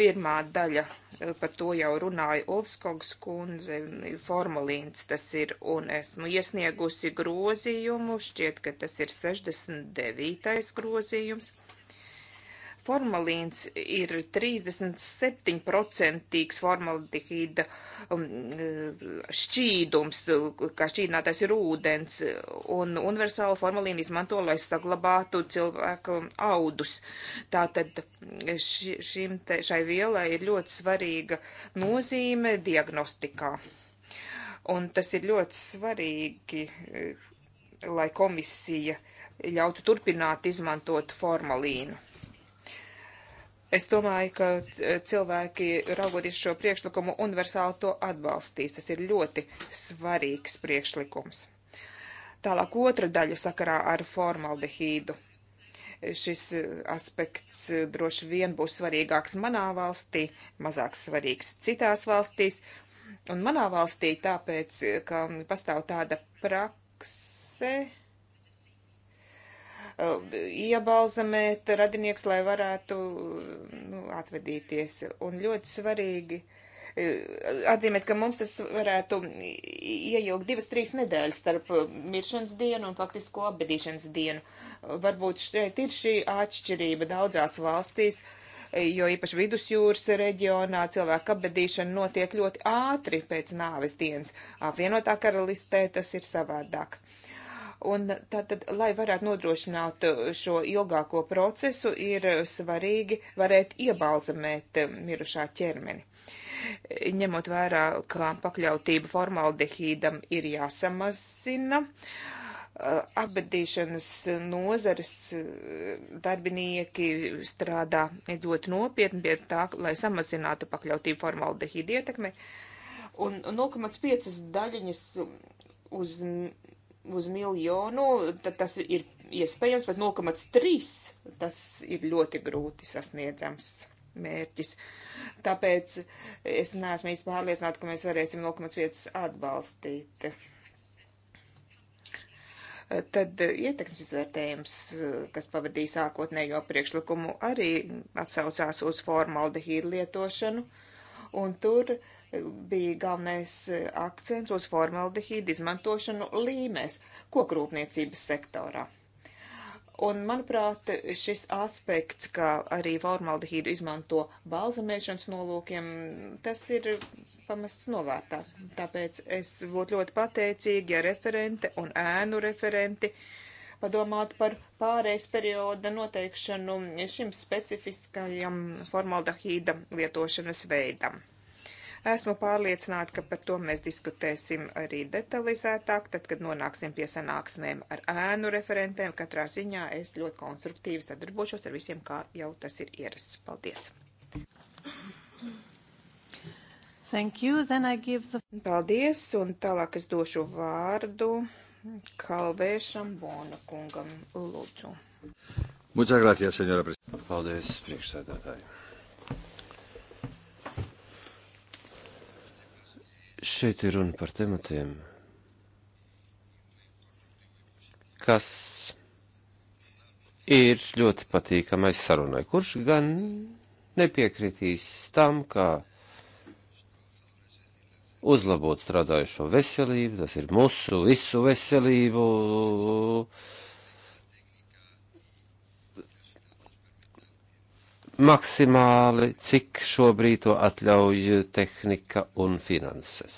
Pirmā daļa, eh, par to jau runāja Ulfskogs kundze, formulīns tas ir, un esmu iesniegusi grozījumu, šķiet, ka tas ir 69. grozījums. Formalīns ir 37% formaldehīda um, eh, šķīdums, kā šķīdinātais ir ūdens, un universāli formalīnu izmanto, lai saglabātu cilvēku audus. Tātad šim te, šai vielai ir ļoti svarīga nozīme diagnostikā. Un tas ir ļoti svarīgi, eh, lai komisija ļautu turpināt izmantot formalīnu Es domāju, ka cilvēki, raugoties šo priekšlikumu, universāli to atbalstīs. Tas ir ļoti svarīgs priekšlikums. Tālāk otra daļa sakarā ar formaldehīdu. Šis e, aspekts e, droši vien būs svarīgāks manā valstī, mazāk svarīgs citās valstīs. Un manā valstī tāpēc, e, ka pastāv tāda prakse iebalzamēt radinieks, lai varētu nu, atvadīties. Un ļoti svarīgi e, atzīmēt, ka mums tas varētu ieilgt divas, trīs nedēļas starp miršanas dienu un faktisko apbedīšanas dienu. Varbūt šeit ir šī atšķirība daudzās valstīs jo īpaši vidusjūras reģionā cilvēku apbedīšana notiek ļoti ātri pēc nāves dienas. Apvienotā karalistē tas ir savādāk. Uh, Un tātad, lai varētu nodrošināt uh, šo ilgāko procesu, ir uh, svarīgi varēt iebalzamēt uh, mirušā ķermeni. Ņemot vērā, ka pakļautība formaldehīdam ir jāsamazina, apbedīšanas nozares darbinieki strādā ļoti nopietni pie tā, lai samazinātu pakļautību formaldehīdu ietekmi. Un 0,5 daļiņas uz uz miljonu, tad tas ir iespējams, bet 0,3 tas ir ļoti grūti sasniedzams mērķis. Tāpēc es neesmu īsti pārliecināta, ka mēs varēsim 0,5 atbalstīt. Tad ietekmes izvērtējums, kas pavadīja sākotnējo priekšlikumu, arī atsaucās uz formaldehīdu lietošanu, un tur uh, bija galvenais e, akcents uz formaldehīdu izmantošanu līmēs kokrūpniecības sektorā. Un, manuprāt, šis aspekts, kā arī formaldehīdu izmanto balzamēšanas nolūkiem, tas ir pamests novērtā. Tāpēc es būtu ļoti pateicīgi, ja referente un ēnu referenti padomātu par pārējais perioda noteikšanu šim specifiskajam formaldehīda lietošanas veidam. Esmu pārliecināta, ka par to mēs diskutēsim arī detalizētāk, tad, kad nonāksim pie sanāksmēm ar ēnu referentiem. Katrā ziņā es ļoti konstruktīvi sadarbošos ar visiem, kā jau tas ir ierasts. Paldies! Thank you. Then I give the... Paldies, un tālāk es došu vārdu Kalvēšam Bona kungam. Lūdzu. Muchas gracias, señora presidenta. Paldies, priekšsēdētāji. Šeit ir runa par tematiem, kas ir ļoti patīkamais sarunai, kurš gan nepiekritīs tam, kā uzlabot strādājušo veselību, tas ir mūsu visu veselību. Uh, maksimāli, cik šobrīd to atļauj tehnika un finanses.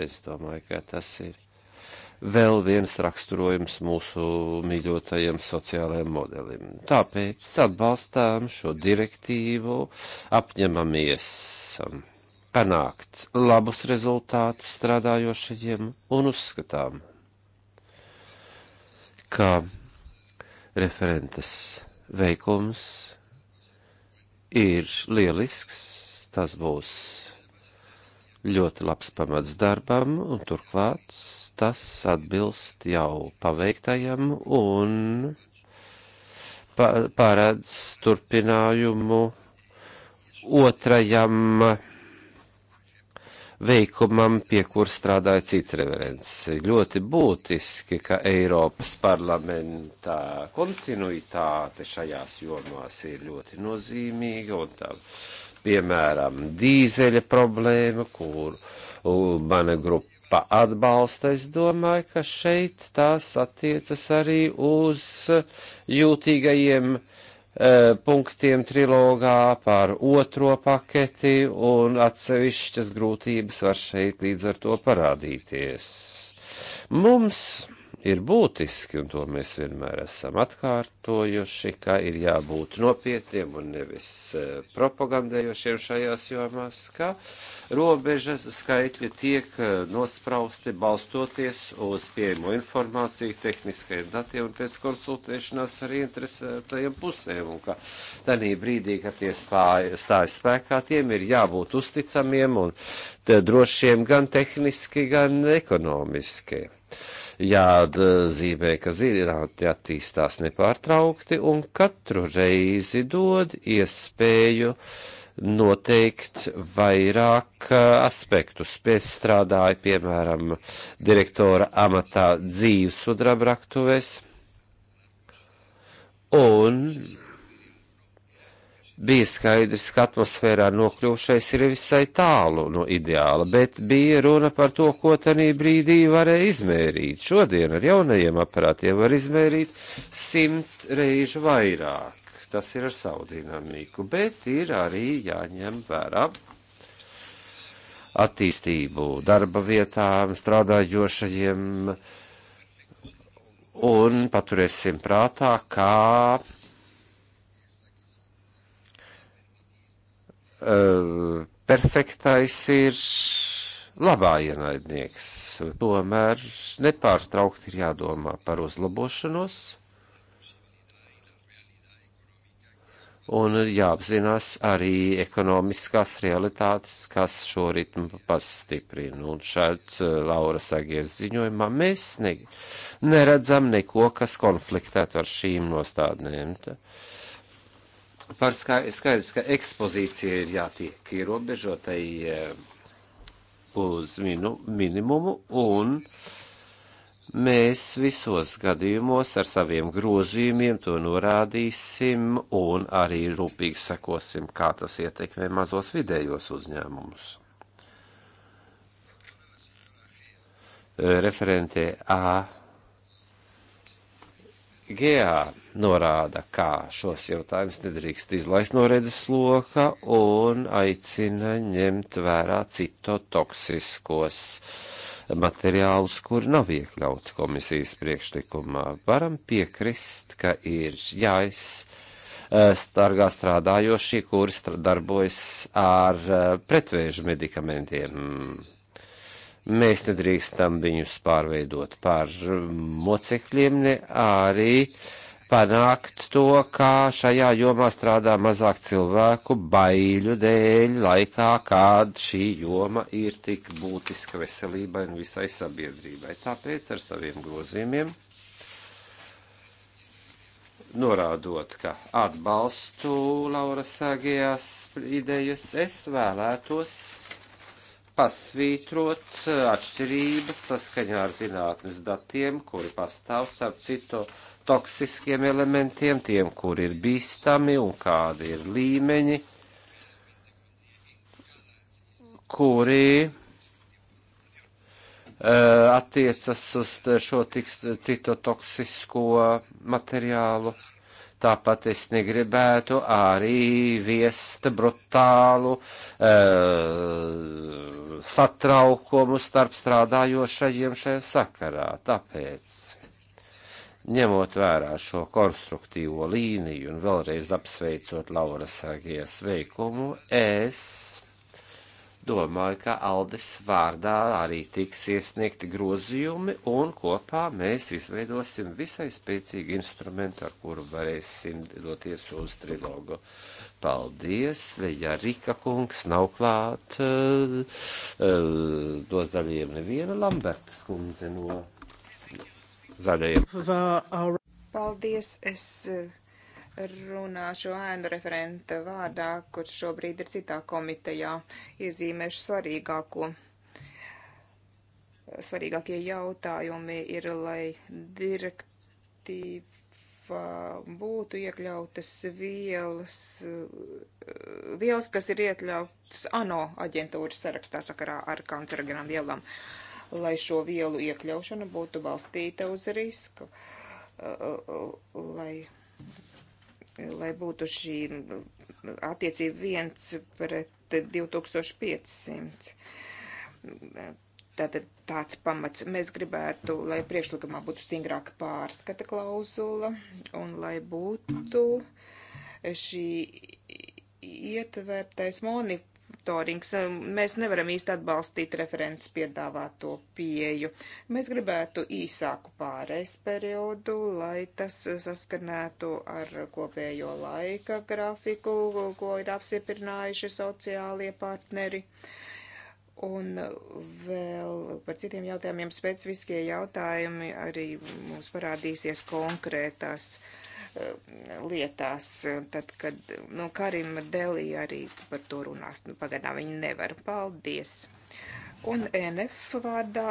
Es domāju, ka tas ir vēl viens raksturojums mūsu mīļotajam sociālajam modelim. Tāpēc atbalstām šo direktīvu, apņemamies um, panākt labus rezultātus strādājošajiem un uzskatām, ka referentes veikums ir lielisks, tas būs ļoti labs pamats darbam, un turklāt tas atbilst jau paveiktajam un paredz turpinājumu otrajam veikumam, pie kur strādāja cits reverends. Ļoti būtiski, ka Eiropas parlamentā kontinuitāte šajās jomās ir ļoti nozīmīga un tā, piemēram, dīzeļa problēma, kur mana grupa atbalsta, es domāju, ka šeit tās attiecas arī uz jūtīgajiem uh, Eh, punktiem trilogā, par otro paketi, un atsevišķas grūtības var šeit līdz ar to parādīties. Mums ir būtiski, un to mēs vienmēr esam atkārtojuši, ka ir jābūt nopietniem un nevis e, propagandējošiem šajās jomās, ka robežas skaitļi tiek e, nosprausti balstoties uz pieejamo informāciju, tehniskajiem datiem un pēc konsultēšanās ar interesētajiem pusēm, un ka tanī brīdī, kad tie stājas spēkā, tiem ir jābūt uzticamiem un drošiem gan tehniski, gan ekonomiski. Jāatzīmē, ka zinātne attīstās nepārtraukti un katru reizi dod iespēju noteikt vairāk eh, aspektus. Es strādāju, piemēram, direktora amatā dzīves sudraba raktuvēs. Un bija skaidrs, ka atmosfērā nokļūšais ir visai tālu no ideāla, bet bija runa par to, ko tanī brīdī varēja izmērīt. Šodien ar jaunajiem aparātiem var izmērīt simt reižu vairāk. Tas ir ar savu dinamiku, bet ir arī jāņem vērā attīstību darba vietām, strādājošajiem, un paturēsim prātā, kā Uh, perfektais ir labā ienaidnieks. Tomēr nepārtraukti ir jādomā par uzlabošanos un jāapzinās arī ekonomiskās realitātes, kas šo ritmu pastiprina. Un šeit eh, Laura Sagies ziņojumā mēs ne, neredzam neko, kas konfliktētu ar šīm nostādnēm. Tā par skaidrs, ka ekspozīcija ir jātiek ierobežotai eh, uz minu, minimumu un mēs visos gadījumos ar saviem grozījumiem to norādīsim un arī rūpīgi sekosim, kā tas ietekmē mazos vidējos uzņēmumus. Eh, referente A. GA norāda, kā šos jautājumus nedrīkst izlaist no redzes loka un aicina ņemt vērā citotoksiskos materiālus, kur nav iekļauti komisijas priekšlikumā. Varam piekrist, ka ir jāiz eh, stargā strādājošie, kuri darbojas ar eh, pretvēžu medikamentiem mēs nedrīkstam viņus pārveidot par mocekļiem, ne arī panākt to, kā šajā jomā strādā mazāk cilvēku baiļu dēļ laikā, kad šī joma ir tik būtiska veselībai un visai sabiedrībai. Tāpēc ar saviem grozījumiem norādot, ka atbalstu Laura Sāgajās idejas, es vēlētos pasvītrot atšķirības saskaņā ar zinātnes datiem, kuri pastāv starp citu toksiskiem elementiem, tiem, kur ir bīstami un kādi ir līmeņi, kuri uh, attiecas uz šo tiks, cito toksisko materiālu. Tāpat es negribētu arī viest brutālu uh, satraukumu starp strādājošajiem šajā sakarā. Tāpēc ņemot vērā šo konstruktīvo līniju un vēlreiz apsveicot Laura Sāgijas veikumu, es domāju, ka Aldes vārdā arī tiks iesniegti grozījumi un kopā mēs izveidosim visai spēcīgu instrumentu, ar kuru varēsim doties uz trilogu. Paldies, Veja Rika kungs nav klāt, uh, eh, uh, eh, dozaļiem neviena Lambertas kundze no zaļajiem. Paldies! Es eh, runāšu ēnu referenta vārdā, kurš šobrīd ir citā komitejā. Iezīmēšu svarīgāko. Svarīgākie jautājumi ir, lai direktīva būtu iekļautas vielas, eh, vielas, kas ir iekļautas ANO aģentūras sarakstā sakarā ar kancerogenām vielām. Uh, lai šo vielu iekļaušana būtu balstīta uz risku, lai, lai būtu šī attiecība viens pret 2500. Tātad tāds pamats. Mēs gribētu, lai priekšlikumā būtu stingrāka pārskata klauzula un lai būtu šī ietvertais monitors monitorings. Mēs nevaram īsti atbalstīt referents piedāvāto pieju. Mēs gribētu īsāku pārejas periodu, lai tas saskanētu ar kopējo laika grafiku, ko ir apsiprinājuši sociālie partneri. Un vēl par citiem jautājumiem specifiskie jautājumi arī mums parādīsies konkrētās. Uh, Eh, lietās, eh, tad, kad, nu, Karim Delī arī par to runās, nu, pagaidām viņi nevar. Paldies! Un NF vārdā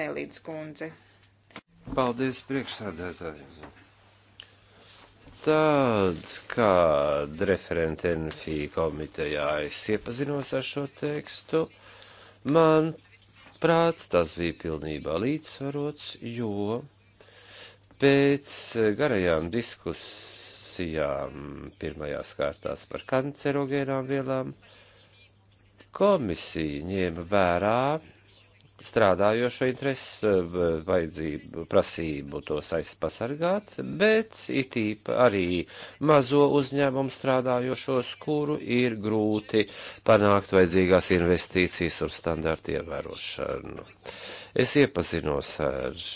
Melīdz kundze. Paldies priekšsādētājiem! Tad, kad referente NFI komitejā es iepazinos ar šo tekstu, man prāts tas bija pilnībā līdzsvarots, jo Pēc eh, garajām diskusijām pirmajās kārtās par kancerogēnām vielām komisija ņēma vērā strādājošo interesu eh, vajadzību, prasību tos aizpasargāt, bet it īpa arī mazo uzņēmumu strādājošos, kuru ir grūti panākt vajadzīgās investīcijas un standārtu ievērošanu. Es iepazinos ar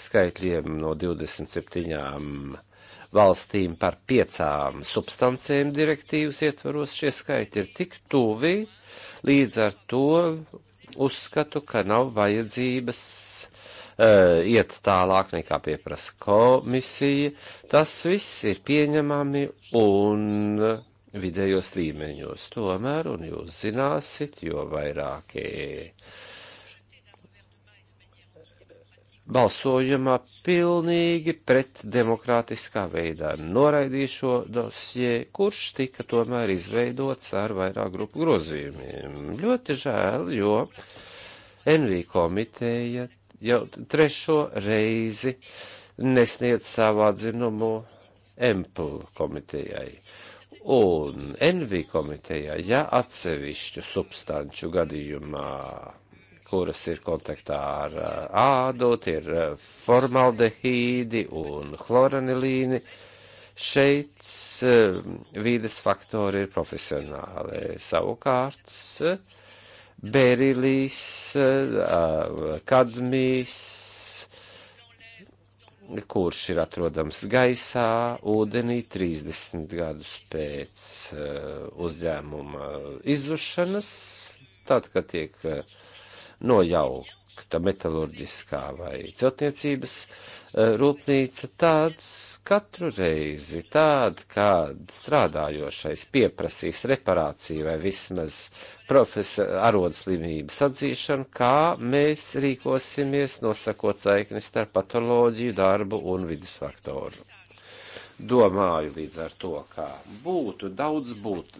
skaitļiem no 27 valstīm par piecām substancēm direktīvas ietvaros. Šie skaitļi ir tik tuvi, līdz ar to uzskatu, ka nav vajadzības uh, iet tālāk nekā pieprasa komisija. Tas viss ir pieņemami un vidējos līmeņos. Tomēr, un jūs zināsit, jo vairākie. Uh, balsojumā pilnīgi pret demokrātiskā veidā noraidīja šo dosie, kurš tika tomēr izveidots ar vairāk grupu grozījumiem. Ļoti žēl, jo NV komiteja jau trešo reizi nesniedz savu atzinumu Empl komitejai. Un NV komitejā, ja atsevišķu substanču gadījumā kuras ir kontaktā ar eh, ādotu, ir eh, formaldehīdi un chloranilīni. Šeit eh, vīdes faktori ir profesionāli. Savukārt berilīs, kadmīs, kurš ir atrodams gaisā, ūdenī 30 gadus pēc uh, uzņēmuma izzušanas, tad, kad tiek uh, nojaukta metalurģiskā vai celtniecības eh, rūpnīca, tad katru reizi, tad, kad strādājošais pieprasīs reparāciju vai vismaz arodslimības atzīšanu, kā mēs rīkosimies, nosakot saikni starp patoloģiju, darbu un vidas faktoru. Domāju līdz ar to, ka būtu daudz būt,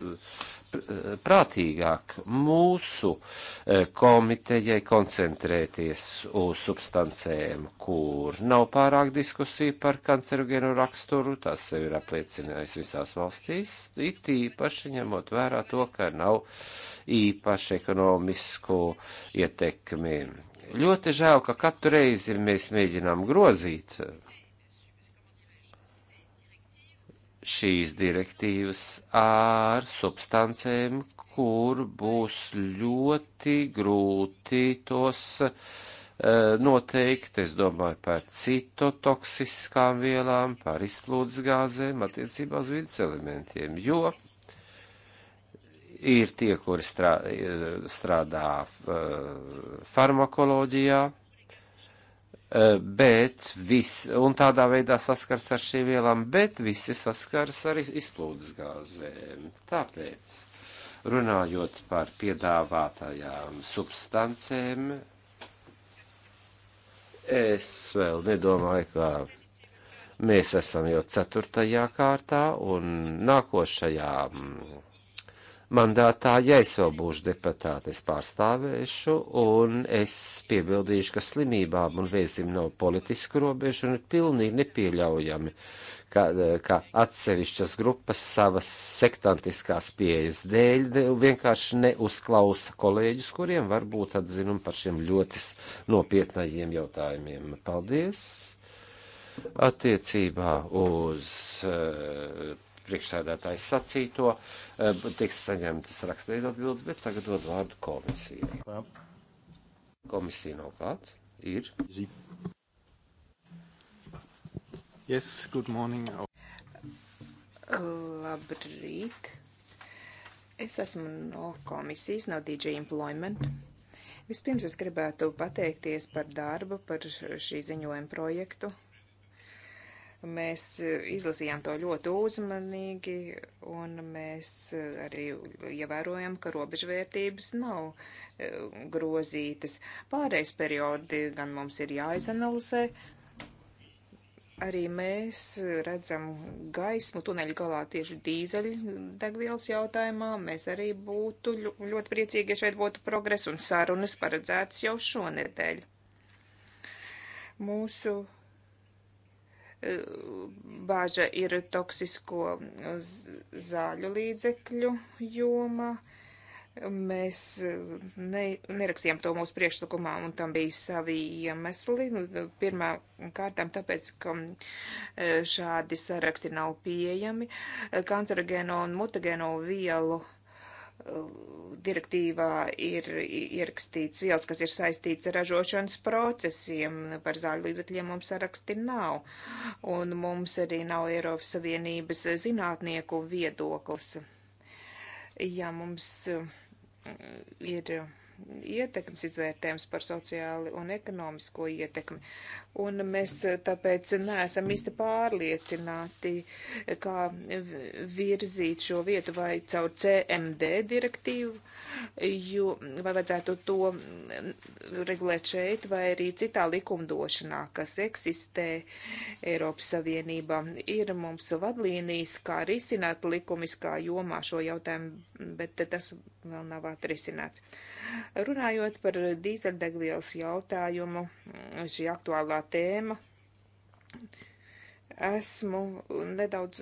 prātīgāk mūsu e, komitejai koncentrēties uz substancēm, kur nav pārāk diskusija par kancerogēnu raksturu, tas sev ir apliecinājis visās valstīs, it īpaši ņemot vērā to, ka nav īpaši ekonomisku ietekmi. Ļoti žēl, ka katru reizi mēs mēģinām grozīt šīs direktīvas ar substancēm, kur būs ļoti grūti tos uh, noteikt, es domāju par citotoksiskām vielām, par izplūdes gāzēm attiecībā uz vidas elementiem, jo ir tie, kuri eh, strādā, strādā eh, farmakoloģijā, Eh, bet viss, un tādā veidā saskars ar šīm vielām, bet visi saskars ar izplūdes gāzēm. Tāpēc, runājot par piedāvātajām substancēm, es vēl nedomāju, ka mēs esam jau ceturtajā kārtā un nākošajām mandātā, ja es vēl būšu deputāte, es pārstāvēšu, un es piebildīšu, ka slimībām un vēzim nav politisku robežu, un ir pilnīgi nepieļaujami, ka, ka atsevišķas grupas savas sektantiskās pieejas dēļ vienkārši neuzklausa kolēģus, kuriem var būt atzinumi par šiem ļoti nopietnajiem jautājumiem. Paldies! Attiecībā uz uh, priekšsēdētājs sacīto, eh, tiks saņemtas rakstveida atbildes, bet tagad dod vārdu komisijai. Komisija nav klāt, ir. Yes, good morning. Labrīt. Es esmu no komisijas, no DJ Employment. Vispirms es gribētu pateikties par darbu, par šī ziņojuma projektu. Mēs e, izlasījām to ļoti uzmanīgi, un mēs e, arī ievērojam, ka robežvērtības nav e, grozītas. Pārējais periodi gan mums ir jāizanalizē, arī mēs redzam gaismu tuneļu galā tieši dīzeļu degvielas jautājumā. Mēs arī būtu ļoti priecīgi, ja šeit būtu progress un sarunas paredzētas jau šonedēļ. Mūsu bāža ir toksisko zāļu līdzekļu joma. Mēs uh, ne, nerakstījām to mūsu priekšlikumā, un tam bija savi iemesli. Nu, nu, pirmā kārtām tāpēc, ka mm, uh, šādi saraksti nav pieejami. Kancerogēno un mutagēno vielu uh, direktīvā ir ierakstīts vielas, kas ir saistīts ar ražošanas procesiem. Par zāļu līdzekļiem mums saraksti nav. Un mums arī nav Eiropas Savienības zinātnieku viedoklis. Jā, mums ir ietekmes izvērtējums par sociāli un ekonomisko ietekmi. Un mēs eh, tāpēc neesam īsti pārliecināti, kā virzīt šo vietu vai caur CMD direktīvu, jo vai vajadzētu to mm, regulēt šeit vai arī citā likumdošanā, kas eksistē Eiropas Savienībā. Ir mums vadlīnijas, kā risināt likumiskā jomā šo jautājumu, bet tas vēl nav atrisināts. Runājot par dīzeļdegvielas jautājumu, šī aktuālā tēma, esmu nedaudz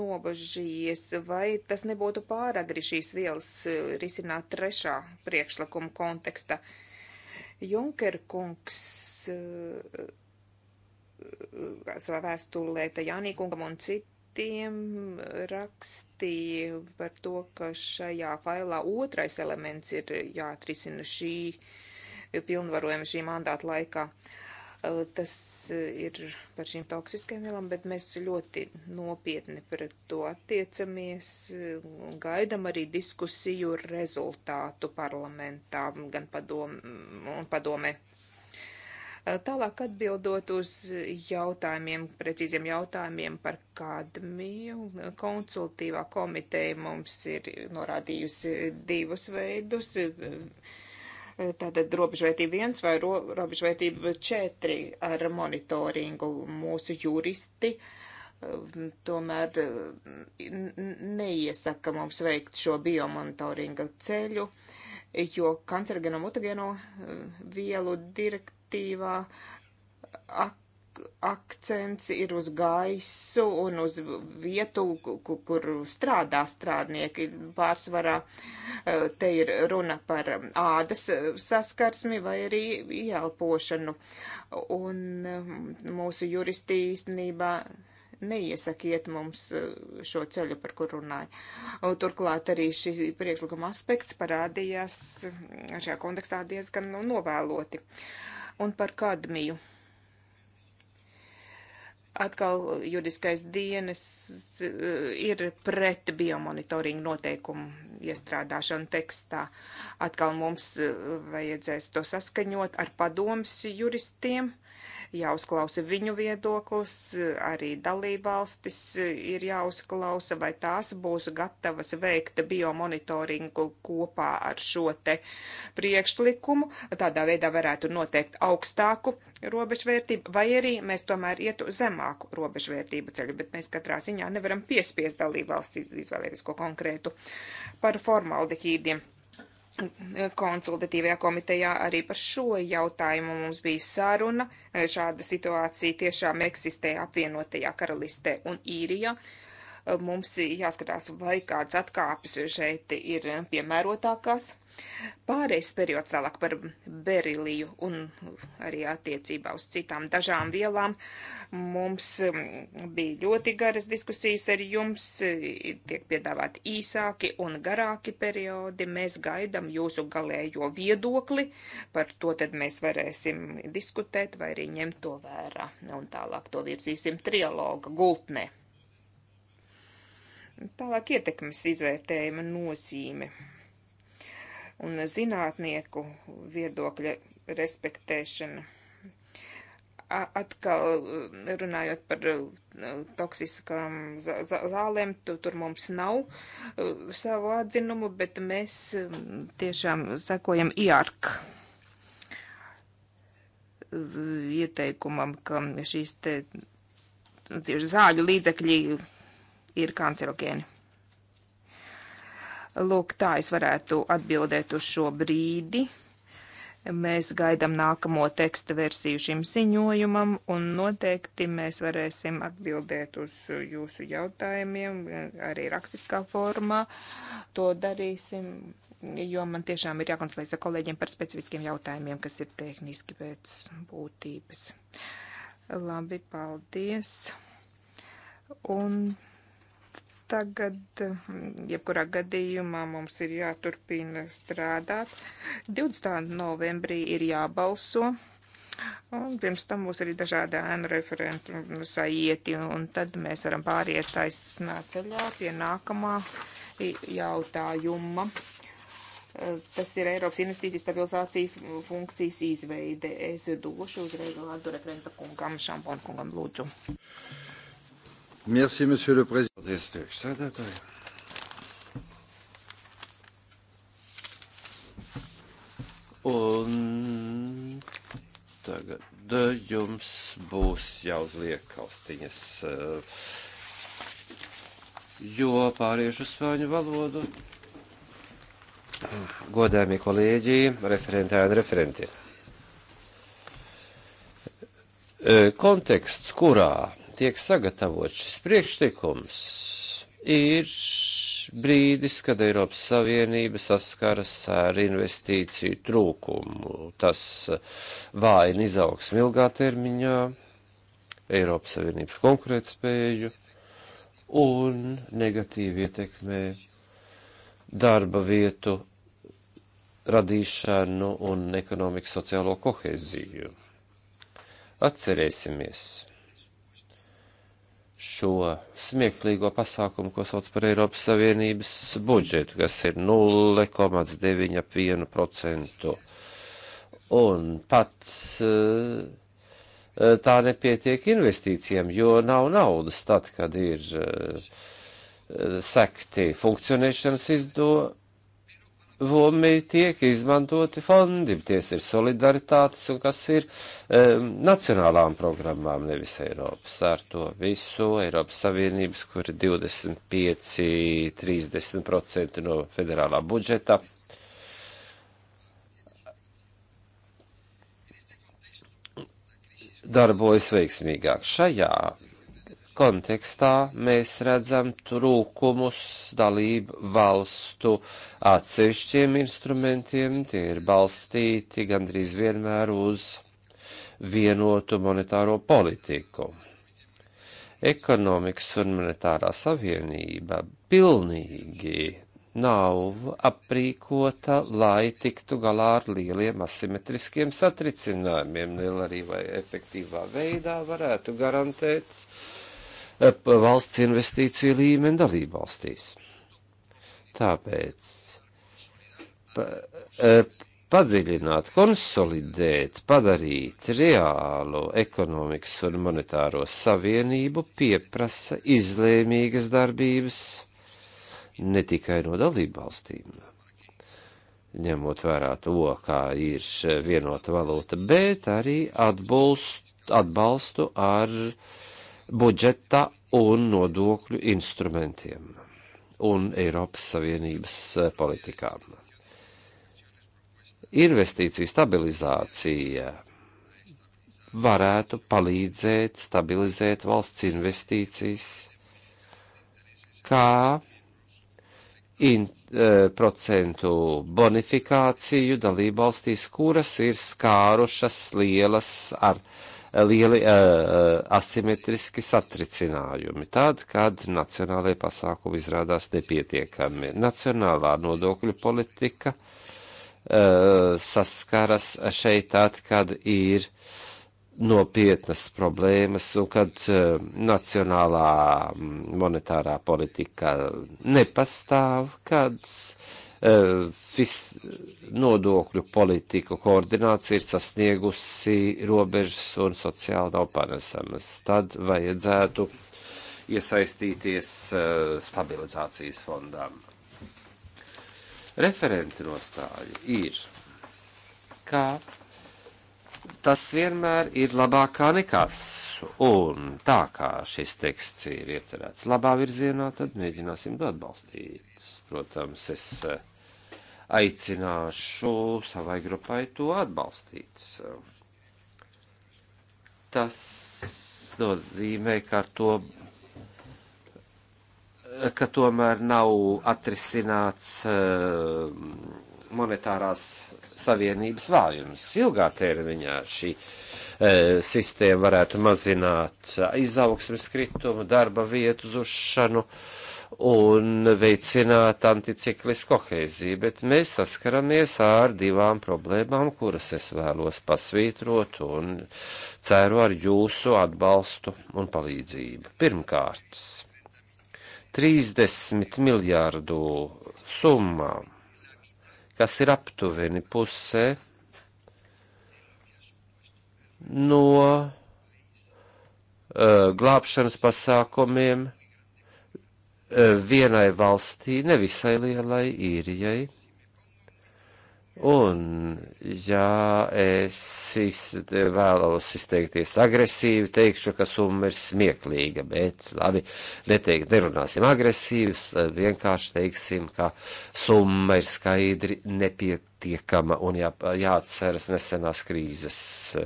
nobažījies, vai tas nebūtu pāragri šīs vielas risināt trešā priekšlikuma konteksta. Junker kungs eh, eh, eh, savā vēstulē Tajānī kungam un citu tiem rakstīja par to, ka šajā failā otrais elements ir jāatrisina šī pilnvarojuma šī mandāta laikā. Tas ir par šīm toksiskajām vielām, bet mēs ļoti nopietni pret to attiecamies un gaidam arī diskusiju rezultātu parlamentā gan padom, un padomē. Tālāk atbildot uz jautājumiem, precīziem jautājumiem par kadmiju, konsultīvā komiteja mums ir norādījusi divus veidus. Tātad robežvērtība viens vai ro, robežvērtība četri ar monitoringu mūsu juristi. Um, tomēr neiesaka mums veikt šo biomonitoringa ceļu, jo kancergeno mutageno um, vielu direkt direktīvā ak akcents ir uz gaisu un uz vietu, kur strādā strādnieki. Pārsvarā e, te ir runa par ādas e, saskarsmi vai arī ielpošanu. Un e, mūsu juristi īstenībā neiesakiet mums šo ceļu, par kur runāju. Turklāt arī šis priekšlikuma aspekts parādījās šajā kontekstā diezgan nu, novēloti. Uh, Un par kadmiju. Atkal juridiskais dienas eh, ir pret biomonitoringu noteikumu iestrādāšanu tekstā. Atkal mums eh, vajadzēs to saskaņot ar padomas juristiem. Uh, jāuzklausa viņu viedoklis, arī dalībvalstis ir jāuzklausa, vai tās būs gatavas veikt biomonitoringu kopā ar šo te priekšlikumu. Tādā veidā varētu noteikt augstāku robežvērtību, vai arī mēs tomēr ietu zemāku robežvērtību ceļu, bet mēs katrā ziņā nevaram piespiest dalībvalstis izvēlēties ko konkrētu par formaldehīdiem konsultatīvajā komitejā arī par šo jautājumu mums bija saruna. E, šāda situācija tiešām eksistē apvienotajā karalistē un īrijā. E, mums jāskatās, vai kādas atkāpes šeit ir piemērotākās. Pārējais periods tālāk par beriliju un arī attiecībā uz citām dažām vielām. Mums mm, bija ļoti garas diskusijas ar jums, tiek piedāvāti īsāki un garāki periodi. Mēs gaidam jūsu galējo viedokli, par to tad mēs varēsim diskutēt vai arī ņemt to vērā un tālāk to virzīsim trialoga gultnē. Tālāk ietekmes izvērtējuma nozīme un zinātnieku viedokļa respektēšana. Atkal mm, runājot par mm, toksiskām zālēm, tur mums nav mm, savu atzinumu, bet mēs tiešām sekojam IARC ieteikumam, ka šīs te tieši zāļu līdzekļi ir kancerogēni. Lūk, tā es varētu atbildēt uz šo brīdi. Mēs gaidām nākamo teksta versiju šim ziņojumam, un noteikti mēs varēsim atbildēt uz jūsu jautājumiem arī rakstiskā formā. To darīsim, jo man tiešām ir jākonsultējas ar kolēģiem par specifiskiem jautājumiem, kas ir tehniski pēc būtības. Labi, paldies! Un tagad, mm, jebkurā gadījumā, mums ir jāturpina strādāt. 20. novembrī ir jābalso. Un pirms tam būs arī dažādi ēnu referentu sajieti, un tad mēs varam pāriet taisnā ceļā pie nākamā jautājuma. Tas ir Eiropas investīcijas stabilizācijas funkcijas izveide. Es došu uzreiz vārdu referenta kungam, Šampon kungam, lūdzu. Merci, monsieur le prezidents. Paldies, priekšsēdētāji. Un tagad eh, jums būs jāuzliek austiņas, eh, jo pāriešu spāņu valodu. Godājumie kolēģi, referentēji un referenti. Eh, konteksts, kurā tiek sagatavots šis priekšlikums, ir brīdis, kad Eiropas Savienība saskaras ar investīciju trūkumu. Tas vājina izaugsmu ilgā termiņā, Eiropas Savienības konkurētspēju un negatīvi ietekmē darba vietu radīšanu un ekonomikas sociālo koheziju. Atcerēsimies! šo smieklīgo pasākumu, ko sauc par Eiropas Savienības budžetu, kas ir 0,91%. Un pats eh, tā nepietiek investīcijiem, jo nav naudas tad, kad ir eh, sekti funkcionēšanas izdevumi vumi tiek izmantoti fondi, ties ir solidaritātes un kas ir um, nacionālām programmām, nevis Eiropas. Ar to visu Eiropas Savienības, kur ir 25-30% no federālā budžeta. Darbojas veiksmīgāk šajā kontekstā mēs redzam trūkumus dalību valstu atsevišķiem instrumentiem, tie ir balstīti gandrīz vienmēr uz vienotu monetāro politiku. Ekonomikas un monetārā savienība pilnīgi nav aprīkota, lai tiktu galā ar lieliem asimetriskiem satricinājumiem, lai arī vai efektīvā veidā varētu garantēt uh, valsts investīciju līmeni dalību valstīs. Tāpēc pa, padziļināt, konsolidēt, padarīt reālu ekonomikas un monetāro savienību pieprasa izlēmīgas darbības ne tikai no dalību valstīm ņemot vērā to, kā ir vienota valūta, bet arī atbalstu, atbalstu ar uh, budžeta un nodokļu instrumentiem un Eiropas Savienības e, politikām. Investīciju stabilizācija varētu palīdzēt stabilizēt valsts investīcijas, kā in, e, procentu bonifikāciju dalībvalstīs, kuras ir skārušas lielas ar uh, lieli uh, asimetriski satricinājumi, tad, kad nacionālajie pasākumi izrādās nepietiekami. Nacionālā nodokļu politika uh, saskaras šeit tad, kad ir nopietnas problēmas un kad uh, nacionālā mm, monetārā politika nepastāv, kad uh, Eh, fis nodokļu politiku koordinācija ir sasniegusi robežas un sociāli nav panesamas. Tad vajadzētu iesaistīties eh, stabilizācijas fondām. Referenti nostāja ir, kā tas vienmēr ir labākā nekas. Un tā kā šis teksts ir iecerēts labā virzienā, tad mēģināsim to atbalstīt. Protams, es eh, aicināšu savai grupai to atbalstīt. Tas nozīmē, ka ar to ka tomēr nav atrisināts eh, monetārās savienības vājums. Ilgā termiņā šī e, sistēma varētu mazināt izaugsmes kritumu, darba vietu zušanu un veicināt anticiklisku kohēziju, bet mēs saskaramies ar divām problēmām, kuras es vēlos pasvītrot un ceru ar jūsu atbalstu un palīdzību. Pirmkārt, 30 miljārdu summām kas ir aptuveni pusē no uh, glābšanas pasākumiem uh, vienai valstī, nevisai lielai īrijai. Un, ja es vēlos izteikties agresīvi, teikšu, ka summa ir smieklīga, bet labi, neteik, nerunāsim agresīvi, vienkārši teiksim, ka summa ir skaidri nepietiekama un jā, jāatceras nesenās krīzes e,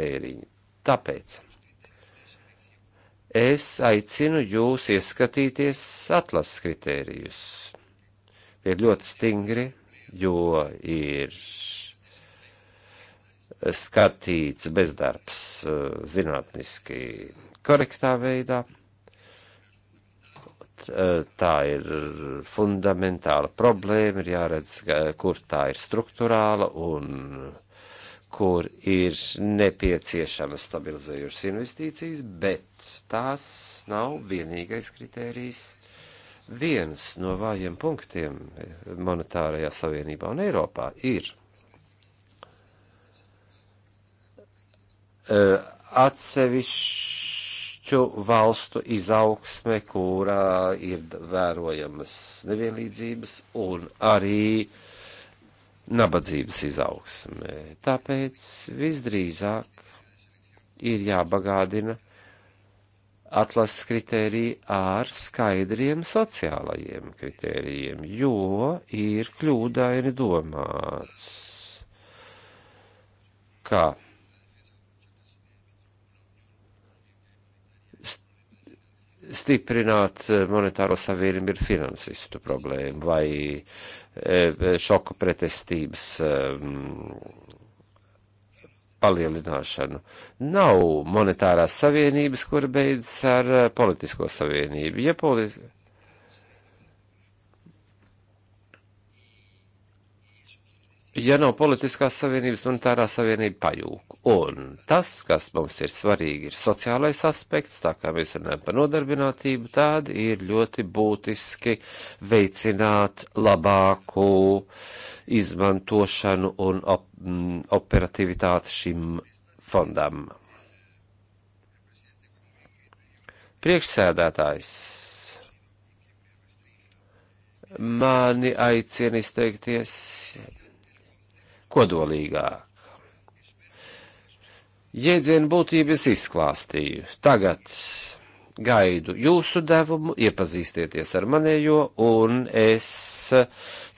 tēriņi. Tāpēc es aicinu jūs ieskatīties atlases kritērijus. Tie ir ļoti stingri jo ir skatīts bezdarbs eh, zinātniski korektā veidā. Eh, tā ir fundamentāla problēma, ir jāredz, kur tā ir struktūrāla un kur ir nepieciešamas stabilizējušas investīcijas, bet tās nav vienīgais kritērijs Viens no vājiem punktiem monetārajā savienībā un Eiropā ir e, atsevišķu valstu izaugsme, kurā ir vērojamas nevienlīdzības un arī nabadzības izaugsme. Tāpēc visdrīzāk ir jābagādina atlases kritēriju ar skaidriem sociālajiem kritērijiem, jo ir kļūdaini domāts, ka stiprināt monetāro savienību ir finansistu problēma vai e, šoka pretestības um, palielināšanu. Nav monetārās savienības, kura beidzas ar eh, politisko savienību. Ja politi ja nav politiskās savienības, monetārā savienība pajūk. Un tas, kas mums ir svarīgi, ir sociālais aspekts, tā kā mēs runājam par nodarbinātību, tādi ir ļoti būtiski veicināt labāku izmantošanu un op mm, operativitāti šim fondam. Priekšsēdētājs mani aicina izteikties kodolīgāk. Jēdzienu būtības izklāstīju. Tagad gaidu jūsu devumu, iepazīstieties ar manējo, un es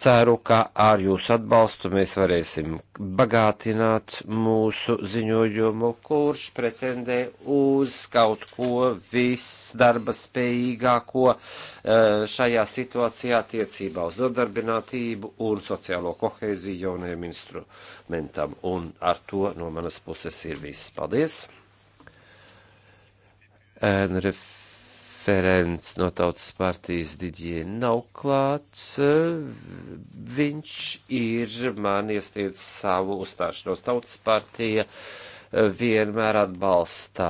ceru, ka ar jūsu atbalstu mēs varēsim bagātināt mūsu ziņojumu, kurš pretendē uz kaut ko visdarba spējīgāko eh, šajā situācijā attiecībā uz nodarbinātību un sociālo koheiziju jaunajam instrumentam. Un ar to no manas puses ir viss. Paldies! ēnu referents no Tautas partijas Diģie nav klāts. Viņš ir man iesniedz savu uzstāšanos. Tautas partija vienmēr atbalsta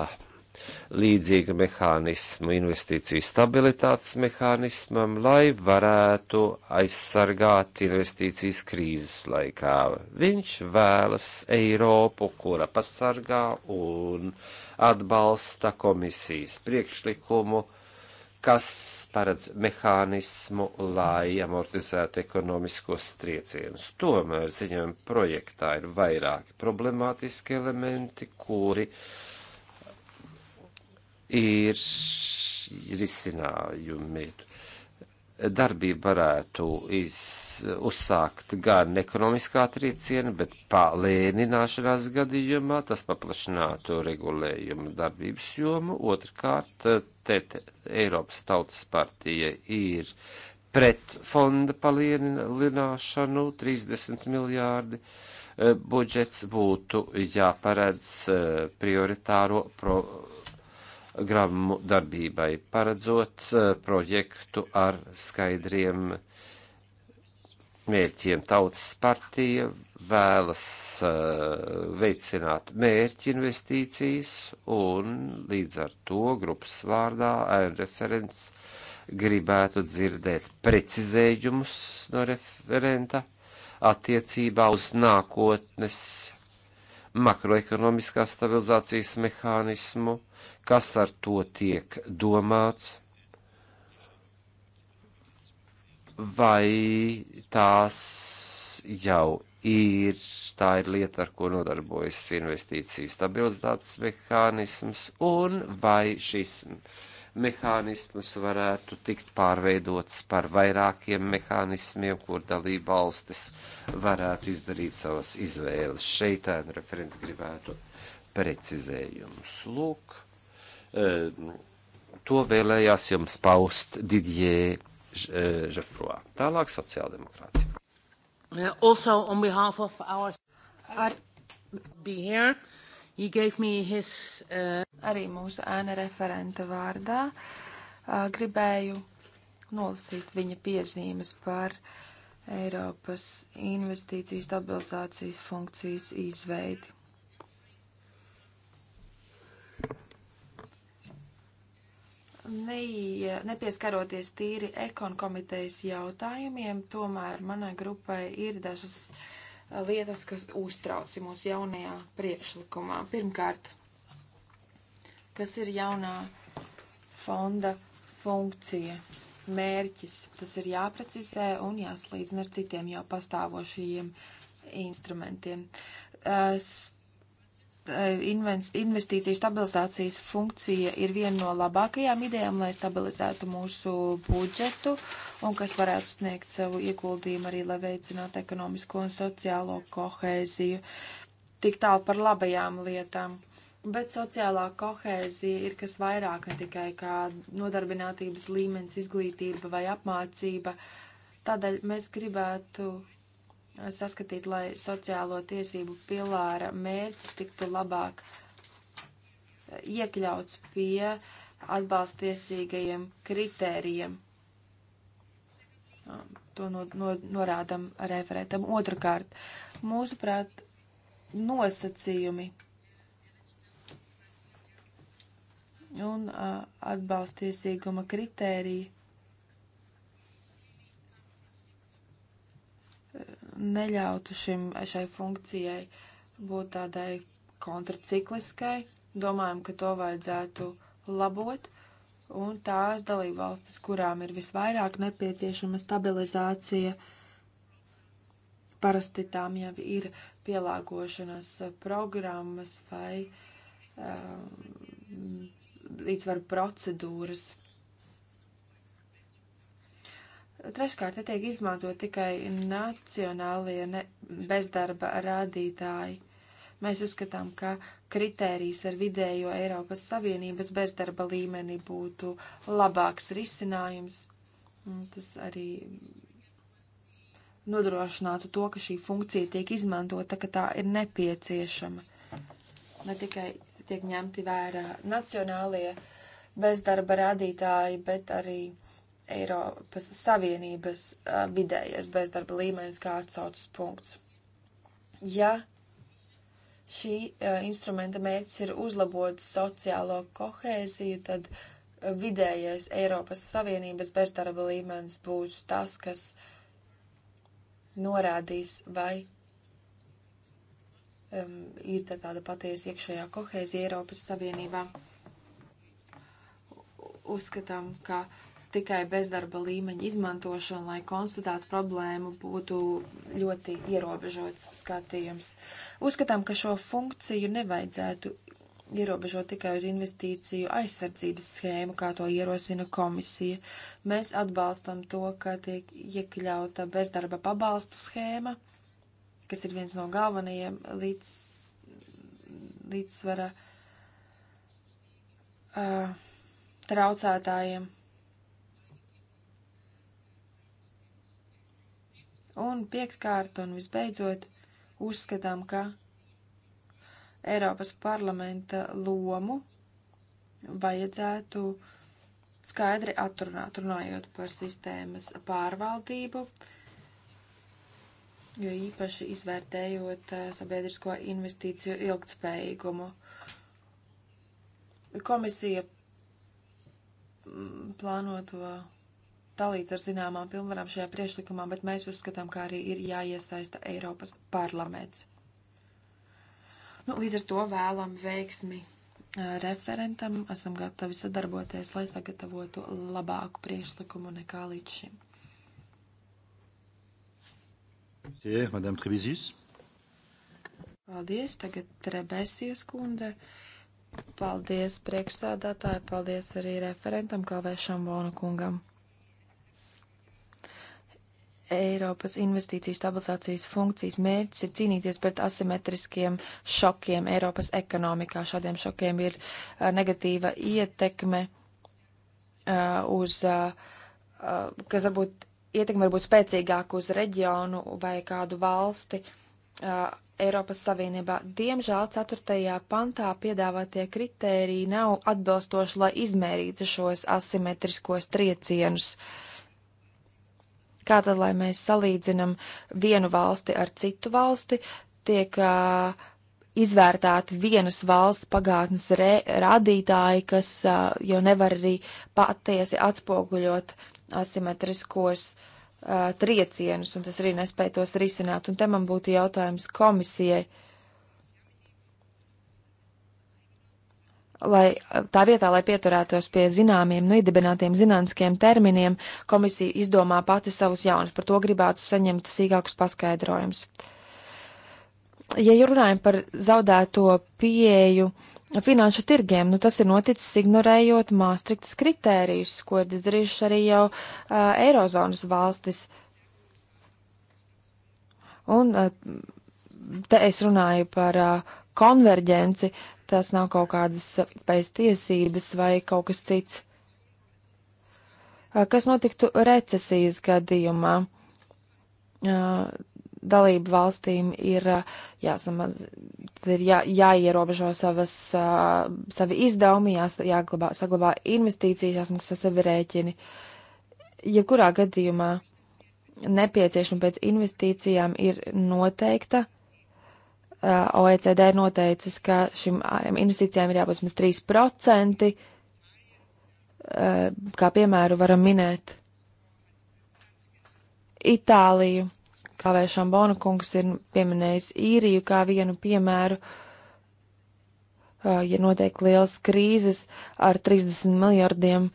līdzīga mehānismu, investīciju stabilitātes mehānismam, lai varētu aizsargāt investīcijas krīzes laikā. Viņš vēlas Eiropu, kura pasargā un uh, atbalsta komisijas priekšlikumu, kas paredz mehānismu, lai amortizētu ekonomiskos triecienus. Tomēr ziņojuma projektā ir vairāki problemātiski elementi, kuri ir risinājumi darbību varētu iz, uzsākt gan ekonomiskā trieciena, bet palēnināšanās gadījumā tas paplašinātu regulējumu darbības jomu. Otrkārt, te, te Eiropas Tautas partija ir pret fonda palielināšanu 30 miljārdi. Eh, budžets būtu jāparedz eh, prioritāro pro, programmu darbībai, paredzot eh, projektu ar skaidriem mērķiem. Tautas partija vēlas eh, veicināt mērķi investīcijas un līdz ar to grupas vārdā referents gribētu dzirdēt precizējumus no referenta attiecībā uz nākotnes makroekonomiskās stabilizācijas mehānismu, kas ar to tiek domāts, vai tās jau ir, tā ir lieta, ar ko nodarbojas investīciju stabilizācijas mehānisms, un vai šis mehānisms mehānismas varētu tikt pārveidotas par vairākiem mehānismiem, kur dalība valstis varētu izdarīt savas izvēles. Šeit ēnu referents gribētu precizējumus. Lūk, ehm, to vēlējās jums paust Didjē Žefroā. Eh, Tālāk sociāldemokrāti. Also on behalf of our... Ar... Be here. His, uh... Arī mūsu ēna referenta vārdā uh, gribēju nolasīt viņa piezīmes par Eiropas investīciju stabilizācijas funkcijas izveidi. Ne, nepieskaroties tīri ekonomitejas jautājumiem, tomēr manai grupai ir dažas uh, lietas, kas uztrauc mūsu jaunajā priekšlikumā. Pirmkārt, kas ir jaunā fonda funkcija, mērķis. Tas ir jāprecizē un jāslīdzina ar citiem jau pastāvošajiem instrumentiem. Es Eh, investīciju stabilizācijas funkcija ir viena no labākajām idejām, lai stabilizētu mūsu budžetu un kas varētu sniegt savu ieguldījumu arī, lai veicinātu ekonomisko un sociālo kohēziju. Tik tālu par labajām lietām. Bet sociālā kohēzija ir kas vairāk ne tikai kā nodarbinātības līmenis, izglītība vai apmācība. Tādēļ mēs gribētu saskatīt, lai sociālo tiesību pilāra mērķis tiktu labāk eh, iekļauts pie atbalstiesīgajiem kritērijiem. Um, to no, no, norādam referētam. Otrakārt, mūsuprāt, nosacījumi un uh, atbalstiesīguma kritērija neļautu šim, šai funkcijai būt tādai kontracikliskai. Domājam, ka to vajadzētu labot, un tās dalība valstis, kurām ir visvairāk nepieciešama stabilizācija, parasti tām jau ir pielāgošanas programmas vai um, līdzvaru procedūras Treškārt, te tiek izmantot tikai nacionālie ne, bezdarba rādītāji. Mēs uzskatām, ka kritērijs ar vidējo Eiropas Savienības bezdarba līmeni būtu labāks risinājums. Tas arī nodrošinātu to, ka šī funkcija tiek izmantota, ka tā ir nepieciešama. Ne tikai tiek ņemti vērā nacionālie bezdarba rādītāji, bet arī Eiropas Savienības uh, vidējais bezdarba līmenis kā atsaucas punkts. Ja šī uh, instrumenta mērķis ir uzlabot sociālo kohēziju, tad vidējais Eiropas Savienības bezdarba līmenis būs tas, kas norādīs, vai um, ir tā tāda patiesa iekšējā kohēzija Eiropas Savienībā. Uzskatām, ka uh, tikai bezdarba līmeņa izmantošana, lai konstatētu problēmu, būtu ļoti ierobežots skatījums. Uzskatām, ka šo funkciju nevajadzētu ierobežot tikai uz investīciju aizsardzības schēmu, kā to ierosina komisija. Mēs atbalstam to, ka tiek iekļauta bezdarba pabalstu schēma, kas ir viens no galvenajiem līdz, līdzsvara uh, traucētājiem Un piektkārt un visbeidzot, uzskatām, ka Eiropas parlamenta lomu vajadzētu skaidri atrunāt, runājot par sistēmas pārvaldību, jo īpaši izvērtējot eh, sabiedrisko investīciju ilgtspējīgumu. Komisija mm, plāno to dalīt ar zināmām pilnvarām šajā priešlikumā, bet mēs uzskatām, ka arī ir jāiesaista Eiropas parlaments. Nu, līdz ar to vēlam veiksmi referentam, esam gatavi sadarboties, lai sagatavotu labāku priešlikumu nekā līdz šim. Jā, madam Trevizijus. Paldies, tagad Trebesijas kundze. Paldies priekšsādātāji, paldies arī referentam Kalvēšam Vona kungam. Eiropas investīciju stabilizācijas funkcijas mērķis ir cīnīties pret asimetriskiem šokiem Eiropas ekonomikā. Šādiem šokiem ir uh, negatīva ietekme uh, uz, uh, kas varbūt ietekme varbūt spēcīgāk uz reģionu vai kādu valsti Eiropas Savienībā. Diemžēl 4. pantā piedāvātie kritēriji nav atbilstoši, lai izmērītu šos asimetriskos triecienus. Uh, Kātad, lai mēs salīdzinam vienu valsti ar citu valsti, tiek uh, izvērtēti vienas valsts pagātnes re, rādītāji, kas uh, jau nevar arī patiesi atspoguļot asimetriskos uh, triecienus, un tas arī nespēja tos risināt. Un te man būtu jautājums komisijai. Uh, lai tā vietā, lai pieturētos pie zināmiem, nu, iedibinātiem zinātniskiem terminiem, komisija izdomā pati savus jaunus. Par to gribētu saņemt sīkākus paskaidrojumus. Ja runājam par zaudēto pieeju finanšu tirgiem, nu, tas ir noticis ignorējot māstriktas kritērijus, ko ir izdarījuši arī jau uh, Eirozonas valstis. Un uh, te es runāju par uh, konverģenci, uh, tās nav kaut kādas pēc tiesības vai kaut kas cits. Kas notiktu recesijas gadījumā? Dalību valstīm ir, jāsamaz, ir jā, jāierobežo savas, savi izdevumi, jās, jāglabā, saglabā investīcijas, jāsmaksā sevi rēķini. Jebkurā gadījumā nepieciešama pēc investīcijām ir noteikta Eh, OECD ir noteicis, ka šim investīcijām ir jābūt vismaz 3%. Eh, kā piemēru varam minēt Itāliju, kā vai Šambona kungs ir pieminējis īriju kā vienu piemēru, eh, ja notiek lielas krīzes ar 30 miljardiem,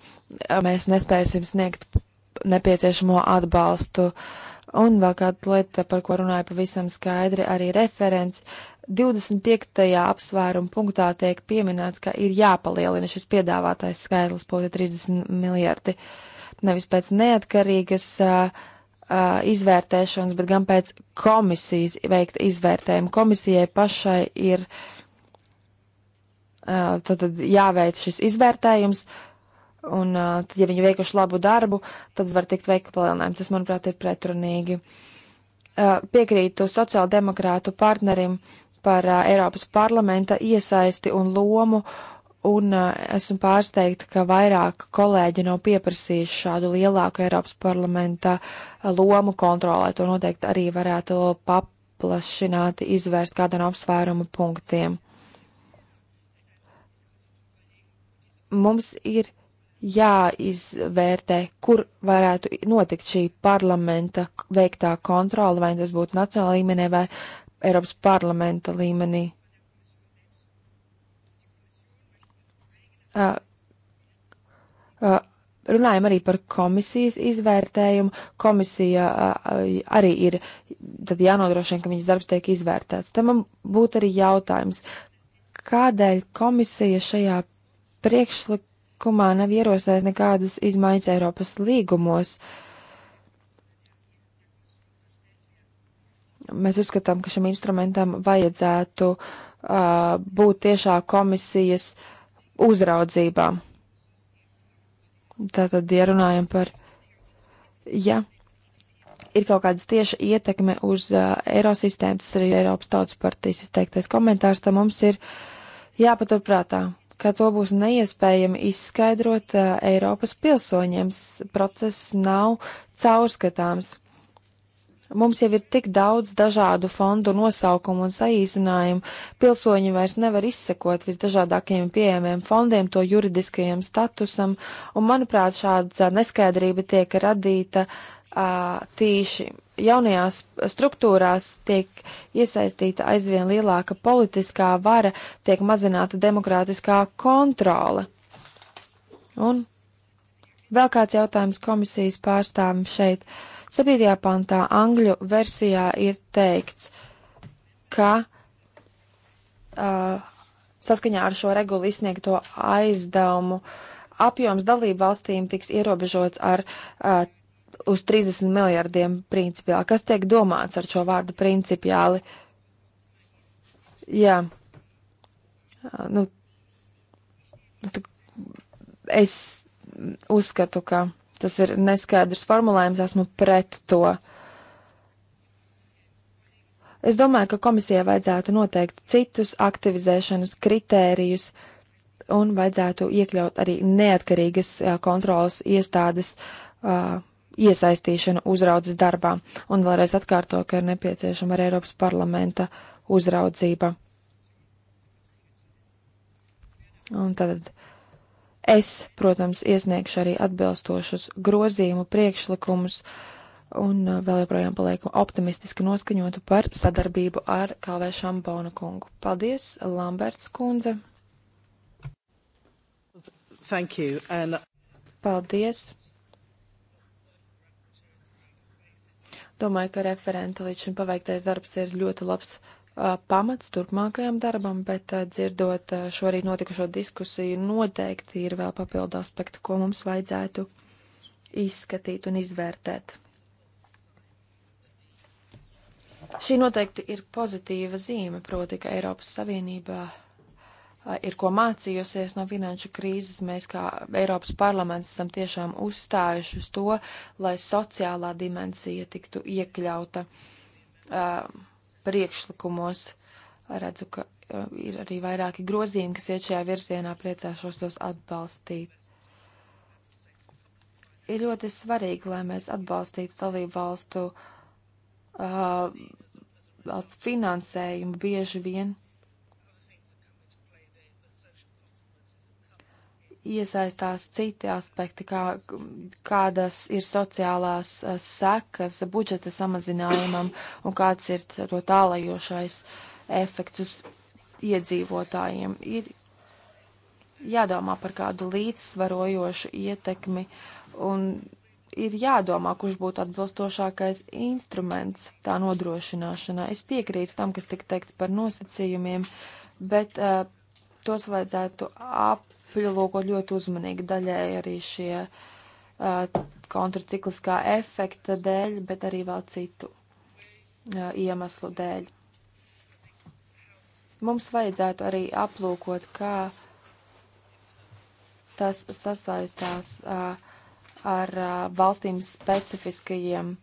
mēs nespēsim sniegt nepieciešamo atbalstu uh, Un vēl kāda lieta, par ko runāja pavisam skaidri arī referents. 25. apsvērumu punktā tiek pieminēts, ka ir jāpalielina šis piedāvātais skaitlis, proti 30 miljardi. Nevis pēc neatkarīgas uh, uh, izvērtēšanas, bet gan pēc komisijas veikta izvērtējuma. Komisijai pašai ir uh, tad, tad jāveic šis izvērtējums, uh, Un, uh, tad, ja viņi veikuši labu darbu, tad var tikt veikta palielinājuma. Tas, manuprāt, ir pretrunīgi. Uh, piekrītu sociāldemokrātu partnerim par uh, Eiropas parlamenta iesaisti un lomu, un uh, esmu pārsteigta, ka vairāk kolēģi nav pieprasījuši šādu lielāku Eiropas parlamenta lomu kontrolē. To noteikti arī varētu paplašināti izvērst kādu no apsvērumu punktiem. Mums ir jāizvērtē, kur varētu notikt šī parlamenta veiktā kontrola, vai tas būtu nacionāla līmenī vai Eiropas parlamenta līmenī. Uh, uh, runājam arī par komisijas izvērtējumu. Komisija uh, arī ir jānodrošina, ka viņas darbs tiek izvērtēts. Tam man būtu arī jautājums, kādēļ komisija šajā priekšlik, priekšlikumā nav ierosinājis nekādas izmaiņas Eiropas līgumos. Mēs uzskatām, ka šim instrumentam vajadzētu uh, būt tiešā komisijas uzraudzībā. Tātad, ja runājam par, ja ir kaut kādas tieša ietekme uz uh, Eirosistēmu, tas arī ir Eiropas Tautas partijas izteiktais komentārs, tad mums ir jāpaturprātā ka to būs neiespējami izskaidrot uh, Eiropas pilsoņiem. Process nav caurskatāms. Mums jau ir tik daudz dažādu fondu nosaukumu un saīsinājumu, pilsoņi vairs nevar izsekot visdažādākajiem pieejamiem fondiem, to juridiskajiem statusam, un manuprāt, šāda neskaidrība tiek radīta uh, tīši jaunajās struktūrās tiek iesaistīta aizvien lielāka politiskā vara, tiek mazināta demokrātiskā kontrole. Un vēl kāds jautājums komisijas pārstāvim šeit. 7. pantā angļu versijā ir teikts, ka uh, saskaņā ar šo regulu izsniegto aizdevumu apjoms dalību valstīm tiks ierobežots ar uh, uz 30 miljardiem principiāli. Kas tiek domāts ar šo vārdu principiāli? Jā. Nu, nu es uzskatu, ka tas ir neskaidrs formulējums, esmu pret to. Es domāju, ka komisijai vajadzētu noteikt citus aktivizēšanas kritērijus un vajadzētu iekļaut arī neatkarīgas kontrolas iestādes uh, iesaistīšanu uzraudzes darbā, un vēlreiz atkārto, ka ir nepieciešama arī Eiropas parlamenta uzraudzība. Un tad es, protams, iesniegšu arī atbilstošus grozījumu priekšlikumus, un uh, vēl joprojām palieku optimistiski noskaņotu par sadarbību ar Kalvē Šambona kungu. Paldies, Lamberts kundze! Thank you. And... Paldies! Domāju, ka referenta līdz šim paveiktais darbs ir ļoti labs uh, pamats turpmākajam darbam, bet uh, dzirdot uh, šorīt notikušo diskusiju, noteikti ir vēl papildu aspektu, ko mums vajadzētu izskatīt un izvērtēt. Šī noteikti ir pozitīva zīme, proti, ka Eiropas Savienībā ir ko mācījusies no finanšu krīzes. Mēs kā Eiropas parlaments esam tiešām uzstājuši uz to, lai sociālā dimensija tiktu iekļauta uh, priekšlikumos. Redzu, ka uh, ir arī vairāki grozījumi, kas iet šajā virzienā, priecāšos tos atbalstīt. Ir ļoti svarīgi, lai mēs atbalstītu dalību valstu uh, finansējumu bieži vien. Uh, iesaistās citi aspekti, kā, kādas ir sociālās sekas budžeta samazinājumam un kāds ir to tālajošais efekts uz iedzīvotājiem. Ir jādomā par kādu līdzsvarojošu ietekmi un ir jādomā, kurš būtu atbilstošākais instruments tā nodrošināšanā. Es piekrītu tam, kas tika teikt par nosacījumiem, bet uh, tos vajadzētu ap jāpielūko ļoti uzmanīgi daļēji arī šie uh, kontracikliskā efekta dēļ, bet arī vēl citu uh, iemeslu dēļ. Mums vajadzētu arī aplūkot, kā tas sasaistās uh, ar uh, valstīm specifiskajiem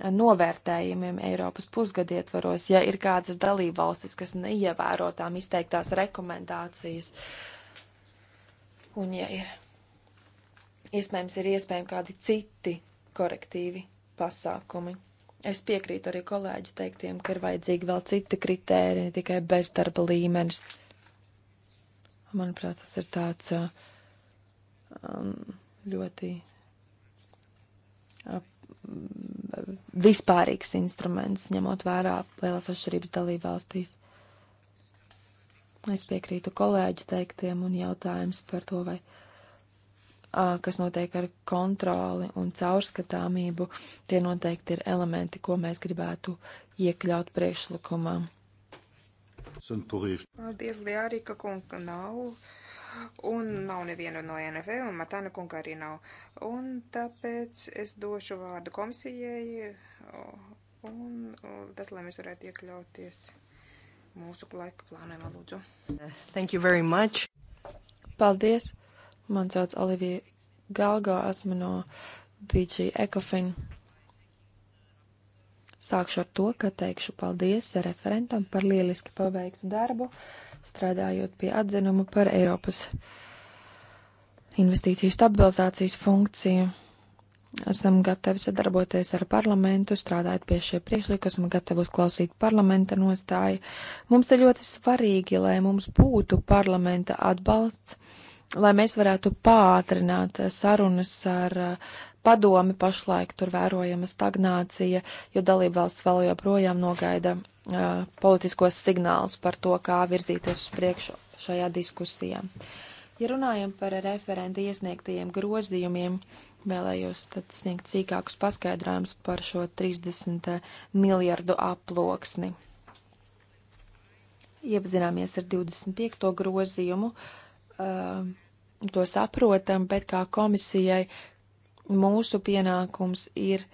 novērtējumiem Eiropas pusgadietvaros, ja ir kādas dalībvalstis, kas neievēro tām izteiktās rekomendācijas, Un, ja ir iespējams, ir iespējami kādi citi korektīvi pasākumi. Es piekrītu arī kolēģu teiktiem, ka ir vajadzīgi vēl citi kritēri, ne tikai bezdarba līmenis. Manuprāt, tas ir tāds uh, um, ļoti um, vispārīgs instruments, ņemot vērā lielās atšķirības dalībvalstīs. Es piekrītu kolēģi teiktiem un jautājums par to, vai a, kas notiek ar kontroli un caurskatāmību, tie noteikti ir elementi, ko mēs gribētu iekļaut priekšlikumā. Paldies, Liārika kunga nav, un nav neviena no NF, un Matāna kunga arī nav. Un tāpēc es došu vārdu komisijai, un tas, lai mēs varētu iekļauties mūsu laika plānojumā, lūdzu. Thank you very much. Paldies. Man sauc Olivija Galgo, esmu no DG Ecofin. Sākšu ar to, ka teikšu paldies referentam par lieliski paveiktu darbu, strādājot pie atzinuma par Eiropas investīciju stabilizācijas funkciju. Esam gatavi sadarboties ar parlamentu, strādājot pie šie priekšlikumi, esam gatavi uzklausīt parlamenta nostāju. Mums ir ļoti svarīgi, lai mums būtu parlamenta atbalsts, lai mēs varētu pātrināt sarunas ar eh, padomi. Pašlaik tur vērojama stagnācija, jo dalība valsts vēl joprojām nogaida uh, politiskos signālus par to, kā virzīties uz priekšu šajā diskusijā. Ja runājam par referenta iesniegtajiem grozījumiem, uh, Vēlējos tad sniegt cīkākus paskaidrojumus par šo 30 eh, miljardu aploksni. Iepazināmies ar 25. grozījumu, eh, to saprotam, bet kā komisijai mūsu pienākums ir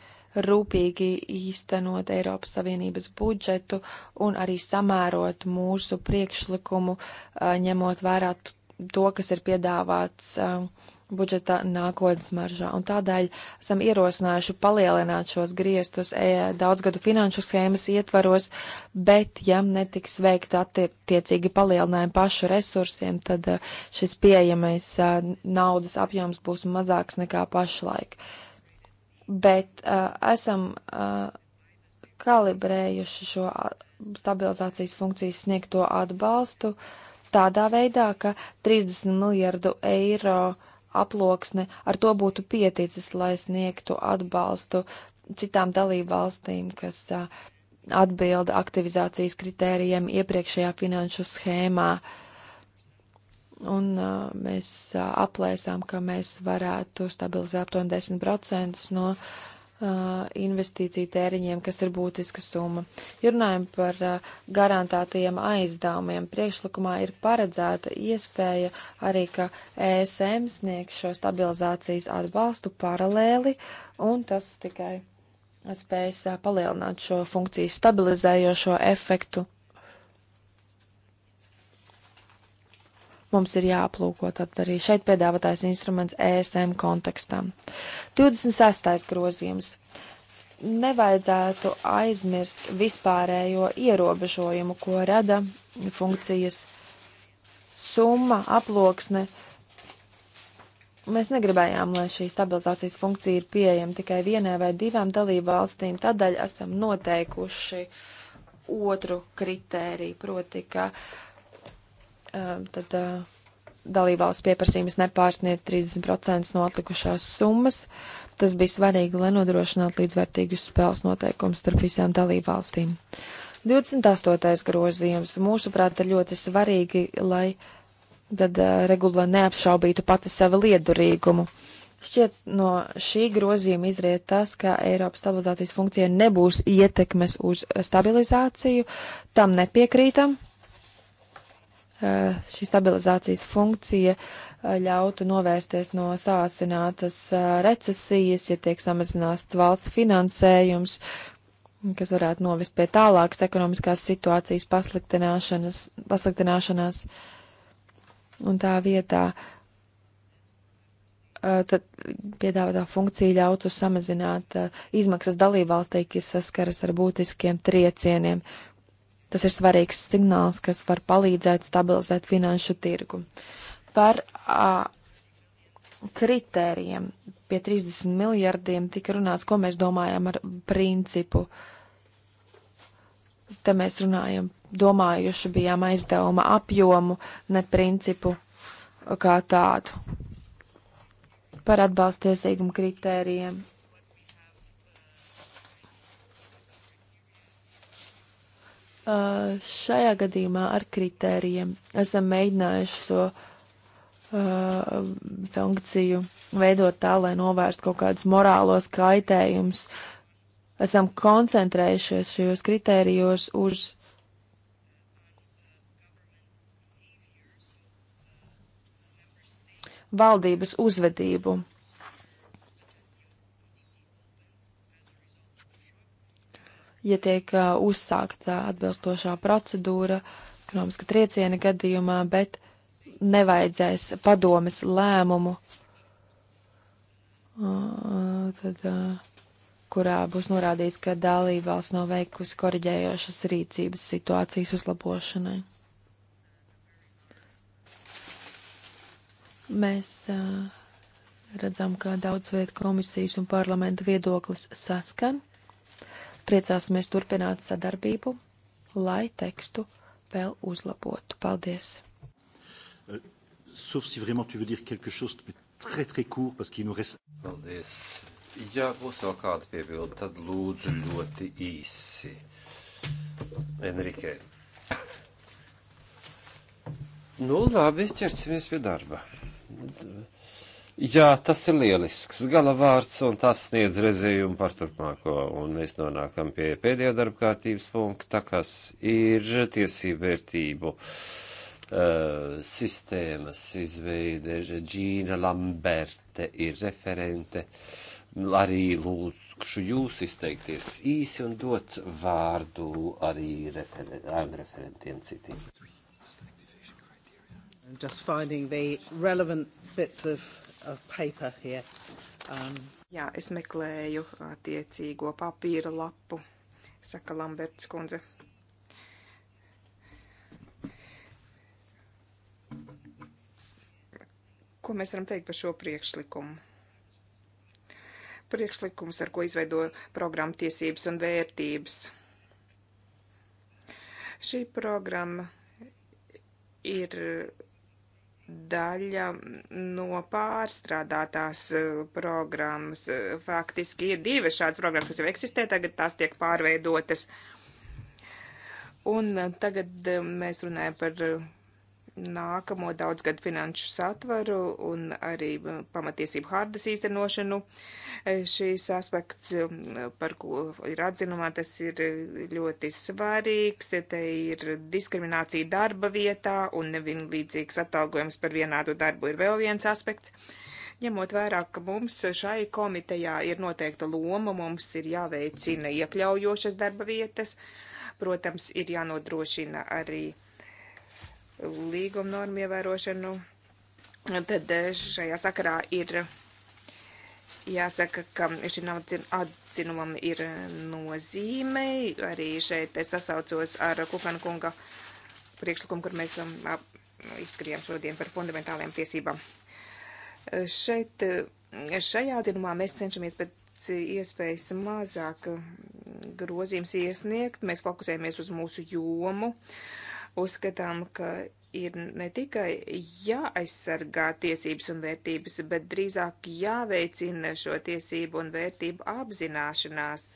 rūpīgi īstenot Eiropas Savienības budžetu un arī samērot mūsu priekšlikumu, eh, ņemot vērā to, kas ir piedāvāts uh, budžeta nākotnes maržā, un tādēļ esam ierosinājuši palielināt šos griestus e, daudzgadu finanšu schēmas ietvaros, bet ja netiks veikt attiecīgi palielinājumi pašu resursiem, tad e, šis pieejamais a, e, naudas apjoms būs mazāks nekā pašlaik. Bet uh, esam uh, kalibrējuši šo stabilizācijas funkcijas sniegto atbalstu tādā veidā, ka 30 miljardu eiro uh, aploksne, ar to būtu pieticis, lai sniegtu atbalstu citām dalību valstīm, kas atbilda aktivizācijas kritērijiem iepriekšējā finanšu schēmā. Un mēs aplēsām, ka mēs varētu stabilizēt aptuveni 10% no uh, Uh, investīciju tēriņiem, kas ir būtiska summa. Ja runājam par uh, garantētajiem aizdevumiem, priekšlikumā ir paredzēta iespēja arī, ka ESM sniegs šo stabilizācijas atbalstu paralēli, un tas tikai spējas uh, palielināt šo funkciju stabilizējošo efektu. mums ir jāaplūko tad arī šeit piedāvātais instruments ESM kontekstam. 26. grozījums. Nevajadzētu aizmirst vispārējo ierobežojumu, ko rada funkcijas summa, aploksne. Mēs negribējām, lai šī stabilizācijas funkcija ir pieejama tikai vienai vai divām dalību valstīm, tādēļ esam noteikuši otru kritēriju, proti, ka uh, Ehm, tad eh, dalībvalsts pieprasījums nepārsniedz 30% no atlikušās summas. Tas bija svarīgi, lai nodrošinātu līdzvērtīgus spēles noteikumus starp visām dalībvalstīm. 28. grozījums mūsuprāt ir ļoti svarīgi, lai tad uh, regula neapšaubītu pati savu liedurīgumu. Šķiet, no šī grozījuma izriet tas, ka Eiropas stabilizācijas funkcija nebūs ietekmes uz stabilizāciju. Tam nepiekrītam. Uh, Eh, šī stabilizācijas funkcija eh, ļautu novērsties no sāsinātas eh, recesijas, ja tiek samazināts valsts finansējums, kas varētu novest pie tālākas ekonomiskās situācijas pasliktināšanas, pasliktināšanās. Un tā vietā tad piedāvātā funkcija ļautu samazināt izmaksas dalībvalstī, kas saskaras ar būtiskiem triecieniem. Uh, Tas ir svarīgs signāls, kas var palīdzēt stabilizēt finanšu tirgu. Par a, kritērijiem pie 30 miljardiem tika runāts, ko mēs domājam ar principu. Te mēs runājam, domājuši bijām aizdevuma apjomu, ne principu kā tādu. Par atbalstiesīgumu kritērijiem Eh, šajā gadījumā ar kritērijiem esam mēģinājuši šo so, eh, funkciju veidot tā, lai novērstu kaut kādus morālos kaitējumus. Esam koncentrējušies šajos kritērijos uz valdības uzvedību. ja tiek uzsākta atbilstošā procedūra ekonomiska trieciena gadījumā, bet nevajadzēs padomes lēmumu, tad, kurā būs norādīts, ka dalībvalsts nav veikusi koriģējošas rīcības situācijas uzlabošanai. Mēs redzam, ka daudz vietu komisijas un parlamenta viedoklis saskan. Priecāsimies turpināt sadarbību, lai tekstu vēl uzlabotu. Paldies! Euh, sauf si vraiment tu veux dire quelque chose, mais très très court, parce qu'il nous reste. Paldies. Ja būs vēl kāda piebilda, tad lūdzu ļoti īsi. Enrique. Nu, labi, ķersimies pie darba. Jā, tas ir lielisks galavārds, un tas sniedz rezējumu par turpmāko. Un mēs nonākam pie pēdējā darba kārtības punkta, kas ir tiesību vērtību uh, sistēmas izveide. Džīna Lamberte ir referente. Arī lūkšu jūs izteikties īsi un dot vārdu arī referen referentiem citiem. Just finding the relevant bits of of paper here. Um, Jā, es meklēju attiecīgo papīra lapu, saka Lamberts kundze. Ko mēs varam teikt par šo priekšlikumu? Priekšlikums, ar ko izveido programma tiesības un vērtības. Šī programma ir daļa no pārstrādātās e, programmas. E, faktiski ir divas šādas programmas, kas jau eksistē, tagad tās tiek pārveidotas. Un e, tagad mēs runājam par nākamo daudzgadu finanšu satvaru un arī pamatiesību hārdas īstenošanu. E, Šīs aspekts, par ko ir atzinumā, tas ir ļoti svarīgs. Te ir diskriminācija darba vietā un nevienlīdzīgs atalgojums par vienādu darbu ir vēl viens aspekts. Ņemot vērā, ka mums šai komitejā ir noteikta loma, mums ir jāveicina iekļaujošas darba vietas, protams, ir jānodrošina arī uh, līguma normu ievērošanu, tad eh, šajā sakarā ir jāsaka, ka šim atzinumam ir eh, nozīme. Arī šeit es sasaucos ar Kukana kunga priekšlikumu, kur mēs um, izskatījām šodien par fundamentālajām tiesībām. Šeit, eh, šajā atzinumā mēs cenšamies pēc iespējas mazāk mm, grozījums iesniegt. Mēs fokusējamies uz mūsu jomu. Uh, Uzskatām, ka ir ne tikai jāaizsargā tiesības un vērtības, bet drīzāk jāveicina šo tiesību un vērtību apzināšanās.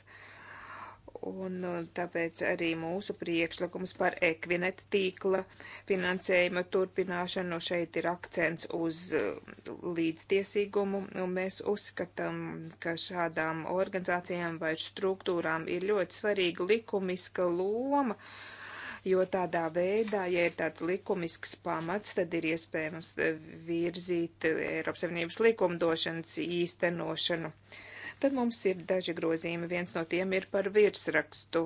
Un uh, tāpēc arī mūsu priekšlikums par ekvinet tīkla finansējuma turpināšanu šeit ir akcents uz uh, līdztiesīgumu. Un mēs uzskatām, ka šādām organizācijām vai struktūrām ir ļoti svarīga likumiska loma. Uh, jo tādā veidā, ja ir tāds likumisks pamats, tad ir iespējams e, virzīt Eiropas Savienības likumdošanas īstenošanu. Tad mums ir daži grozījumi, viens no tiem ir par virsrakstu,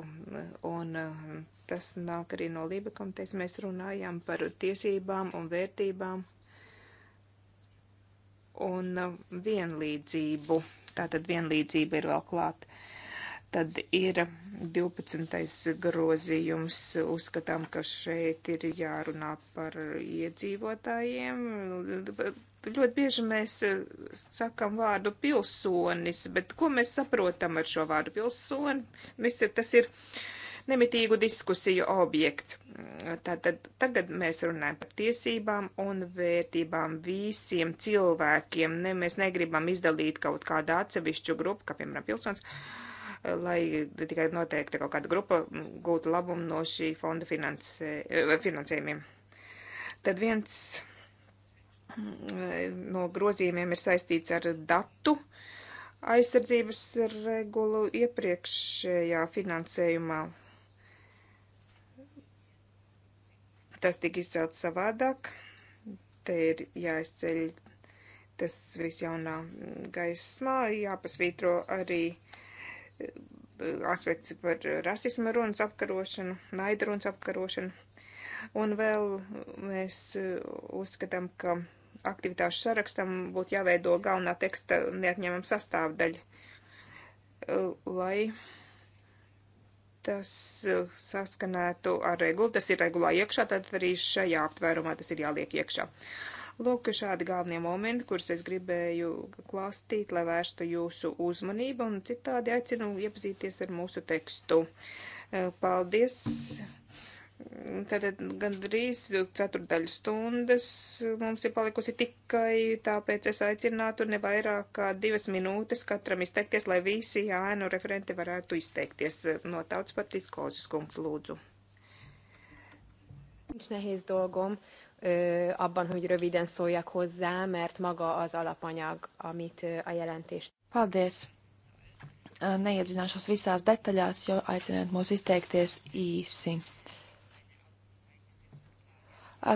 un e, tas nāk arī no Lība komitejas, mēs runājam par tiesībām un vērtībām un e, vienlīdzību. Tātad vienlīdzība ir vēl klāta. Tad ir 12. grozījums. Uzskatām, ka šeit ir jārunā par iedzīvotājiem. Ļoti bieži mēs sakam vārdu pilsonis, bet ko mēs saprotam ar šo vārdu pilsoni? Mēs, tas ir nemitīgu diskusiju objekts. Tātad tagad mēs runājam par tiesībām un vērtībām visiem cilvēkiem. Ne, mēs negribam izdalīt kaut kādu atsevišķu grupu, kā piemēram pilsonis. Uh, lai tikai noteikti kaut kāda grupa gūtu labumu no šī fonda finansē, eh, finansējumiem. Tad viens mm, no grozījumiem ir saistīts ar datu aizsardzības regulu iepriekšējā finansējumā. Tas tika izcelts savādāk. Te ir jāizceļ tas viss jaunā gaismā, jāpasvītro arī uh, aspekts par rasismu runas apkarošanu, naidrunas apkarošanu. Un vēl mēs uzskatām, ka aktivitāšu sarakstam būtu jāveido galvenā teksta neatņemama sastāvdaļa, lai tas saskanētu ar regulu. Tas ir regulā iekšā, tad arī šajā aptvērumā tas ir jāliek iekšā. Uh, Lūk, šādi galvenie momenti, kurus es gribēju klāstīt, lai vērstu jūsu uzmanību, un citādi aicinu iepazīties ar mūsu tekstu. E, paldies! Tātad gandrīz ceturdaļu stundas mums ir palikusi tikai, tāpēc es aicinātu ne vairāk kā divas minūtes katram izteikties, lai visi ēnu referenti varētu izteikties. No tautas partijas kozes kungs lūdzu. Nincs nehéz dolgom abban, hogy röviden szóljak hozzá, mert maga az alapanyag, amit a jelentést. Paldies! Neiedzināšos visās detaļās, jo aicinot mūs izteikties īsi.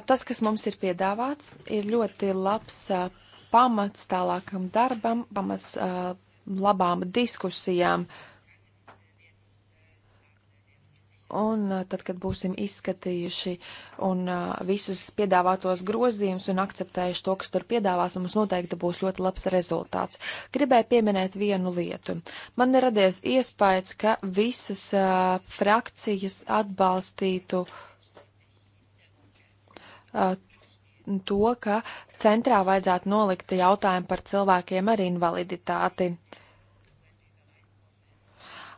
Tas, kas mums ir piedāvāts, ir ļoti labs pamats tālākam darbam, pamats labām diskusijām uh, Un tad, kad būsim izskatījuši un visus piedāvātos grozījumus un akceptējuši to, kas tur piedāvās, mums noteikti būs ļoti labs rezultāts. Gribēju pieminēt vienu lietu. Man ir radies iespējas, ka visas uh, frakcijas atbalstītu uh, to, ka centrā vajadzētu nolikt jautājumu par cilvēkiem ar invaliditāti. Uh,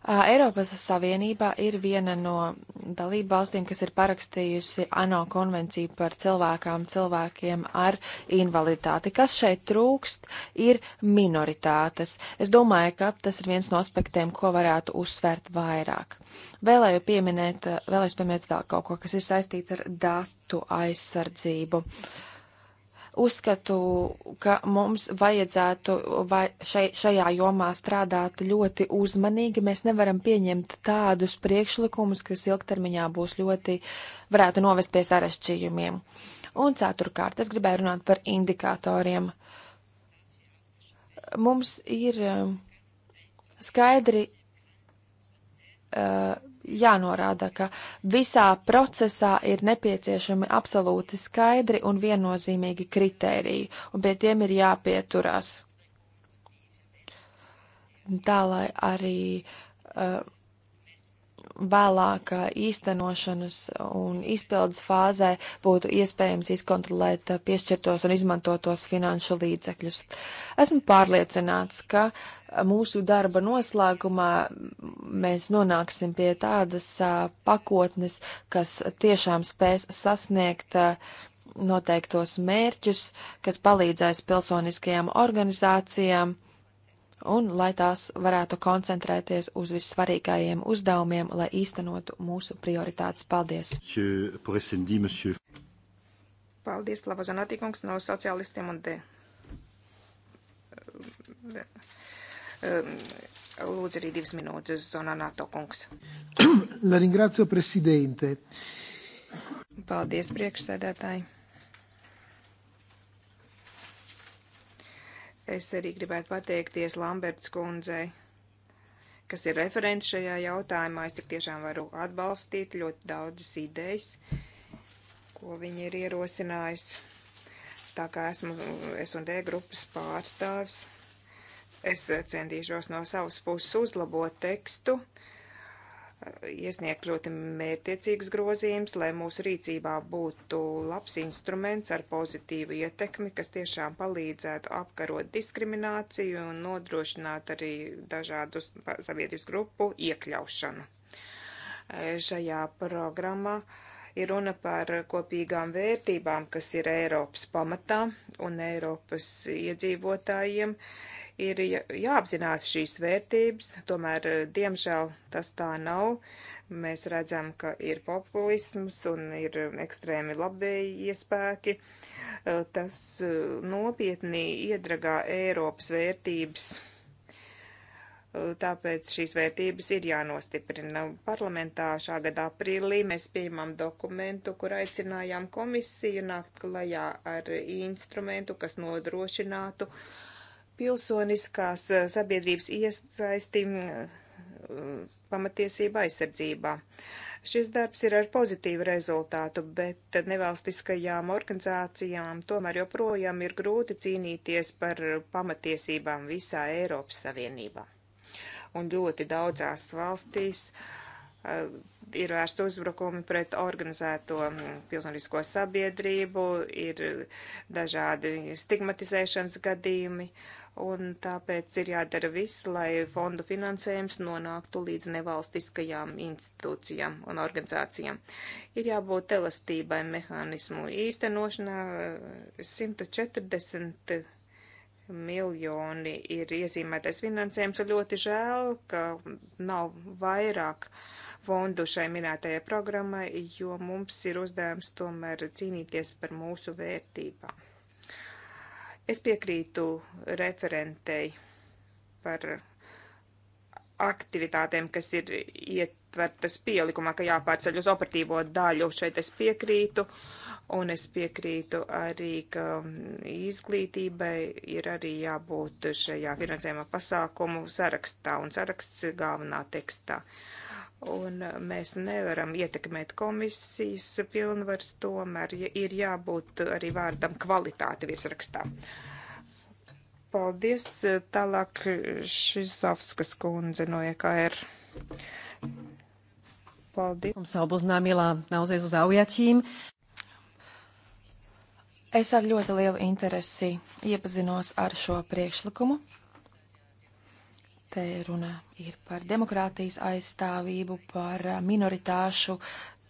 Eiropas Savienībā ir viena no dalību valstīm, kas ir parakstījusi ANO konvenciju par cilvēkām, cilvēkiem ar invaliditāti. Kas šeit trūkst, ir minoritātes. Es domāju, ka tas ir viens no aspektiem, ko varētu uzsvērt vairāk. Vēlēju pieminēt, vēlēju pieminēt vēl kaut ko, kas ir saistīts ar datu aizsardzību. Uh, Uzskatu, ka mums vajadzētu vai šai, šajā jomā strādāt ļoti uzmanīgi. Mēs nevaram pieņemt tādus priekšlikumus, kas ilgtermiņā būs ļoti, varētu novest pie sarešķījumiem. Un ceturkārt, es gribēju runāt par indikatoriem. Mums ir um, skaidri uh, jānorāda, ka visā procesā ir nepieciešami absolūti skaidri un viennozīmīgi kritēriji, un pie tiem ir jāpieturās. Tā lai arī uh, vēlāk īstenošanas un izpildes fāzē būtu iespējams izkontrolēt eh, piešķirtos un izmantotos finanšu līdzekļus. Esmu pārliecināts, ka eh, mūsu darba noslēgumā mm, mēs nonāksim pie tādas eh, pakotnes, kas tiešām spēs sasniegt noteiktos mērķus, kas palīdzēs pilsoniskajām organizācijām un lai tās varētu koncentrēties uz vissvarīgākajiem uzdevumiem, lai īstenotu mūsu prioritātes. Paldies! Paldies, Labazanatīkungs no sociālistiem un D. Um, lūdzu, arī divas minūtes, zonā NATO kungs. [coughs] La ringrazio, prezidente. Paldies, priekšsēdētāji. Es arī gribētu pateikties Lamberts kundzei, kas ir referents šajā jautājumā. Es tik tiešām varu atbalstīt ļoti daudzas idejas, ko viņi ir ierosinājusi. Tā kā esmu S&D grupas pārstāvis, es centīšos no savas puses uzlabot tekstu, uh, iesniegt ļoti mērķiecīgs grozījums, lai mūsu rīcībā būtu labs instruments ar pozitīvu ietekmi, kas tiešām palīdzētu apkarot diskrimināciju un nodrošināt arī dažādu sabiedrības grupu iekļaušanu. Eh, šajā programmā ir runa par kopīgām vērtībām, kas ir Eiropas pamatā un Eiropas iedzīvotājiem. Uh, ir jāapzinās šīs vērtības, tomēr, eh, diemžēl, tas tā nav. Mēs redzam, ka ir populisms un ir ekstrēmi labējie spēki. Eh, tas eh, nopietni iedragā Eiropas vērtības. Tāpēc šīs vērtības ir jānostiprina. Parlamentā šā gada aprīlī mēs pieņemam dokumentu, kur aicinājām komisiju nākt klajā ar instrumentu, kas nodrošinātu uh, pilsoniskās eh, sabiedrības iesaisti eh, pamatiesība aizsardzībā. Šis darbs ir ar pozitīvu rezultātu, bet nevalstiskajām organizācijām tomēr joprojām ir grūti cīnīties par pamatiesībām visā Eiropas Savienībā. Un ļoti daudzās valstīs eh, ir vērsti uzbrukumi pret organizēto mm, pilsonisko sabiedrību, ir dažādi stigmatizēšanas gadījumi. Uh, un tāpēc ir jādara viss, lai fondu finansējums nonāktu līdz nevalstiskajām institūcijām un organizācijām. Ir jābūt elastībai mehānismu īstenošanā 140 miljoni ir iezīmētais finansējums, un ļoti žēl, ka nav vairāk fondu šai minētajai programmai, jo mums ir uzdevums tomēr cīnīties par mūsu vērtībām. Es piekrītu referentei par aktivitātēm, kas ir ietvertas pielikumā, ka jāpārceļ uz operatīvo daļu. Šeit es piekrītu, un es piekrītu arī, ka um, izglītībai ir arī jābūt šajā finansējuma pasākumu sarakstā, un saraksts galvenā tekstā. Uh, un uh, mēs nevaram ietekmēt komisijas pilnvars, tomēr ir jābūt arī vārdam kvalitāte virsrakstā. Paldies. Uh, tālāk Šizovskas kundze no EKR. Paldies. Som sa oboznámila naozaj so zaujatím. Es ar ļoti lielu interesi iepazinos ar šo priekšlikumu. Te runa ir par demokrātijas aizstāvību, par minoritāšu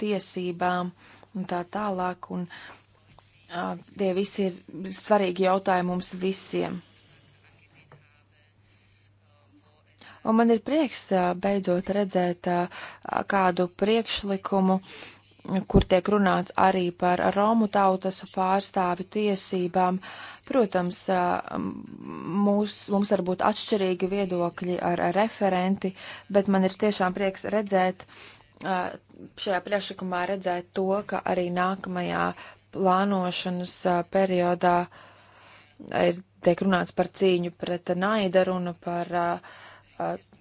tiesībām un tā tālāk. Un, a, tie visi ir svarīgi jautājumi mums visiem. Un man ir prieks a, beidzot redzēt a, kādu priekšlikumu, uh, kur tiek runāts arī par Romu tautas pārstāvi tiesībām. Protams, mūs, mums var būt atšķirīgi viedokļi ar referenti, bet man ir tiešām prieks redzēt, šajā priekšlikumā redzēt to, ka arī nākamajā plānošanas periodā ir tiek runāts par cīņu pret naidaru un par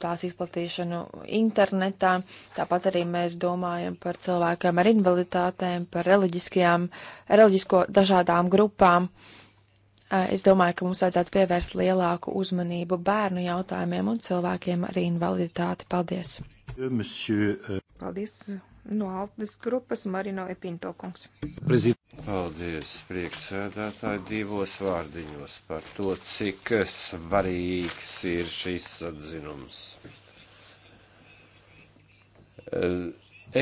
tās izplatīšanu internetā. Tāpat arī mēs domājam par cilvēkiem ar invaliditātēm, par reliģiskajām, reliģisko dažādām grupām. Es domāju, ka mums vajadzētu pievērst lielāku uzmanību bērnu jautājumiem un cilvēkiem ar invaliditāti. Paldies! Paldies, No Altas grupas Marino Epinto kungs. Prezident. Paldies, priekšsēdētāji, divos vārdiņos par to, cik svarīgs ir šis atzinums.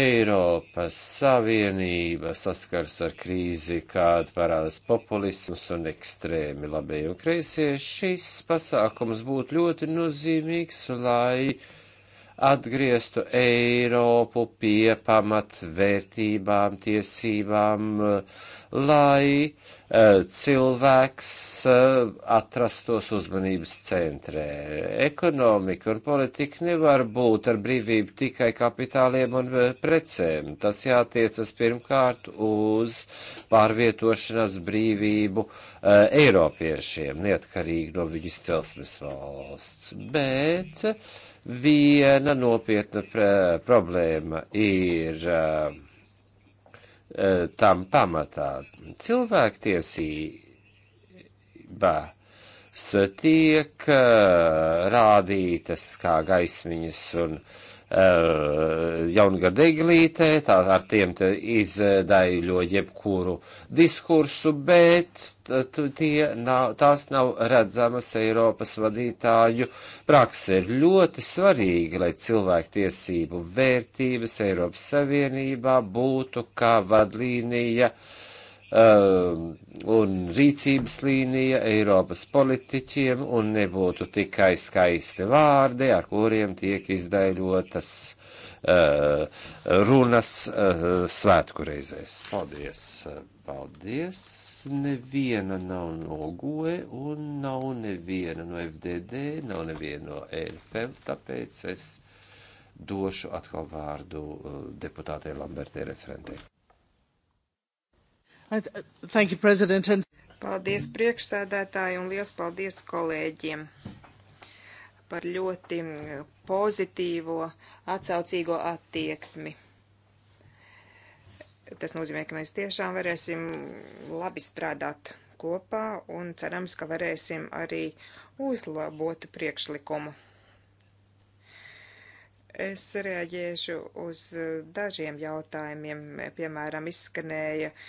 Eiropas Savienība saskars ar krīzi, kāda parādās populisms un ekstrēmi labējo kreisie. Šis pasākums būtu ļoti nozīmīgs, lai atgrieztu Eiropu pie pamatvērtībām, tiesībām, lai e, cilvēks e, atrastos uzmanības centrē. Ekonomika un politika nevar būt ar brīvību tikai kapitāliem un e, precēm. Tas jātiecas pirmkārt uz pārvietošanās brīvību Eiropiešiem, neatkarīgi no viņu izcelsmes valsts. Bet Viena nopietna pre, problēma ir uh, tam pamatā cilvēktiesība tiek uh, rādītas kā gaismiņas un uh, Eh, jaungada eglītē, tā ar tiem izdaļo jebkuru diskursu, bet tie nav, tās nav redzamas Eiropas vadītāju praksē. Ir ļoti svarīgi, lai cilvēktiesību vērtības Eiropas Savienībā būtu kā vadlīnija uh, Um, un rīcības līnija Eiropas politiķiem un nebūtu tikai skaisti vārdi, ar kuriem tiek izdaļotas uh, runas uh, svētku reizēs. Paldies! Uh, paldies! Neviena nav no GOE un nav neviena no FDD, nav neviena no EFM, tāpēc es došu atkal vārdu uh, deputātei Lambertē referentei. Thank you, President. And... Paldies priekšsēdētāji un liels paldies kolēģiem par ļoti mm, pozitīvo, atsaucīgo attieksmi. Tas nozīmē, ka mēs tiešām varēsim labi strādāt kopā un cerams, ka varēsim arī uzlabot priekšlikumu. Es reaģēšu uz uh, dažiem jautājumiem, piemēram, izskanēja uh,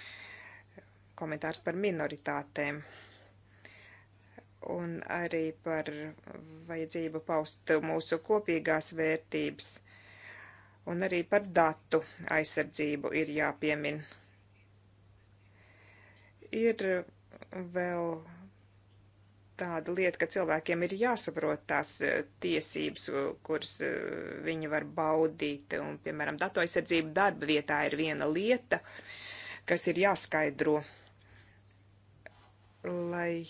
komentārs par minoritātēm un arī par vajadzību paust mūsu kopīgās vērtības un arī par datu aizsardzību ir jāpiemin. Ir vēl tāda lieta, ka cilvēkiem ir jāsaprot tās eh, tiesības, kuras eh, viņi var baudīt. Un, piemēram, datu aizsardzība darba vietā ir viena lieta, kas ir jāskaidro lai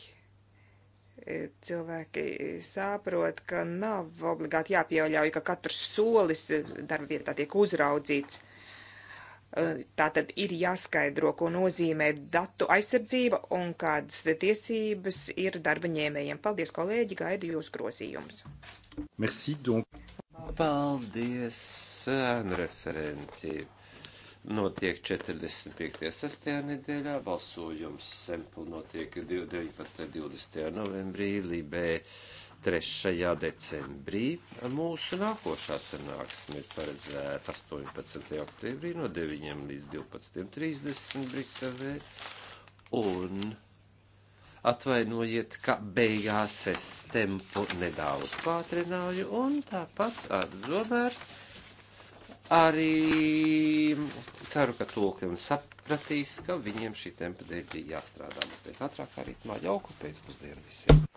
e, cilvēki saprot, ka nav obligāti jāpieļauj, ka katrs solis darba vietā tiek uzraudzīts. E, tā tad ir jāskaidro, ko nozīmē datu aizsardzība un kādas tiesības ir darba ņēmējiem. Paldies, kolēģi, gaidu jūs grozījumus. Merci, donc. Paldies, referenti notiek 45. sestajā nedēļā, balsojums Sempl notiek 19. 20. novembrī, Libē 3. decembrī. Mūsu nākošā sanāksme ir paredzēta 18. oktobrī no 9. līdz 12.30 Briselē. Un atvainojiet, ka beigās es tempu nedaudz pātrināju, un tāpat ar Robertu arī ceru, ka tulkiem sapratīs, ka viņiem šī tempa dēļ bija jāstrādā mazliet ātrāk, arī mā jauku pēcpusdienu visiem.